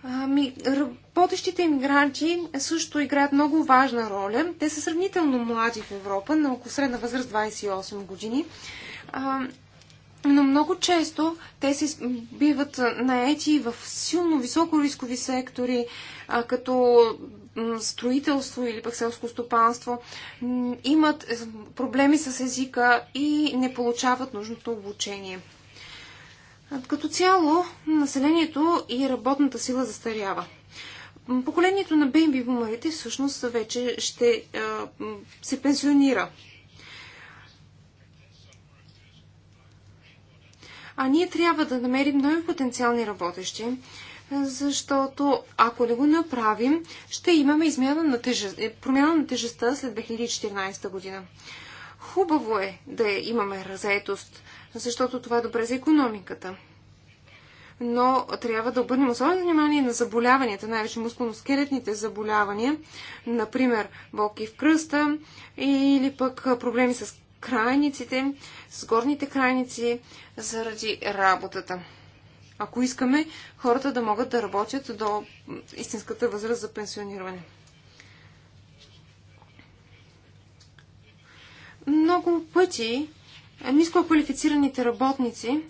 Ами, работещите иммигранти също играят много важна роля. Те са сравнително млади в Европа, на около средна възраст 28 години. А, но много често те се биват наети в силно високо рискови сектори, а, като строителство или пък селско стопанство. Имат е, проблеми с езика и не получават нужното обучение. Като цяло, населението и работната сила застарява. Поколението на бейби бумарите всъщност вече ще а, се пенсионира. А ние трябва да намерим нови потенциални работещи, защото ако не го направим, ще имаме измяна на тежест, промяна на тежестта след 2014 година. Хубаво е да имаме разетост защото това е добре за економиката. Но трябва да обърнем особено внимание на заболяванията, най-вече мускулно-скелетните заболявания, например болки в кръста или пък проблеми с крайниците, с горните крайници заради работата. Ако искаме хората да могат да работят до истинската възраст за пенсиониране. Много пъти ниско квалифицираните работници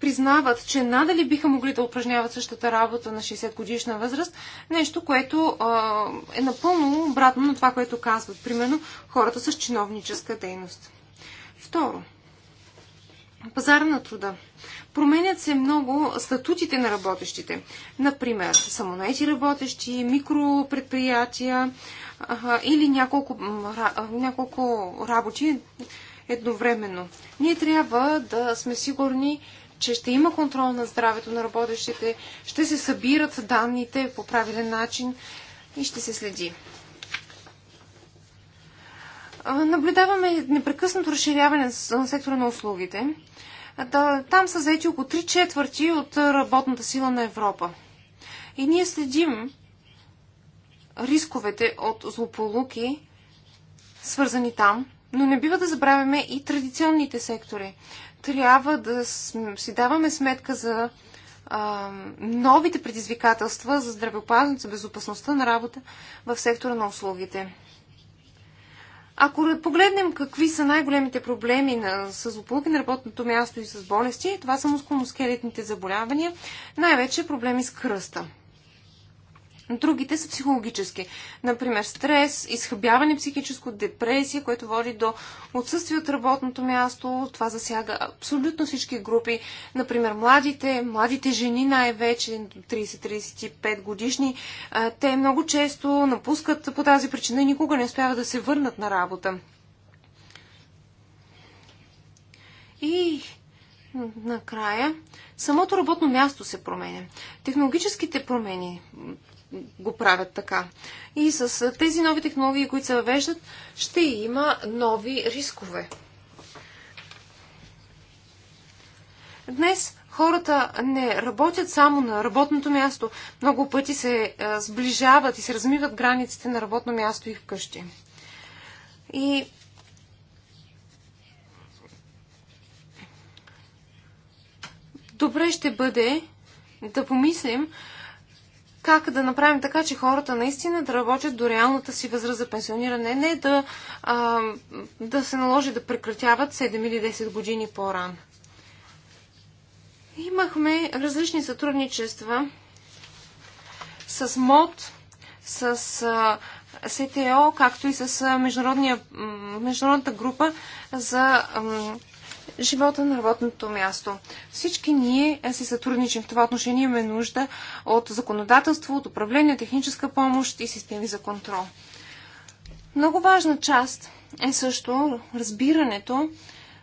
признават, че надали биха могли да упражняват същата работа на 60 годишна възраст, нещо, което е напълно обратно на това, което казват, примерно, хората с чиновническа дейност. Второ, пазара на труда. Променят се много статутите на работещите. Например, самонайти работещи, микропредприятия а, или няколко, а, няколко работи, едновременно. Ние трябва да сме сигурни, че ще има контрол на здравето на работещите, ще се събират данните по правилен начин и ще се следи. Наблюдаваме непрекъснато разширяване на сектора на услугите. Там са заети около 3 четвърти от работната сила на Европа. И ние следим рисковете от злополуки, свързани там, но не бива да забравяме и традиционните сектори. Трябва да си даваме сметка за а, новите предизвикателства за здравеопазването, за безопасността на работа в сектора на услугите. Ако погледнем какви са най-големите проблеми на, с злополуки на работното място и с болести, това са мускулно-скелетните заболявания, най-вече проблеми с кръста. Другите са психологически. Например, стрес, изхъбяване психическо, депресия, което води до отсъствие от работното място. Това засяга абсолютно всички групи. Например, младите, младите жени най-вече, 30-35 годишни, те много често напускат по тази причина и никога не успяват да се върнат на работа. И накрая, самото работно място се променя. Технологическите промени, го правят така. И с тези нови технологии, които се въвеждат, ще има нови рискове. Днес хората не работят само на работното място. Много пъти се сближават и се размиват границите на работно място и вкъщи. И добре ще бъде да помислим как да направим така, че хората наистина да работят до реалната си възраст за пенсиониране, не да, а, да се наложи да прекратяват 7 или 10 години по-рано. Имахме различни сътрудничества с МОД, с а, СТО, както и с международната група за живота на работното място. Всички ние се сътрудничим в това отношение. Имаме нужда от законодателство, от управление, техническа помощ и системи за контрол. Много важна част е също разбирането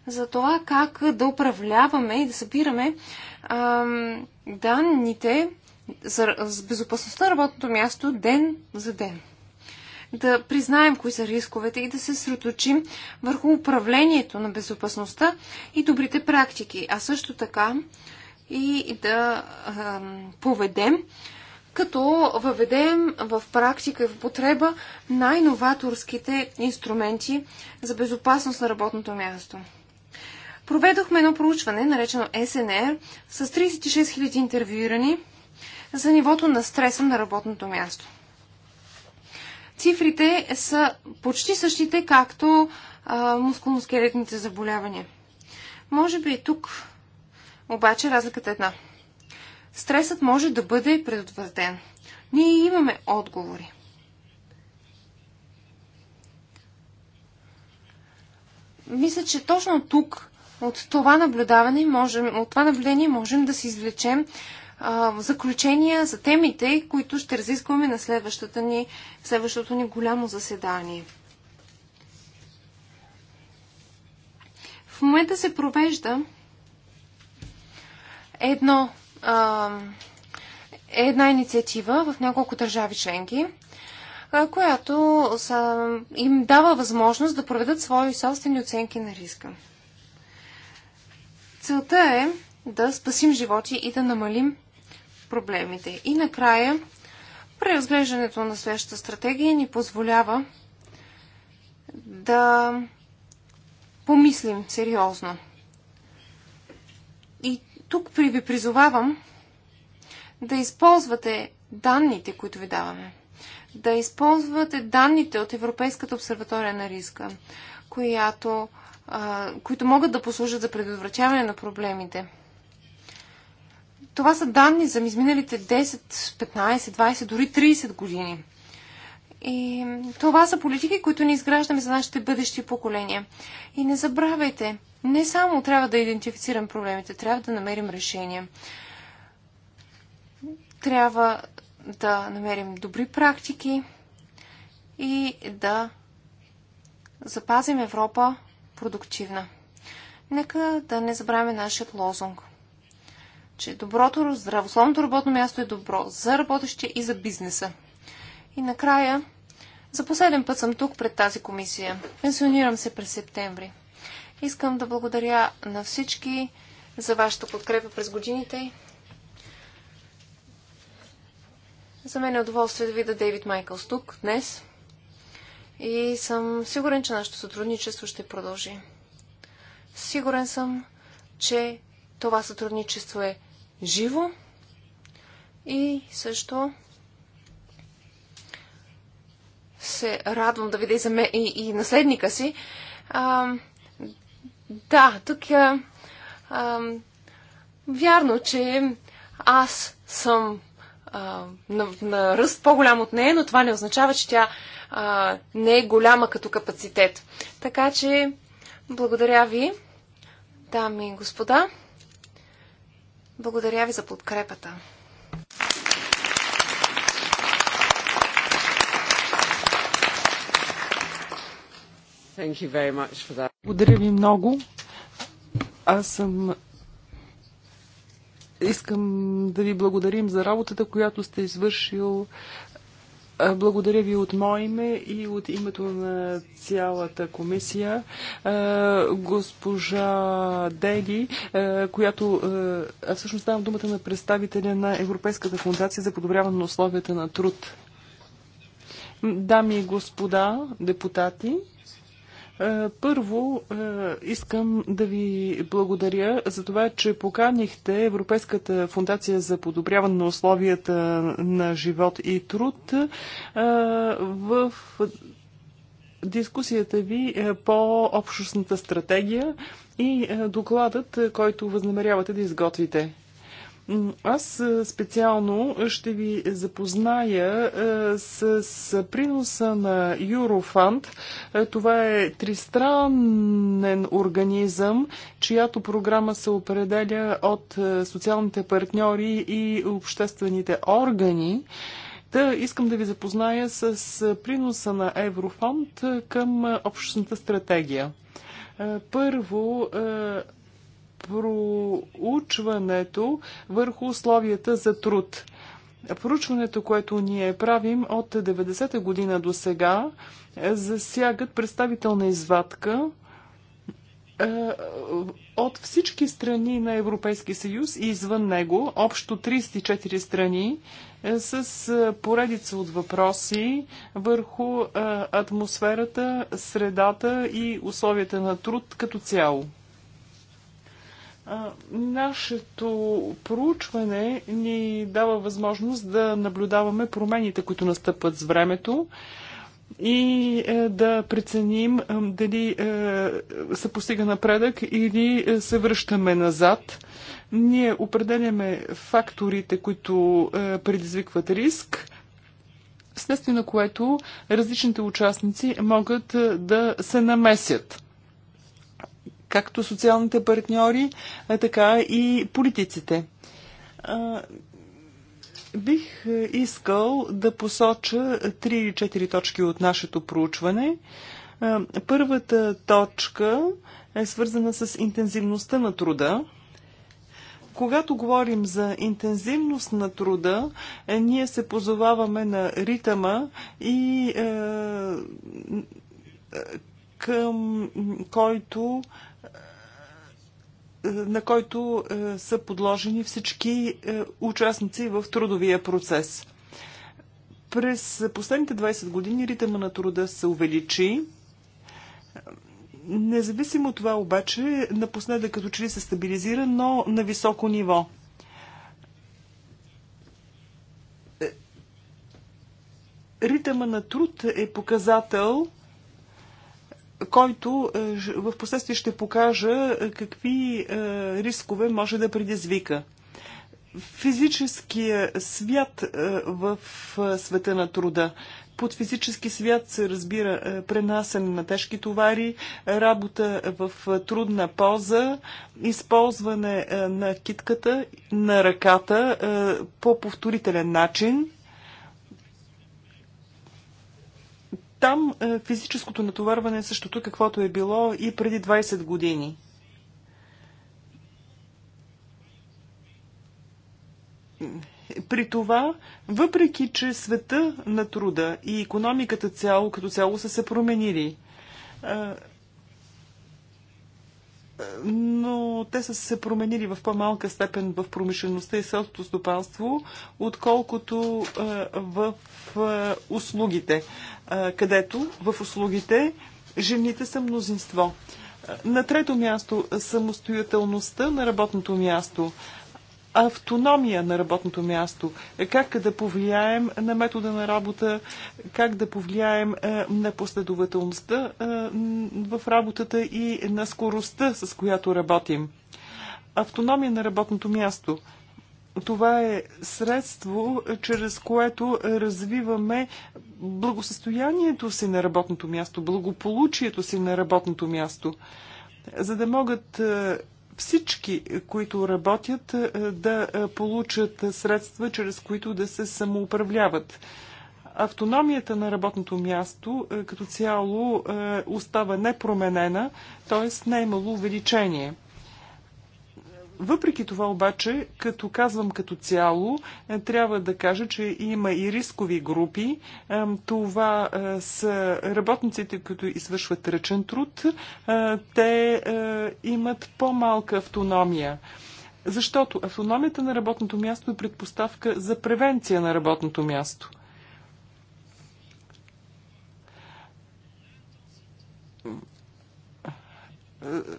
за това как да управляваме и да събираме ам, данните за безопасността на работното място ден за ден да признаем кои са рисковете и да се среточим върху управлението на безопасността и добрите практики, а също така и да а, поведем, като въведем в практика и в потреба най-новаторските инструменти за безопасност на работното място. Проведохме едно проучване, наречено СНР, с 36 000 интервюирани за нивото на стреса на работното място цифрите са почти същите, както мускулно-скелетните заболявания. Може би и тук, обаче, разликата е една. Стресът може да бъде предотвратен. Ние имаме отговори. Мисля, че точно тук, от това наблюдаване, можем, от това наблюдение можем да си извлечем заключения за темите, които ще разискваме на следващата ни, следващото ни голямо заседание. В момента се провежда едно, а, една инициатива в няколко държави членки, а, която са, им дава възможност да проведат свои собствени оценки на риска. Целта е да спасим животи и да намалим проблемите. И накрая, преразглеждането на следващата стратегия ни позволява да помислим сериозно. И тук при ви призовавам да използвате данните, които ви даваме. Да използвате данните от Европейската обсерватория на риска, която, а, които могат да послужат за предотвратяване на проблемите. Това са данни за изминалите 10, 15, 20, дори 30 години. И това са политики, които ни изграждаме за нашите бъдещи поколения. И не забравяйте, не само трябва да идентифицираме проблемите, трябва да намерим решения. Трябва да намерим добри практики и да запазим Европа продуктивна. Нека да не забравяме нашия лозунг – че доброто, здравословното работно място е добро за работещия и за бизнеса. И накрая, за последен път съм тук пред тази комисия. Пенсионирам се през септември. Искам да благодаря на всички за вашата подкрепа през годините. За мен е удоволствие да видя Дейвид Майкълс тук днес. И съм сигурен, че нашето сътрудничество ще продължи. Сигурен съм, че това сътрудничество е живо и също се радвам да видя и, и, и наследника си. А, да, тук е, а, вярно, че аз съм а, на, на ръст по-голям от нея, но това не означава, че тя а, не е голяма като капацитет. Така че, благодаря ви, дами и господа. Благодаря ви за подкрепата. Благодаря ви много. Аз съм. Искам да ви благодарим за работата, която сте извършил благодаря ви от мое име и от името на цялата комисия. Госпожа Дели, която... всъщност давам думата на представителя на Европейската фундация за подобряване на условията на труд. Дами и господа депутати, е, първо, е, искам да ви благодаря за това, че поканихте Европейската фундация за подобряване на условията на живот и труд е, в дискусията ви по общностната стратегия и докладът, който възнамерявате да изготвите. Аз специално ще ви запозная с, с приноса на Юрофанд. Това е тристранен организъм, чиято програма се определя от социалните партньори и обществените органи. Та да, искам да ви запозная с приноса на Еврофонд към общностната стратегия. Първо, проучването върху условията за труд. Проучването, което ние правим от 90-та година до сега, е, засягат представителна извадка е, от всички страни на Европейски съюз и извън него, общо 34 страни, е, с поредица от въпроси върху атмосферата, средата и условията на труд като цяло. Нашето проучване ни дава възможност да наблюдаваме промените, които настъпват с времето и е, да преценим е, дали е, се постига напредък или се връщаме назад. Ние определяме факторите, които предизвикват риск, следствие на което различните участници могат да се намесят както социалните партньори, така и политиците. Бих искал да посоча три или четири точки от нашето проучване. Първата точка е свързана с интензивността на труда. Когато говорим за интензивност на труда, е, ние се позоваваме на ритъма и е, е към който на който е, са подложени всички е, участници в трудовия процес. През последните 20 години ритъма на труда се увеличи. Независимо от това обаче, напоследък като че ли се стабилизира, но на високо ниво. Е, ритъма на труд е показател – който е, в последствие ще покажа е, какви е, рискове може да предизвика. Физическия свят в света на труда. Под физически свят се разбира пренасене на тежки товари, работа в трудна поза, използване на китката, на ръката по повторителен начин Там е, физическото натоварване е същото, каквото е било и преди 20 години. При това, въпреки че света на труда и економиката цяло като цяло са се променили, е, но те са се променили в по-малка степен в промишлеността и селското стопанство, отколкото в услугите, където в услугите жените са мнозинство. На трето място самостоятелността на работното място автономия на работното място, как да повлияем на метода на работа, как да повлияем е, на последователността е, в работата и на скоростта, с която работим. Автономия на работното място. Това е средство, чрез което развиваме благосъстоянието си на работното място, благополучието си на работното място. За да могат е, всички, които работят, е, да е, получат средства, чрез които да се самоуправляват. Автономията на работното място е, като цяло остава непроменена, т.е. не е имало увеличение. Въпреки това обаче, като казвам като цяло, е, трябва да кажа, че има и рискови групи. Е, това е, са работниците, които извършват ръчен труд. Те имат по-малка автономия. Защото автономията на работното място е предпоставка за превенция на работното място. Uh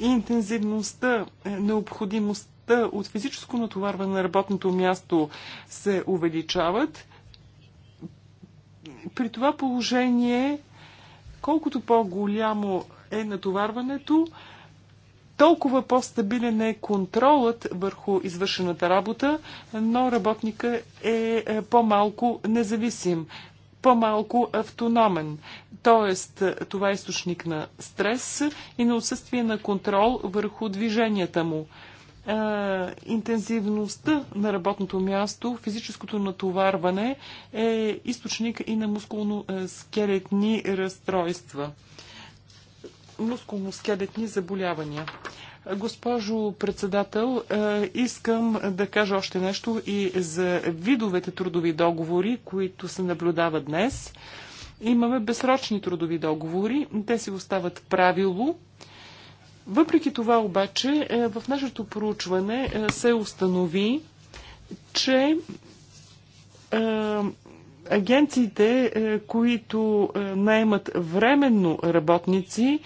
интензивността, е, необходимостта от физическо натоварване на работното място се увеличават. При това положение, колкото по-голямо е натоварването, толкова по-стабилен е контролът върху извършената работа, но работника е, е по-малко независим по-малко автономен. Тоест, е, това е източник на стрес и на отсъствие на контрол върху движенията му. Е, интензивността на работното място, физическото натоварване е източник и на мускулно-скелетни разстройства мускулно-скелетни заболявания. Госпожо председател, е, искам да кажа още нещо и за видовете трудови договори, които се наблюдават днес. Имаме безсрочни трудови договори. Те си остават правило. Въпреки това обаче, е, в нашето проучване е, се установи, че агенциите, които наемат временно работници,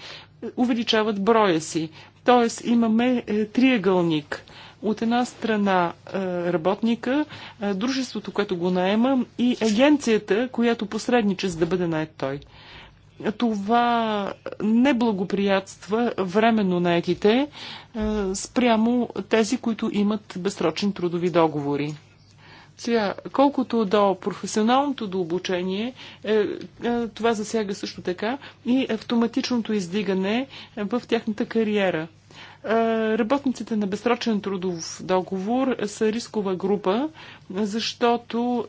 увеличават броя си. Тоест имаме е, триъгълник. От една страна е, работника, е, дружеството, което го наема и агенцията, която посредниче, за да бъде нает той това не благоприятства временно наетите спрямо тези, които имат безсрочни трудови договори. Сега, колкото до професионалното до обучение, е, е, това засяга също така и автоматичното издигане в тяхната кариера. Е, работниците на безсрочен трудов договор са рискова група, защото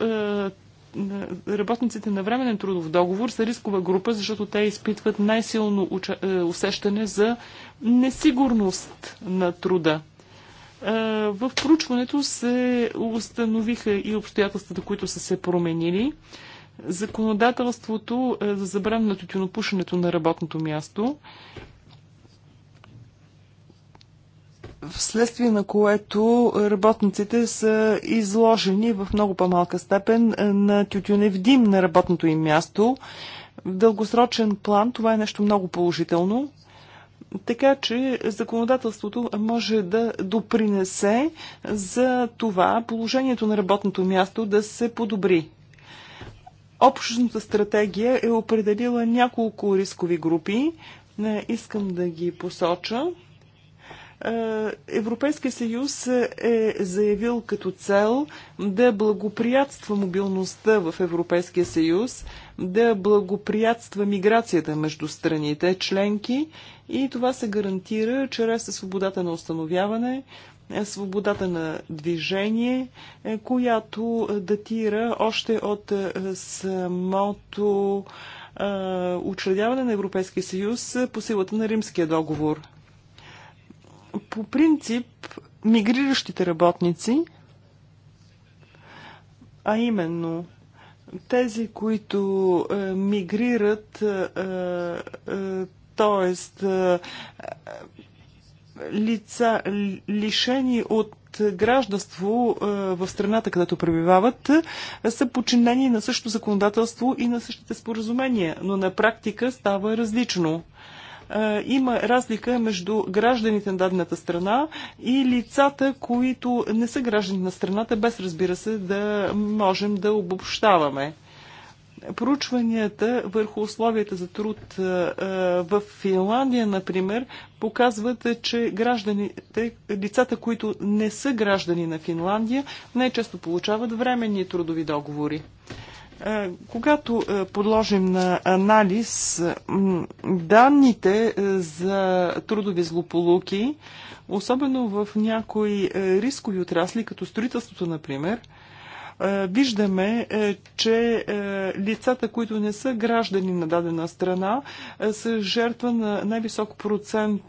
работниците на временен трудов договор са рискова група, защото те изпитват най-силно усещане за несигурност на труда. В проучването се установиха и обстоятелствата, които са се променили. Законодателството е, за забрана на тютюнопушенето на работното място, вследствие на което работниците са изложени в много по-малка степен е, на тютюнев дим на работното им място. В дългосрочен план това е нещо много положително. Така че законодателството може да допринесе за това положението на работното място да се подобри. Общностната стратегия е определила няколко рискови групи. Не искам да ги посоча. Е, Европейския съюз е заявил като цел да благоприятства мобилността в Европейския съюз, да благоприятства миграцията между страните членки и това се гарантира чрез свободата на установяване, свободата на движение, е, която датира още от е, самото учредяване на Европейския съюз по силата на Римския договор – по принцип, мигриращите работници, а именно тези, които е, мигрират, е, е, т.е. Е, лица лишени от гражданство е, в страната, където пребивават, е, са подчинени на същото законодателство и на същите споразумения, но на практика става различно. Е, има разлика между гражданите на дадената страна и лицата, които не са граждани на страната, без разбира се да можем да обобщаваме проучванията върху условията за труд е, е, в Финландия, например, показват, че гражданите, лицата, които не са граждани на Финландия, най-често получават временни трудови договори. Е, когато е, подложим на анализ данните е, за трудови злополуки, особено в някои рискови отрасли, като строителството, например, виждаме, че лицата, които не са граждани на дадена страна, са жертва на най-висок процент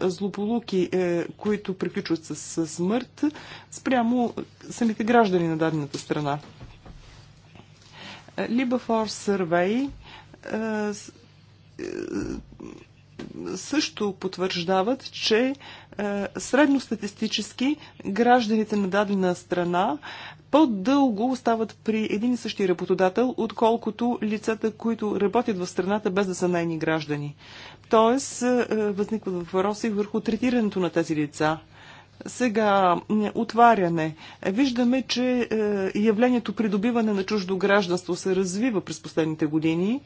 злополуки, които приключват с смърт спрямо самите граждани на дадената страна. Либафор Сървей е, е, също потвърждават, че е, средностатистически гражданите на дадена страна по-дълго остават при един и същи работодател, отколкото лицата, които работят в страната без да са нейни граждани. Тоест, възникват въпроси върху третирането на тези лица. Сега, отваряне. Виждаме, че е, явлението придобиване на чуждо гражданство се развива през последните години.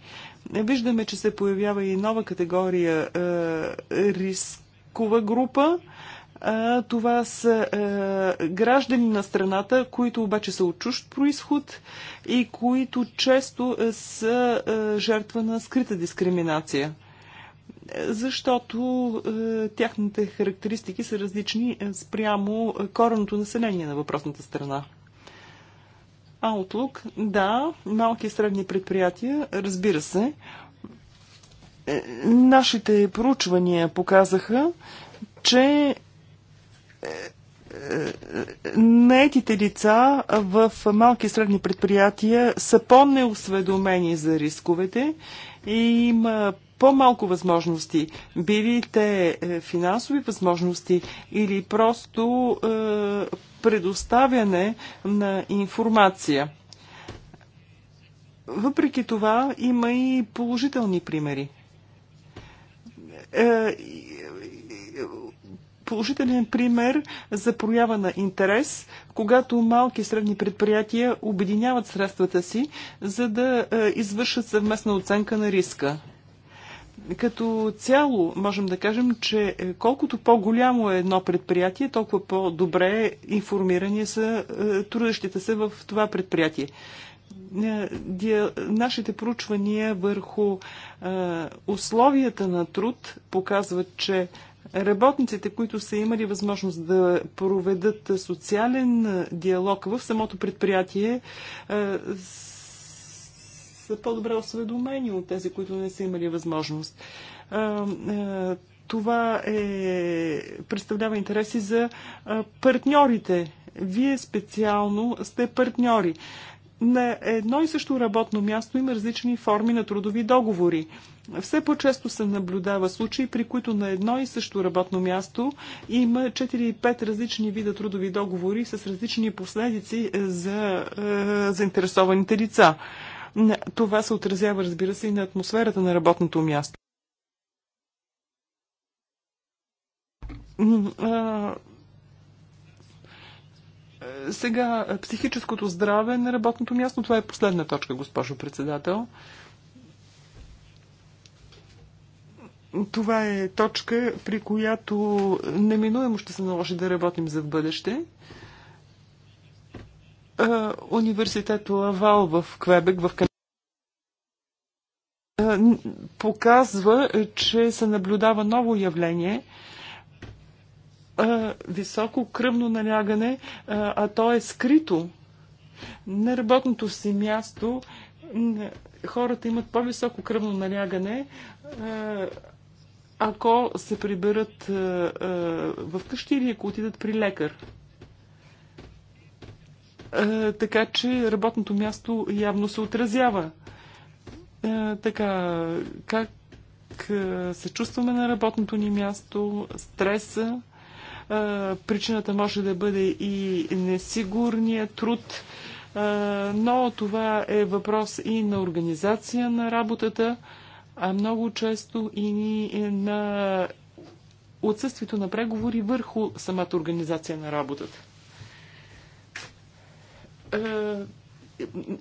Виждаме, че се появява и нова категория е, рискова група. Това са е, граждани на страната, които обаче са от чужд происход и които често са жертва на скрита дискриминация защото е, тяхните характеристики са различни е, спрямо е, коренното население на въпросната страна. Outlook, да, малки и средни предприятия, разбира се. Е, нашите проучвания показаха, че е, наетите лица в малки и средни предприятия са по-неосведомени за рисковете и има по-малко възможности, били те е, финансови възможности или просто е, предоставяне на информация. Въпреки това има и положителни примери. Е, положителен пример за проява на интерес, когато малки и средни предприятия обединяват средствата си, за да извършат съвместна оценка на риска като цяло можем да кажем, че е, колкото по-голямо е едно предприятие, толкова по-добре информирани са е, трудещите се в това предприятие. Е, нашите проучвания върху условията на труд показват, че работниците, които са имали възможност да проведат социален диалог в самото предприятие, са по-добре осведомени от тези, които не са имали възможност. Това е, представлява интереси за партньорите. Вие специално сте партньори. На едно и също работно място има различни форми на трудови договори. Все по-често се наблюдава случаи, при които на едно и също работно място има 4-5 различни вида трудови договори с различни последици е, за е, заинтересованите лица. Това се отразява, разбира се, и на атмосферата на работното място. Е, сега, е, психическото здраве на работното място, това е последна точка, госпожо председател. Това е точка, при която неминуемо ще се наложи да работим за в бъдеще университет Лавал в Квебек, в Канада, показва, е, че се наблюдава ново явление високо кръвно налягане, а то е скрито. На работното си място хората имат по-високо кръвно налягане, ако се приберат вкъщи или ако отидат при лекар така че работното място явно се отразява. Така, как се чувстваме на работното ни място, стреса, причината може да бъде и несигурния труд, но това е въпрос и на организация на работата, а много често и на отсъствието на преговори върху самата организация на работата. Е,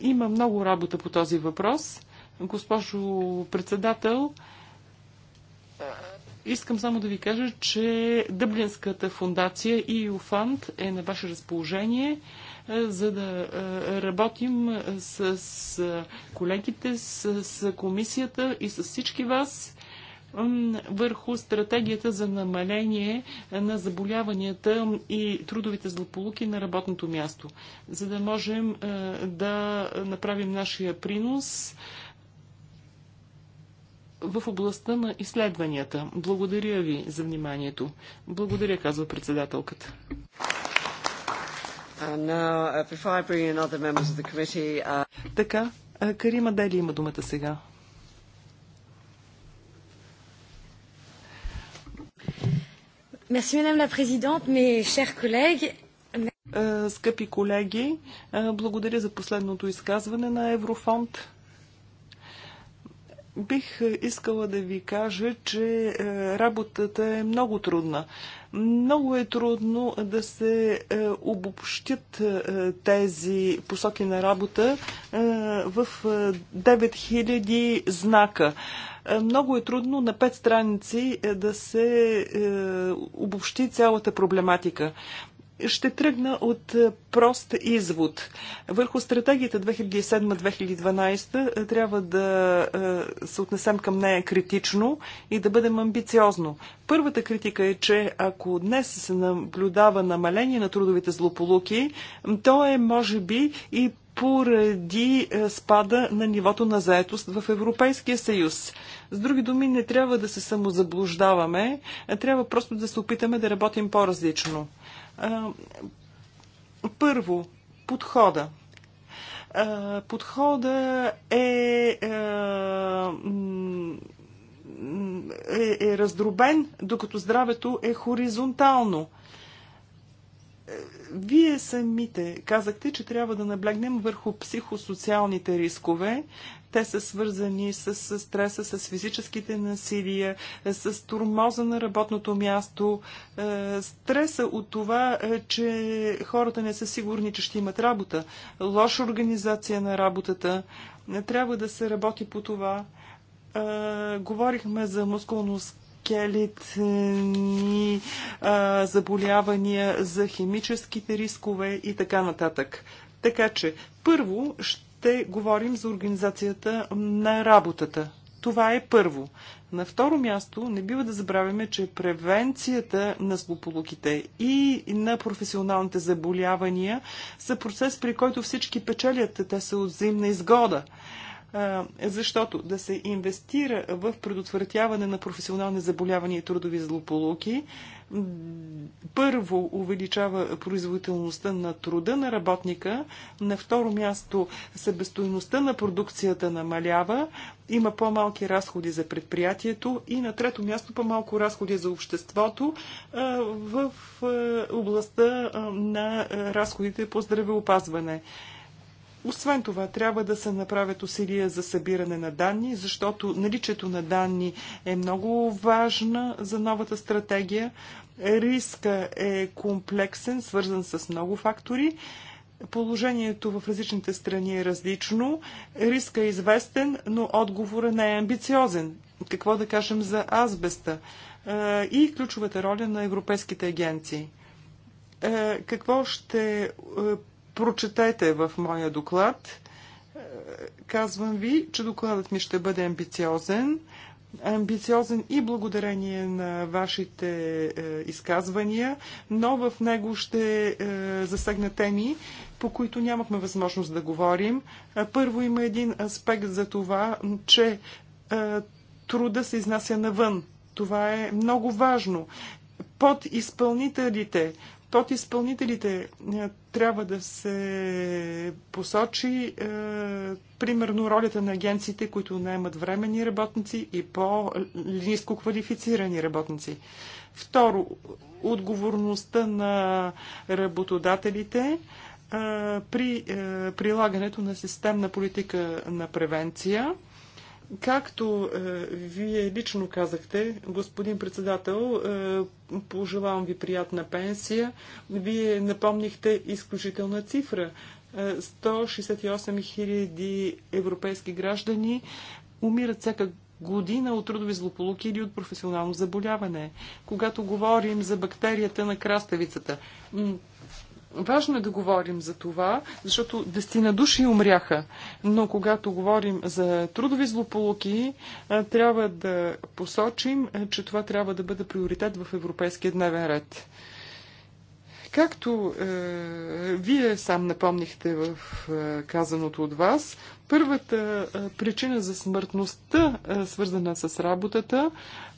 има много работа по този въпрос. Госпожо председател, е, искам само да ви кажа, че Дъблинската фундация и ЮФАНД е на ваше разположение, е, за да работим с колегите, с комисията и с всички вас върху стратегията за намаление на заболяванията и трудовите злополуки на работното място, за да можем е, да направим нашия принос в областта на изследванията. Благодаря ви за вниманието. Благодаря, казва председателката. Uh, uh, uh, така, Карима Дели има думата сега. Merci, Madame la Présidente, mes chers collègues. Е, скъпи колеги, е, благодаря за последното изказване на Еврофонд. Бих искала да ви кажа, че е, работата е много трудна. Много е трудно да се обобщят тези посоки на работа в 9000 знака. Е, много е трудно на пет страници е, да се е, обобщи цялата проблематика. Ще тръгна от прост извод. Върху стратегията 2007-2012 трябва да се отнесем към нея критично и да бъдем амбициозно. Първата критика е, че ако днес се наблюдава намаление на трудовите злополуки, то е може би и поради спада на нивото на заетост в Европейския съюз. С други думи, не трябва да се самозаблуждаваме, а трябва просто да се опитаме да работим по-различно. Първо, подхода подхода е, е, е раздробен, докато здравето е хоризонтално. Вие самите казахте, че трябва да наблегнем върху психосоциалните рискове, те са свързани с стреса, с физическите насилия, е, с турмоза на работното място, е, стреса от това, е, че хората не са сигурни, че ще имат работа, лоша организация на работата. Трябва да се работи по това. Говорихме за мускулно скелетни заболявания, за химическите рискове и така нататък. Така че, първо ще ще говорим за организацията на работата. Това е първо. На второ място, не бива да забравяме, че превенцията на злополуките и на професионалните заболявания са процес, при който всички печелят. Те са от взаимна изгода защото да се инвестира в предотвратяване на професионални заболявания и трудови злополуки, първо увеличава производителността на труда на работника, на второ място себестойността на продукцията намалява, има по-малки разходи за предприятието и на трето място по-малко разходи за обществото в областта на разходите по здравеопазване. Освен това, трябва да се направят усилия за събиране на данни, защото наличието на данни е много важна за новата стратегия. Риска е комплексен, свързан с много фактори. Положението в различните страни е различно. Риска е известен, но отговора не е амбициозен. Какво да кажем за азбеста е, и ключовата роля на европейските агенции? Е, какво ще е, прочетете в моя доклад. Казвам ви, че докладът ми ще бъде амбициозен. Амбициозен и благодарение на вашите е, изказвания, но в него ще е, засегна теми, по които нямахме възможност да говорим. Е, първо има един аспект за това, че е, труда се изнася навън. Това е много важно. Под изпълнителите, от изпълнителите е, трябва да се посочи е, примерно ролята на агенциите, които наемат временни работници и по-низко квалифицирани работници. Второ, отговорността на работодателите е, при е, прилагането на системна политика на превенция. Както е, вие лично казахте, господин председател, е, пожелавам ви приятна пенсия. Вие напомнихте изключителна цифра. Е, 168 000 европейски граждани умират всяка година от трудови злополуки или от професионално заболяване. Когато говорим за бактерията на краставицата, Важно е да говорим за това, защото дестина души умряха. Но когато говорим за трудови злополуки, трябва да посочим, че това трябва да бъде приоритет в европейския дневен ред. Както е, вие сам напомнихте в е, казаното от вас, първата е, причина за смъртността, е, свързана с работата,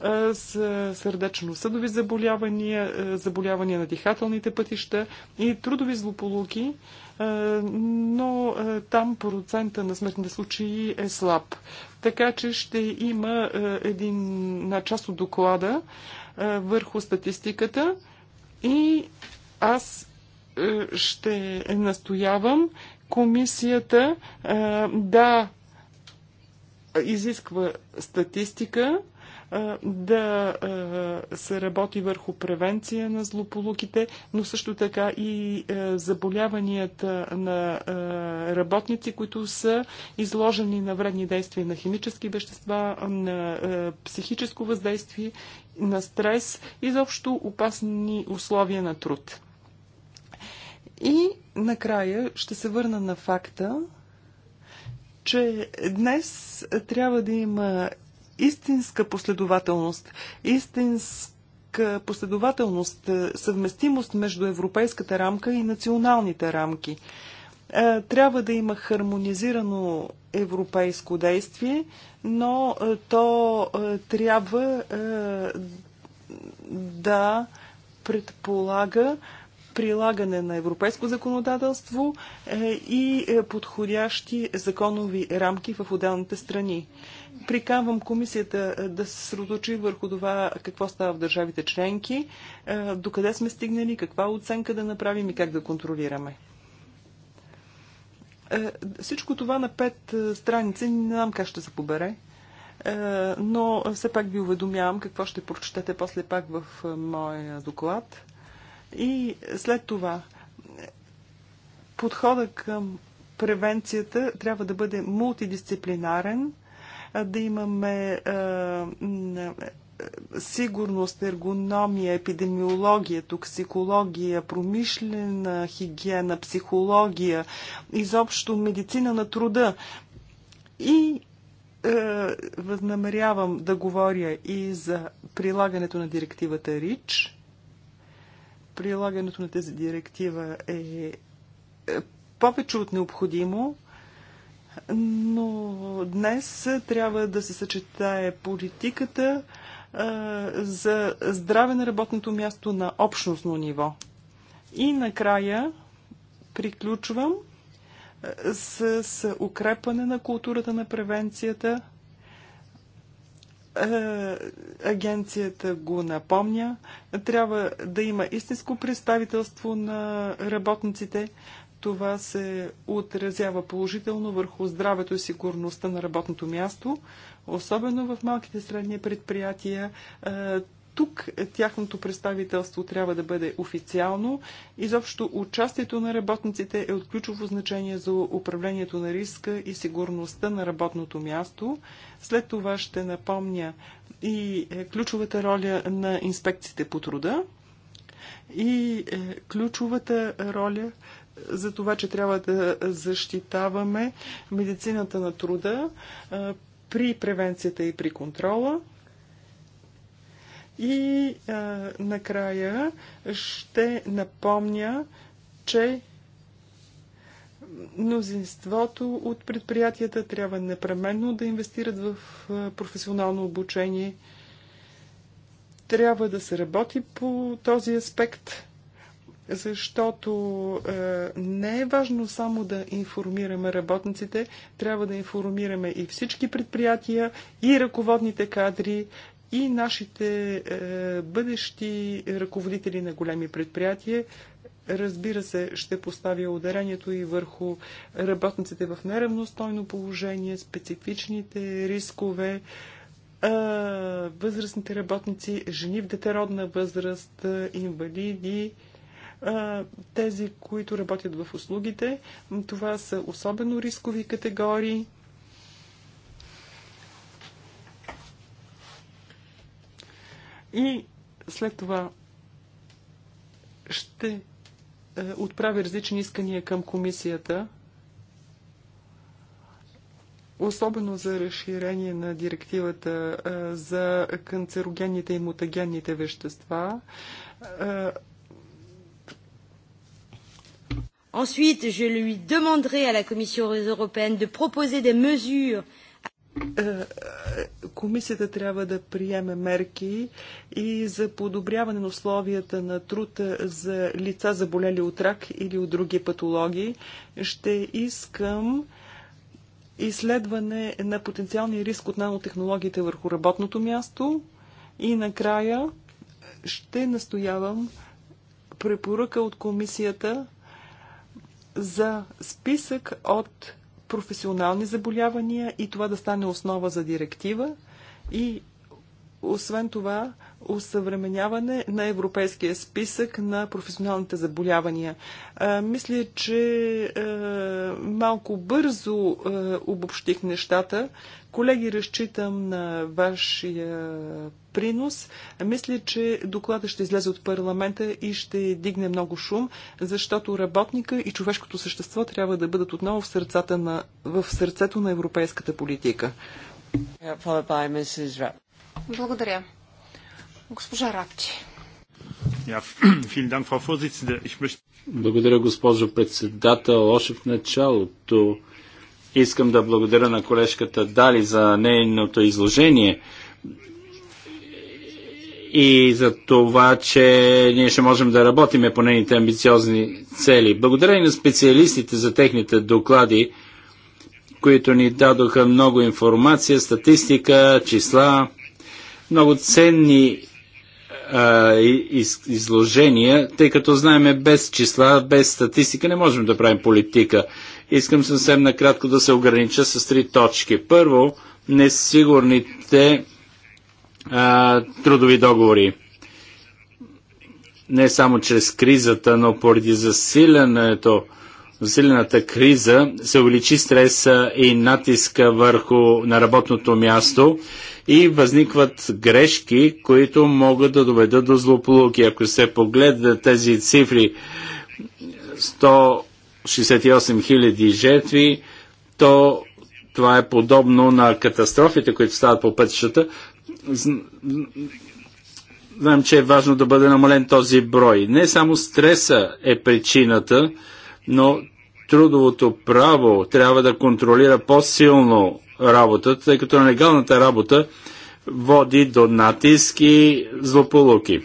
е, с сърдечно-съдови заболявания, е, заболявания на дихателните пътища и трудови злополуки, е, но е, там процента на смъртните случаи е слаб. Така че ще има е, един, на част от доклада е, върху статистиката и аз е, ще настоявам комисията е, да изисква статистика, е, да се работи върху превенция на злополуките, но също така и заболяванията на работници, които са изложени на вредни действия на химически вещества, на психическо въздействие, на стрес, и заобщо опасни условия на труд. И накрая ще се върна на факта, че днес трябва да има истинска последователност, истинска последователност, е, съвместимост между европейската рамка и националните рамки. Е, трябва да има хармонизирано европейско действие, но е, то трябва да предполага прилагане на европейско законодателство е, и е, подходящи законови рамки в отделните страни. Приканвам комисията е, да се сроточи върху това какво става в държавите членки, докъде сме стигнали, каква оценка да направим и как да контролираме. Всичко това на пет страници не знам как ще се побере но все пак ви уведомявам какво ще прочетете после пак в моя доклад. И след това подхода към превенцията трябва да бъде мултидисциплинарен, да имаме сигурност, ергономия, епидемиология, токсикология, промишлена хигиена, психология, изобщо медицина на труда. И е, възнамерявам да говоря и за прилагането на директивата РИЧ прилагането на тази директива е, е повече от необходимо, но днес трябва да се съчетае политиката е, за здраве на работното място на общностно ниво. И накрая приключвам е, с, с укрепване на културата на превенцията – е, агенцията го напомня. Трябва да има истинско представителство на работниците. Това се отразява положително върху здравето и сигурността на работното място, особено в малките и средни предприятия. Е, тук тяхното представителство трябва да бъде официално. Изобщо участието на работниците е от ключово значение за управлението на риска и сигурността на работното място. След това ще напомня и е, ключовата роля на инспекциите по труда и е, ключовата роля за това, че трябва да защитаваме медицината на труда е, при превенцията и при контрола. И а, накрая ще напомня, че мнозинството от предприятията трябва непременно да инвестират в професионално обучение. Трябва да се работи по този аспект, защото е, не е важно само да информираме работниците, трябва да информираме и всички предприятия, и ръководните кадри, и нашите е, бъдещи ръководители на големи предприятия разбира се, ще поставя ударението и върху работниците в неравностойно положение, специфичните рискове, е, възрастните работници, жени в детеродна възраст, инвалиди, е, тези, които работят в услугите. Това са особено рискови категории. И след това ще е, отправи различни искания към комисията, особено за разширение на директивата е, за канцерогенните и мутагенните вещества. Е, Ensuite, je lui demanderai à la Commission européenne de proposer des mesures е, комисията трябва да приеме мерки и за подобряване на условията на труд за лица заболели от рак или от други патологии. Ще искам изследване на потенциалния риск от нанотехнологиите върху работното място и накрая ще настоявам препоръка от комисията за списък от професионални заболявания и това да стане основа за директива. И освен това, усъвременяване на европейския списък на професионалните заболявания. А, мисля, че а, малко бързо а, обобщих нещата. Колеги, разчитам на вашия принос. Мисля, че докладът ще излезе от парламента и ще дигне много шум, защото работника и човешкото същество трябва да бъдат отново в, сърцата на, в сърцето на европейската политика. Благодаря. Госпожа [clears throat] Благодаря, госпожо председател. Още в началото искам да благодаря на колежката Дали за нейното изложение и за това, че ние ще можем да работиме по нейните амбициозни цели. Благодаря и на специалистите за техните доклади, които ни дадоха много информация, статистика, числа, много ценни а, из, изложения, тъй като знаеме без числа, без статистика не можем да правим политика. Искам съвсем накратко да се огранича с три точки. Първо, несигурните а, трудови договори. Не само чрез кризата, но поради засилянето засилената криза се увеличи стреса и натиска върху на работното място и възникват грешки, които могат да доведат до злополуки. Ако се погледа тези цифри 168 000 жертви, то това е подобно на катастрофите, които стават по пътищата. Знам, че е важно да бъде намален този брой. Не само стреса е причината, но трудовото право трябва да контролира по-силно работата, тъй като нелегалната работа води до натиск и злополуки.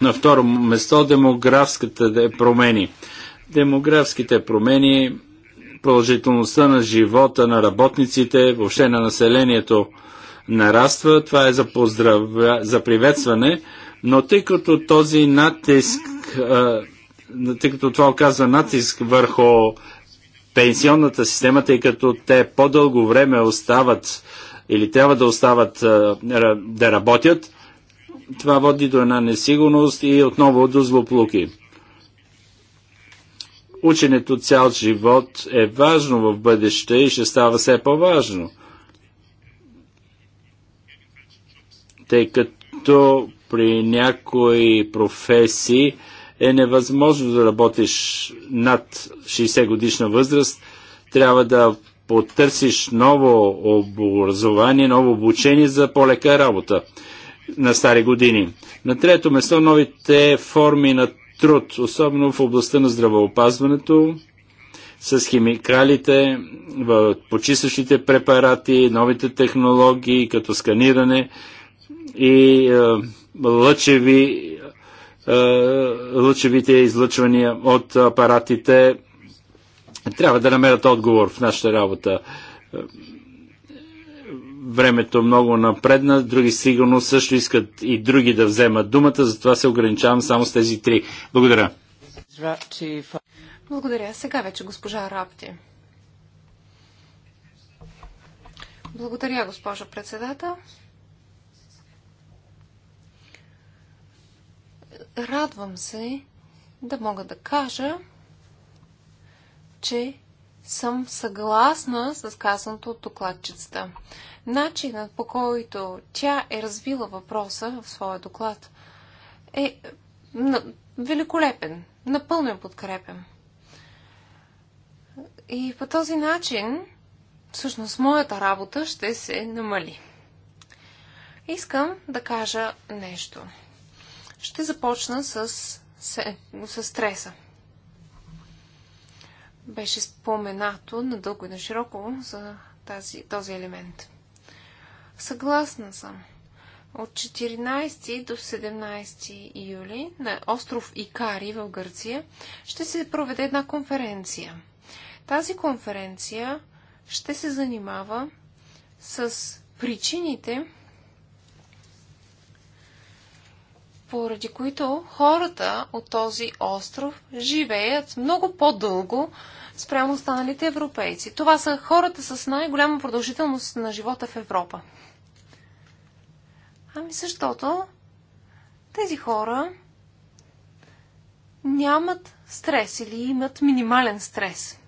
На второ место демографската промени. Демографските промени, продължителността на живота на работниците, въобще на населението нараства. Това е за, поздрав... за приветстване, но тъй като този натиск а, тъй като това оказва натиск върху пенсионната система, тъй като те по-дълго време остават или трябва да остават да работят, това води до една несигурност и отново до злоплуки. Ученето цял живот е важно в бъдеще и ще става все по-важно. Тъй като при някои професии е невъзможно да работиш над 60 годишна възраст. Трябва да потърсиш ново образование, ново обучение за по-лека работа на стари години. На трето место новите форми на труд, особено в областта на здравеопазването, с химикалите, в почистващите препарати, новите технологии, като сканиране и е, лъчеви е, лъчевите излъчвания от апаратите, трябва да намерят отговор в нашата работа. Времето много напредна, други сигурно също искат и други да вземат думата, затова се ограничавам само с тези три. Благодаря. Благодаря. Сега вече госпожа Рапти. Благодаря, госпожо председател. радвам се да мога да кажа, че съм съгласна с казаното от докладчицата. Начинът по който тя е развила въпроса в своя доклад е великолепен. Напълно подкрепен. И по този начин, всъщност, моята работа ще се намали. Искам да кажа нещо. Ще започна с, с, с стреса. Беше споменато надълго и на широко за тази, този елемент. Съгласна съм. От 14 до 17 юли на остров Икари в Гърция ще се проведе една конференция. Тази конференция ще се занимава с причините поради които хората от този остров живеят много по-дълго спрямо останалите европейци. Това са хората с най-голяма продължителност на живота в Европа. Ами защото тези хора нямат стрес или имат минимален стрес.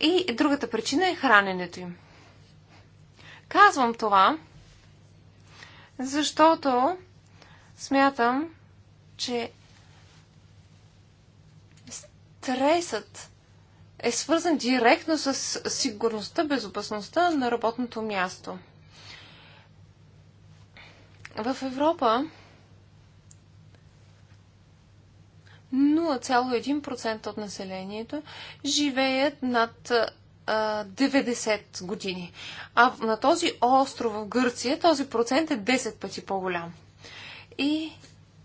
И другата причина е храненето им. Казвам това, защото смятам, че стресът е свързан директно с сигурността, безопасността на работното място. В Европа 0,1% от населението живеят над 90 години. А на този остров в Гърция този процент е 10 пъти по-голям. И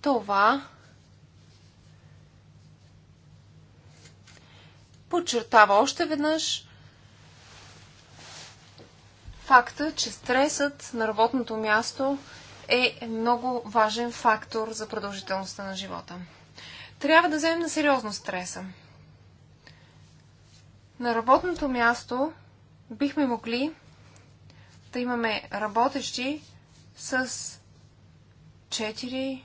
това подчертава още веднъж факта, че стресът на работното място е много важен фактор за продължителността на живота. Трябва да вземем на сериозно стреса. На работното място бихме могли да имаме работещи с 4-5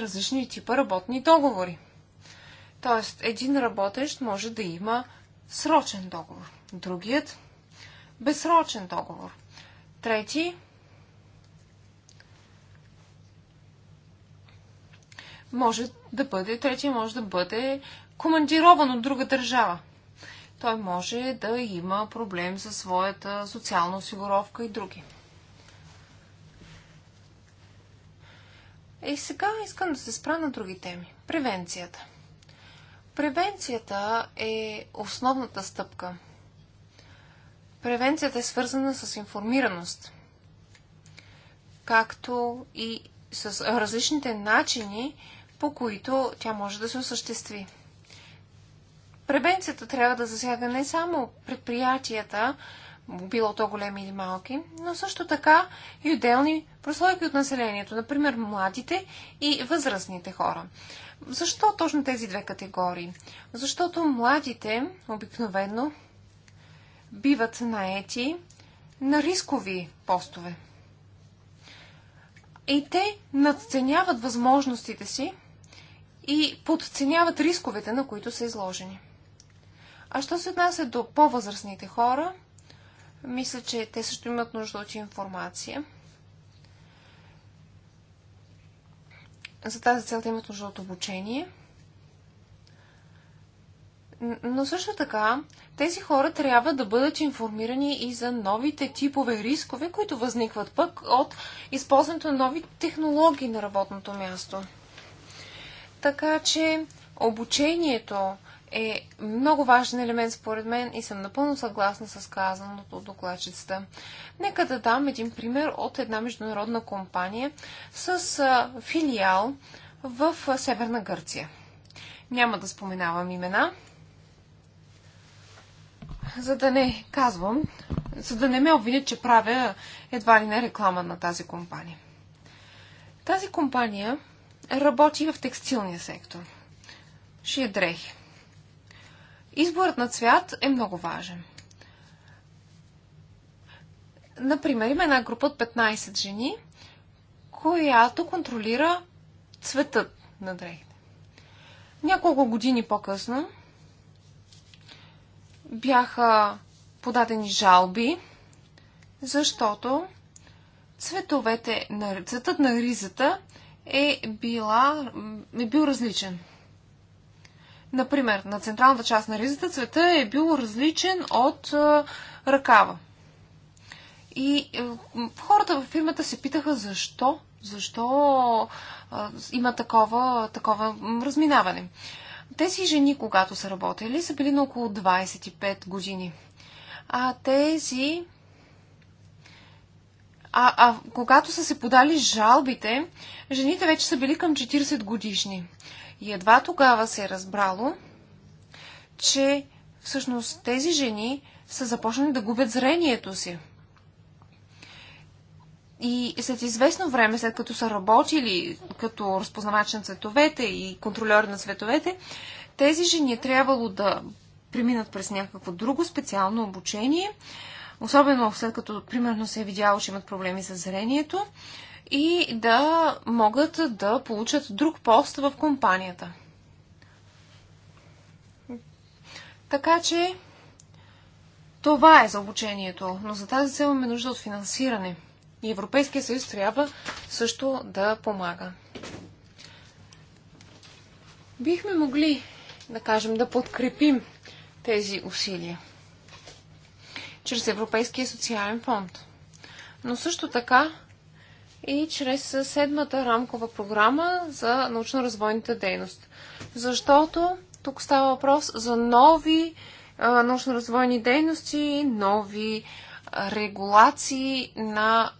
различни типа работни договори. Тоест, един работещ може да има срочен договор, другият безсрочен договор, трети може да бъде, третия може да бъде командирован от друга държава той може да има проблем със своята социална осигуровка и други. И сега искам да се спра на други теми. Превенцията. Превенцията е основната стъпка. Превенцията е свързана с информираност, както и с различните начини, по които тя може да се осъществи. Превенцията трябва да засяга не само предприятията, било то големи или малки, но също така и отделни прослойки от населението, например младите и възрастните хора. Защо точно тези две категории? Защото младите обикновено биват наети на рискови постове. И те надценяват възможностите си и подценяват рисковете, на които са изложени. А що се отнася до по-възрастните хора, мисля, че те също имат нужда от информация. За тази цел те имат нужда от обучение. Но също така, тези хора трябва да бъдат информирани и за новите типове рискове, които възникват пък от използването на нови технологии на работното място. Така че обучението, е много важен елемент според мен и съм напълно съгласна с казаното от докладчицата. Нека да дам един пример от една международна компания с филиал в Северна Гърция. Няма да споменавам имена, за да не казвам, за да не ме обвинят, че правя едва ли не реклама на тази компания. Тази компания работи в текстилния сектор. Шие дрехи. Изборът на цвят е много важен. Например, има една група от 15 жени, която контролира цветът на дрехите. Няколко години по-късно бяха подадени жалби, защото цветовете на, цветът на ризата е, била, е бил различен. Например, на централната част на ризата цвета е бил различен от ръкава. И хората в фирмата се питаха защо, защо има такова, такова разминаване. Тези жени, когато са работили, са били на около 25 години. А тези. А, а когато са се подали жалбите, жените вече са били към 40 годишни. И едва тогава се е разбрало, че всъщност тези жени са започнали да губят зрението си. И след известно време, след като са работили като разпознавач на цветовете и контролери на цветовете, тези жени е трябвало да преминат през някакво друго специално обучение, особено след като, примерно, се е видяло, че имат проблеми с зрението и да могат да получат друг пост в компанията. Така че това е за обучението, но за тази цел имаме нужда от финансиране. И Европейския съюз трябва също да помага. Бихме могли, да кажем, да подкрепим тези усилия чрез Европейския социален фонд. Но също така и чрез седмата рамкова програма за научно-развойната дейност. Защото тук става въпрос за нови научно-развойни дейности, нови регулации на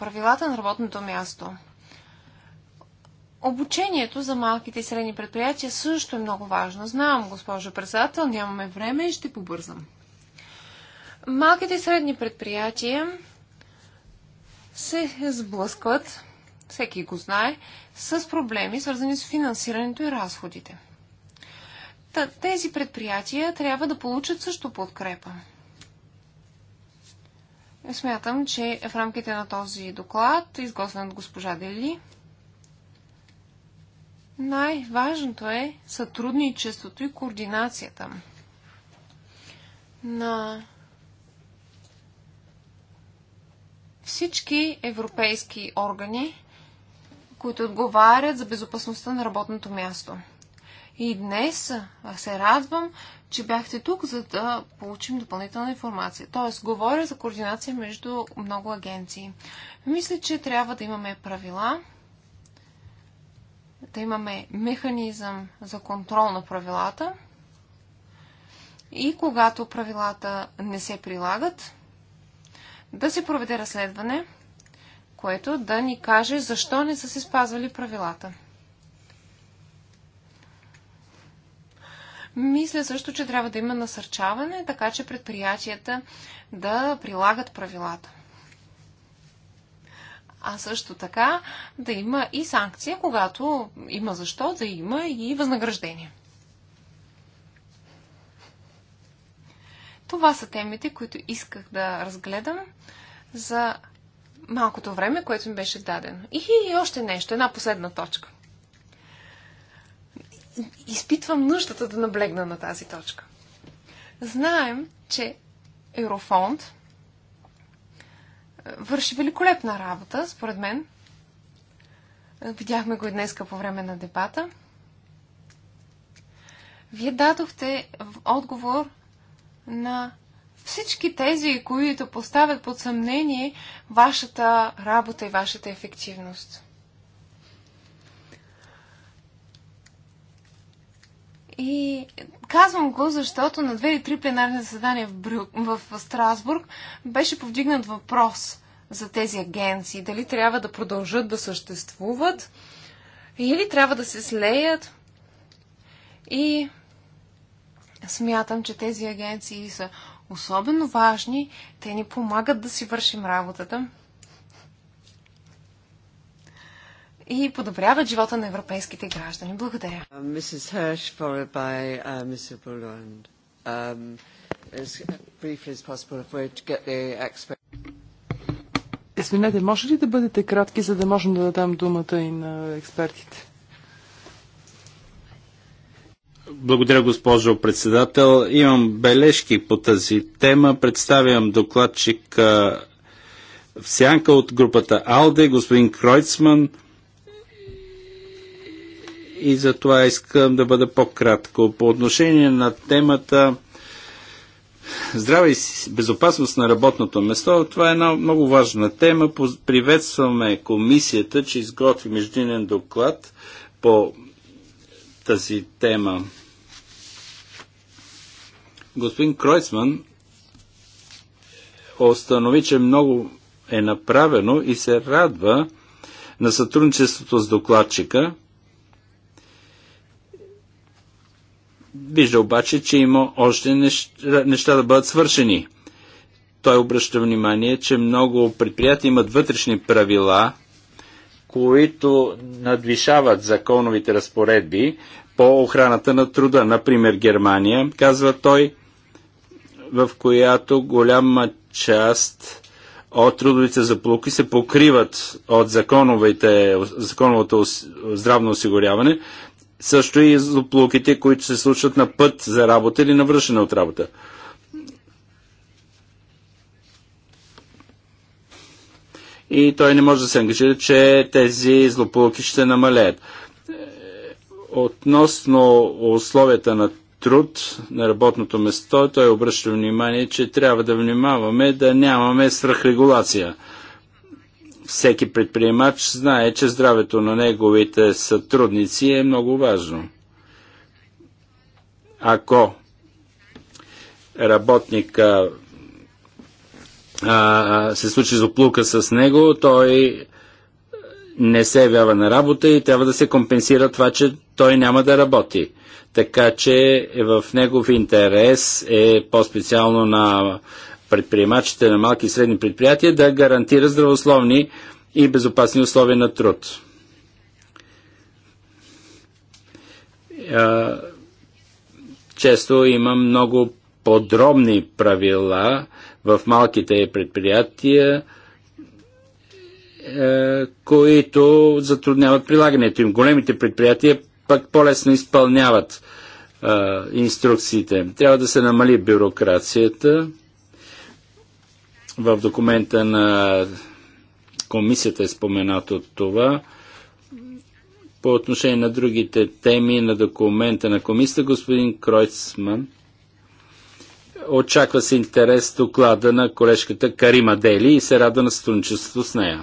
правилата на работното място. Обучението за малките и средни предприятия също е много важно. Знам, госпожо председател, нямаме време и ще побързам. Малките и средни предприятия се сблъскват, всеки го знае, с проблеми, свързани с финансирането и разходите. Тези предприятия трябва да получат също подкрепа. Смятам, че в рамките на този доклад, изготвен от госпожа Дели, най-важното е сътрудничеството и координацията на всички европейски органи, които отговарят за безопасността на работното място. И днес се радвам, че бяхте тук, за да получим допълнителна информация. Тоест, говоря за координация между много агенции. Мисля, че трябва да имаме правила, да имаме механизъм за контрол на правилата. И когато правилата не се прилагат, да се проведе разследване, което да ни каже защо не са се спазвали правилата. Мисля също, че трябва да има насърчаване, така че предприятията да прилагат правилата. А също така да има и санкция, когато има защо да има и възнаграждение. Това са темите, които исках да разгледам за малкото време, което ми беше дадено. И, и още нещо, една последна точка. Изпитвам нуждата да наблегна на тази точка. Знаем, че Еврофонд е, върши великолепна работа, според мен. Видяхме го и днеска по време на дебата. Вие дадохте отговор на всички тези, които поставят под съмнение вашата работа и вашата ефективност. И казвам го, защото на две или три пленарни заседания в, Брю... в Страсбург беше повдигнат въпрос за тези агенции. Дали трябва да продължат да съществуват или трябва да се слеят. И Смятам, че тези агенции са особено важни. Те ни помагат да си вършим работата и подобряват живота на европейските граждани. Благодаря. Извинете, може ли да бъдете кратки, за да можем да дадам думата и на експертите? Благодаря, госпожо председател. Имам бележки по тази тема. Представям докладчик в сянка от групата АЛДЕ, господин Кройцман. И за това искам да бъда по-кратко. По отношение на темата здраве и безопасност на работното место, това е една много важна тема. Приветстваме комисията, че изготви междинен доклад по тази тема. Господин Кройцман установи, че много е направено и се радва на сътрудничеството с докладчика. Вижда обаче, че има още неща, неща да бъдат свършени. Той обръща внимание, че много предприятия имат вътрешни правила, които надвишават законовите разпоредби по охраната на труда. Например, Германия, казва той – в която голяма част от трудовите заплуки се покриват от законовите, законовото здравно осигуряване, също и заплуките, които се случват на път за работа или на връщане от работа. И той не може да се ангажира, че тези злополуки ще намалеят. Е, относно условията на труд на работното место, той обръща внимание, че трябва да внимаваме да нямаме свръхрегулация. Всеки предприемач знае, че здравето на неговите сътрудници е много важно. Ако работника а, се случи злоплука с него, той не се явява на работа и трябва да се компенсира това, че той няма да работи. Така че е в негов интерес е по-специално на предприемачите на малки и средни предприятия да гарантира здравословни и безопасни условия на труд. Често има много подробни правила в малките предприятия, е, които затрудняват прилагането им. Големите предприятия пък по-лесно изпълняват а, инструкциите. Трябва да се намали бюрокрацията. В документа на комисията е споменато това. По отношение на другите теми на документа на комисията, господин Кройцман очаква се интерес доклада на колежката Карима Дели и се рада на сътрудничеството с нея.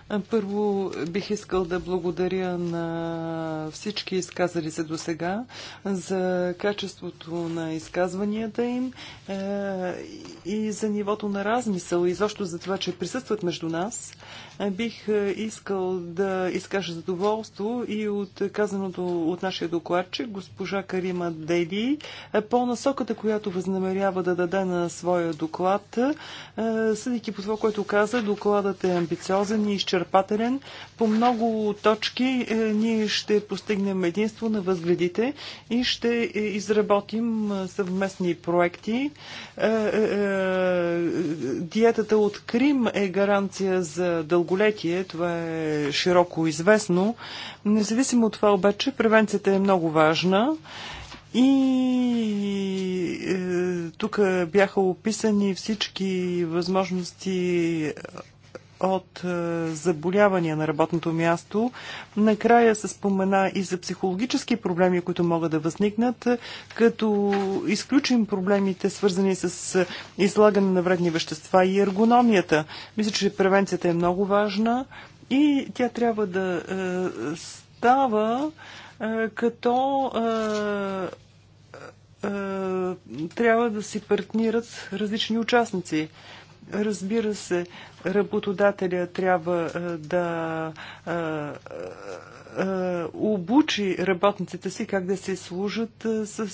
Първо бих искал да благодаря на всички изказали се до сега за качеството на изказванията им е, и за нивото на размисъл и защо за това, че присъстват между нас. Е, бих е, искал да изкажа задоволство и от казаното от нашия докладчик, госпожа Карима Дели, по насоката, която възнамерява да даде на своя доклад. Съдейки по това, което каза, докладът е амбициозен и изчерпателен изчерпателен. По много точки е, ние ще постигнем единство на възгледите и ще е, изработим е, съвместни проекти. Диетата от Крим е гаранция за дълголетие. Това е широко известно. Независимо от това обаче, превенцията е много важна. И е, тук бяха описани всички възможности от е, заболявания на работното място. Накрая се спомена и за психологически проблеми, които могат да възникнат, е, като изключим проблемите, свързани с е, излагане на вредни вещества и ергономията. Мисля, че превенцията е много важна и тя трябва да става като трябва да си партнират различни участници. Разбира се, работодателя трябва да обучи работниците си как да се служат с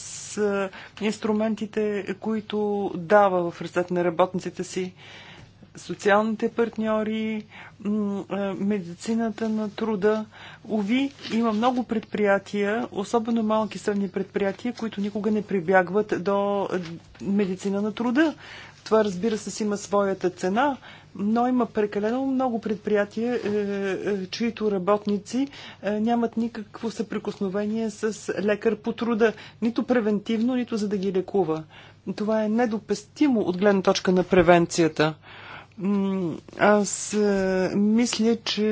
инструментите, които дава в ръцете на работниците си социалните партньори, медицината на труда. Ови, има много предприятия, особено малки средни предприятия, които никога не прибягват до медицина на труда. Това разбира се си има своята цена, но има прекалено много предприятия, е, е, чието работници е, нямат никакво съприкосновение с лекар по труда, нито превентивно, нито за да ги лекува. Това е недопестимо от гледна точка на превенцията. Аз е, мисля, че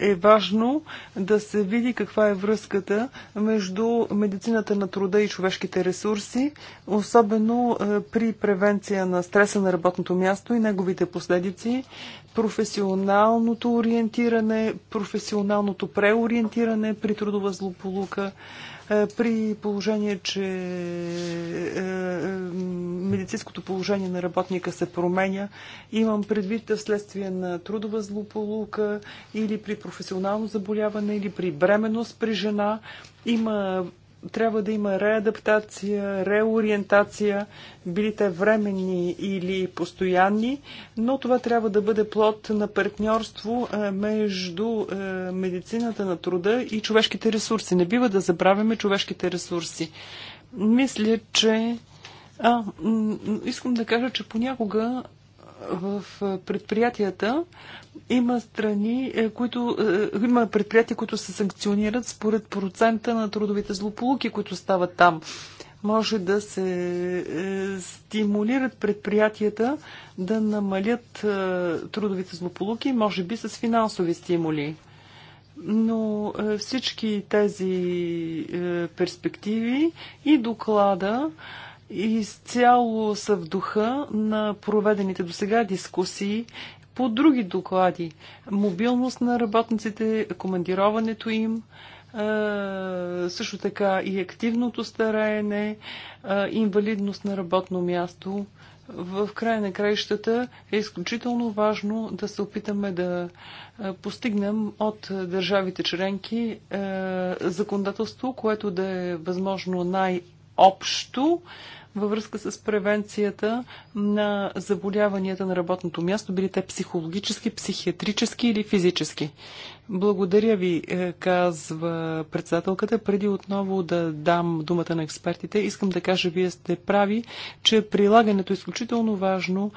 е, е важно да се види каква е връзката между медицината на труда и човешките ресурси, особено е, при превенция на стреса на работното място и неговите последици, професионалното ориентиране, професионалното преориентиране при трудова злополука. Е, при положение, че е, е, медицинското положение на работника се променя. Имам предвид вследствие на трудова злополука или при професионално заболяване или при бременност при жена. Има трябва да има реадаптация, реориентация, били те временни или постоянни, но това трябва да бъде плод на партньорство е, между е, медицината на труда и човешките ресурси. Не бива да забравяме човешките ресурси. Мисля, че а, искам да кажа, че понякога в предприятията има страни, е, които, е, има предприятия, които се санкционират според процента на трудовите злополуки, които стават там. Може да се е, стимулират предприятията да намалят трудовите злополуки, може би с финансови стимули. Но всички тези перспективи и доклада изцяло са в духа на проведените до сега дискусии по други доклади. Мобилност на работниците, командироването им, е, също така и активното стараене, е, инвалидност на работно място. В края на краищата е изключително важно да се опитаме да е, постигнем от държавите членки законодателство, което да е възможно най- общо, във връзка с превенцията на заболяванията на работното място, били те психологически, психиатрически или физически. Благодаря ви, е, казва председателката. Преди отново да дам думата на експертите, искам да кажа, вие сте прави, че прилагането е изключително важно.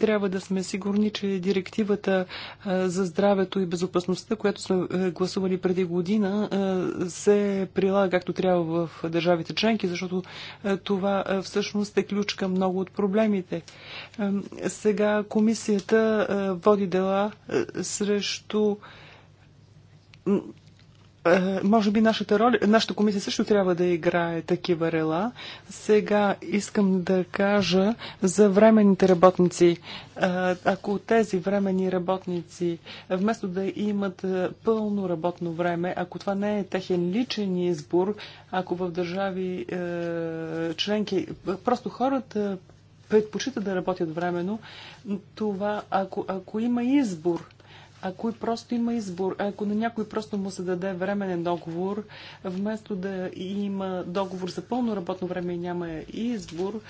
Трябва да сме сигурни, че директивата е, за здравето и безопасността, която сме е, гласували преди година, се прилага както трябва в държавите членки, защото това всъщност е ключ към много от проблемите. Сега комисията води дела срещу е, може би нашата роля, нашата комисия също трябва да играе такива рела. Сега искам да кажа за временните работници. Е, ако тези временни работници, вместо да имат е, пълно работно време, ако това не е техен личен избор, ако в държави членки, просто хората предпочитат да работят временно, това, ако, ако има избор, ако просто има избор, ако на някой просто му се даде временен договор, вместо да има договор за пълно работно време и няма избор,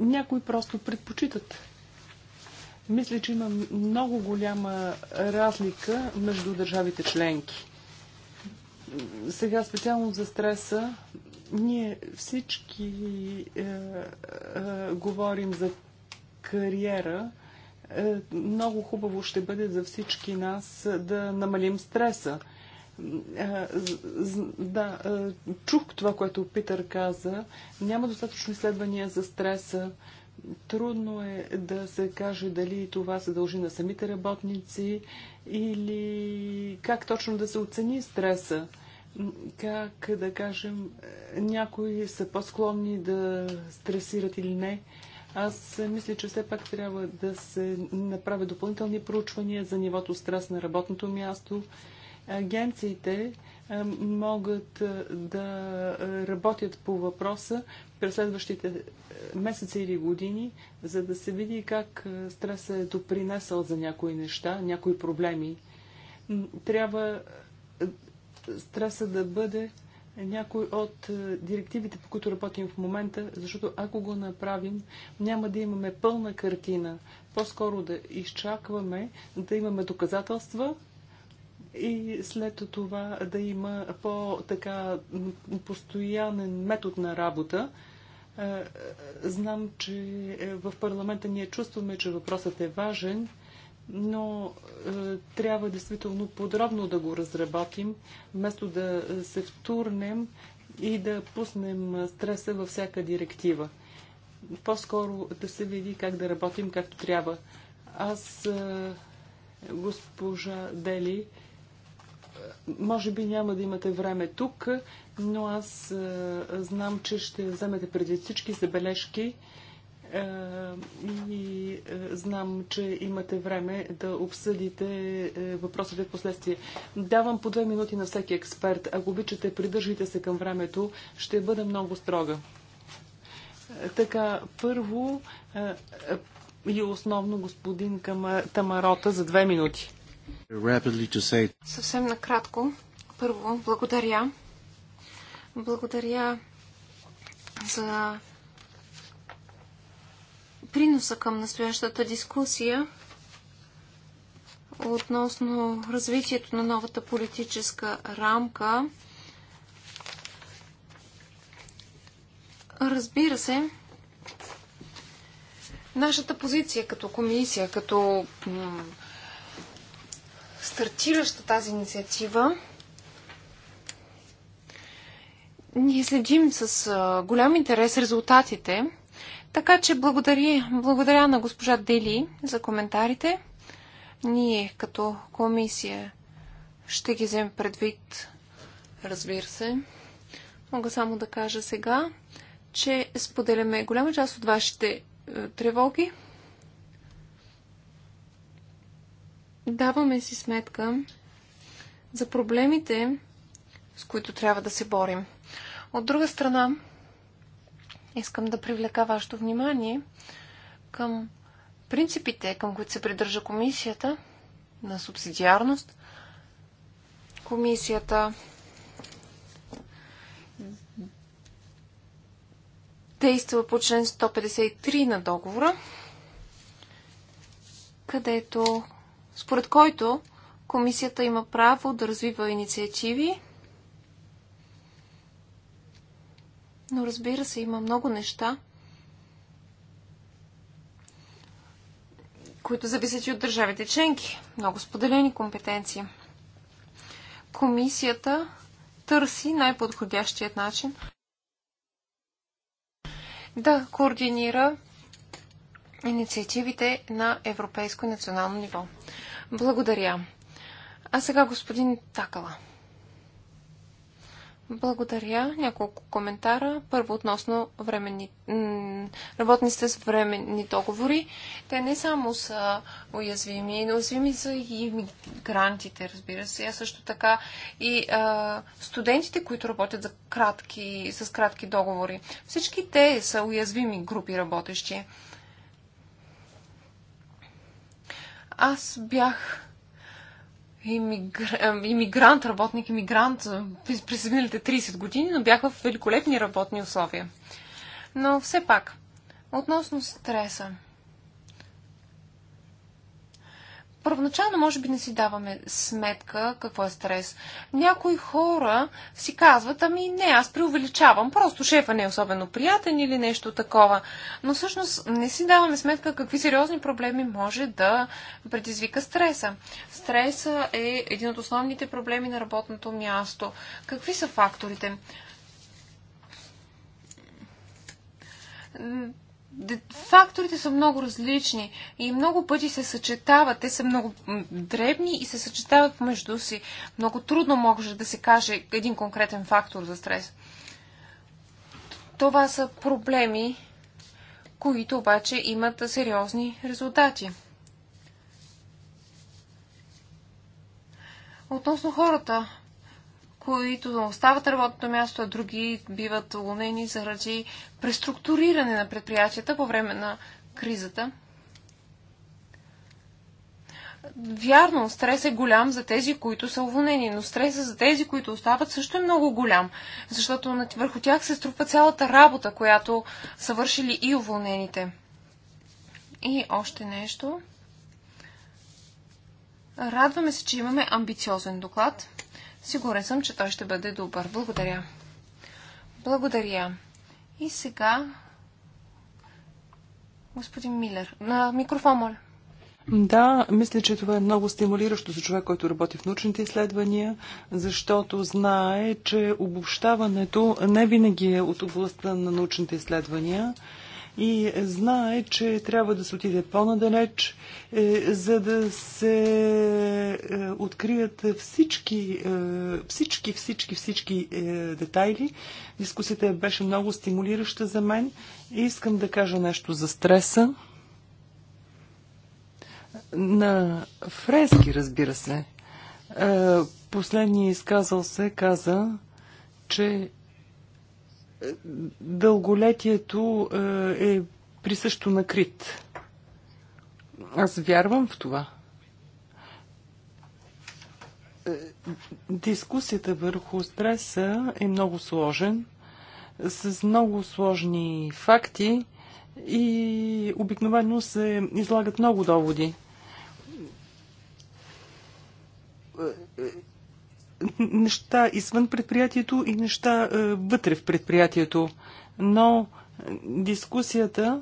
някои просто предпочитат. Мисля, че има много голяма разлика между държавите членки. Сега специално за стреса, ние всички е, е, говорим за кариера, е, много хубаво ще бъде за всички нас е, да намалим стреса. Е, да, чух това, което Питър каза. Няма достатъчно изследвания за стреса. Трудно е да се каже дали това се дължи на самите работници или как точно да се оцени стреса. Как да кажем, някои са по-склонни да стресират или не. Аз мисля, че все пак трябва да се направят допълнителни проучвания за нивото стрес на работното място. Агенциите е, могат е, да работят по въпроса през следващите е, месеци или години, за да се види как стресът е допринесъл за някои неща, някои проблеми. Трябва стресът да бъде е някой от е, директивите, по които работим в момента, защото ако го направим, няма да имаме пълна картина. По-скоро да изчакваме да имаме доказателства и след това да има по-така постоянен метод на работа. Е, знам, че в парламента ние чувстваме, че въпросът е важен но е, трябва действително подробно да го разработим, вместо да се втурнем и да пуснем стреса във всяка директива. По-скоро да се види как да работим както трябва. Аз, е, госпожа Дели, е, може би няма да имате време тук, но аз е, знам, че ще вземете преди всички забележки. Е, и е, знам, че имате време да обсъдите е, въпросите в последствие. Давам по две минути на всеки експерт. Ако обичате, придържите се към времето. Ще бъда много строга. Така, първо и основно господин Тамарота за две минути. Съвсем накратко. Първо, благодаря. Благодаря за приноса към настоящата дискусия относно развитието на новата политическа рамка. Разбира се, нашата позиция като комисия, като стартираща тази инициатива, ние следим с голям интерес резултатите така че благодаря, благодаря на госпожа Дели за коментарите. Ние като комисия ще ги вземем предвид, разбира се. Мога само да кажа сега, че споделяме голяма част от вашите е, тревоги. Даваме си сметка за проблемите, с които трябва да се борим. От друга страна, Искам да привлека вашето внимание към принципите, към които се придържа комисията на субсидиарност. Комисията действа по член 153 на договора, където, според който комисията има право да развива инициативи, Но разбира се, има много неща, които зависят и от държавите членки. Много споделени компетенции. Комисията търси най-подходящият начин да координира инициативите на европейско и национално ниво. Благодаря. А сега господин Такала. Благодаря. Няколко коментара. Първо относно времени работниците с временни договори. Те не само са уязвими, но уязвими са и мигрантите, разбира се, а също така и а, студентите, които работят за кратки, с кратки договори. Всички те са уязвими групи работещи. Аз бях иммигр... иммигрант, работник, иммигрант през миналите 30 години, но бях в великолепни работни условия. Но все пак, относно стреса. първоначално може би не си даваме сметка какво е стрес. Някои хора си казват, ами не, аз преувеличавам, просто шефа не е особено приятен или нещо такова. Но всъщност не си даваме сметка какви сериозни проблеми може да предизвика стреса. Стреса е един от основните проблеми на работното място. Какви са факторите? факторите са много различни и много пъти се съчетават. Те са много дребни и се съчетават между си. Много трудно може да се каже един конкретен фактор за стрес. Това са проблеми, които обаче имат сериозни резултати. Относно хората, които остават работното място, а други биват уволнени заради преструктуриране на предприятията по време на кризата. Вярно, стрес е голям за тези, които са уволнени, но стресът за тези, които остават, също е много голям, защото върху тях се струпва цялата работа, която са вършили и уволнените. И още нещо. Радваме се, че имаме амбициозен доклад. Сигурен съм, че той ще бъде добър. Благодаря. Благодаря. И сега господин Милер. На микрофон, моля. Да, мисля, че това е много стимулиращо за човек, който работи в научните изследвания, защото знае, че обобщаването не винаги е от областта на научните изследвания и знае, че трябва да се отиде по-надалеч, е, за да се е, открият е, всички, всички, всички, всички детайли. Дискусията беше много стимулираща за мен и искам да кажа нещо за стреса. На френски, разбира се. Последният изказал се каза, че дълголетието е, е присъщо накрит. Аз вярвам в това. Е, дискусията върху стреса е много сложен, с много сложни факти и обикновено се излагат много доводи е, неща извън предприятието и неща е, вътре в предприятието. Но е, дискусията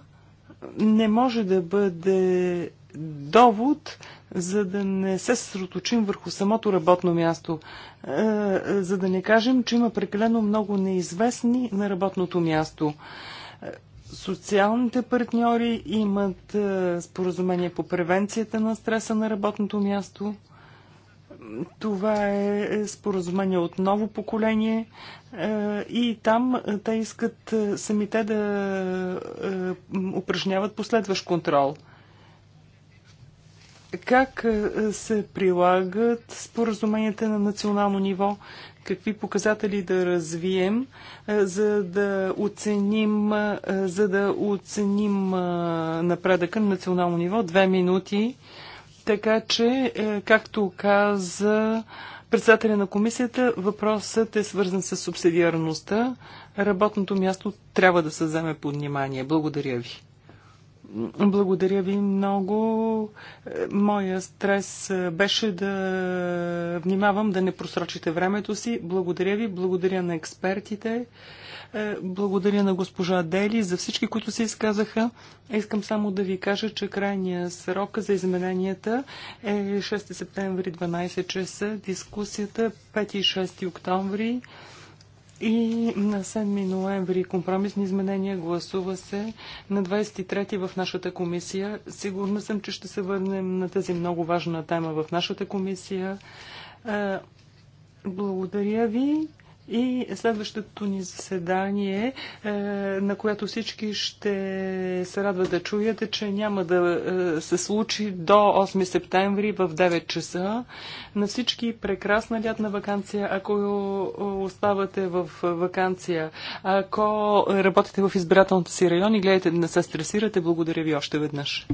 не може да бъде довод, за да не се съсредоточим върху самото работно място, е, за да не кажем, че има прекалено много неизвестни на работното място. Социалните партньори имат споразумение по превенцията на стреса на работното място. Това е споразумение от ново поколение е, и там е, те искат е, самите да упражняват последващ контрол. Как се прилагат споразуменията на национално ниво? Какви показатели да развием, за да оценим, за да оценим напредъка на национално ниво? Две минути. Така че, е, както каза председателя на комисията, въпросът е свързан с субсидиарността. Работното място трябва да се вземе под внимание. Благодаря ви. Благодаря ви много. Е, моя стрес е, беше да внимавам да не просрочите времето си. Благодаря ви, благодаря на експертите. Е, благодаря на госпожа Дели за всички, които се изказаха. Искам само да ви кажа, че крайния срок за измененията е 6 септември 12 часа, дискусията 5 е и 6 октомври и на 7 ноември компромисни изменения гласува се на 23 в нашата комисия. Сигурна съм, че ще се върнем на тази много важна тема в нашата комисия. Е, благодаря ви. И следващото ни заседание, е, на което всички ще се радват да чуете, че няма да е, се случи до 8 септември в 9 часа. На всички прекрасна лятна вакансия. Ако оставате в вакансия, ако работите в избирателната си район и гледате да не се стресирате, благодаря ви още веднъж.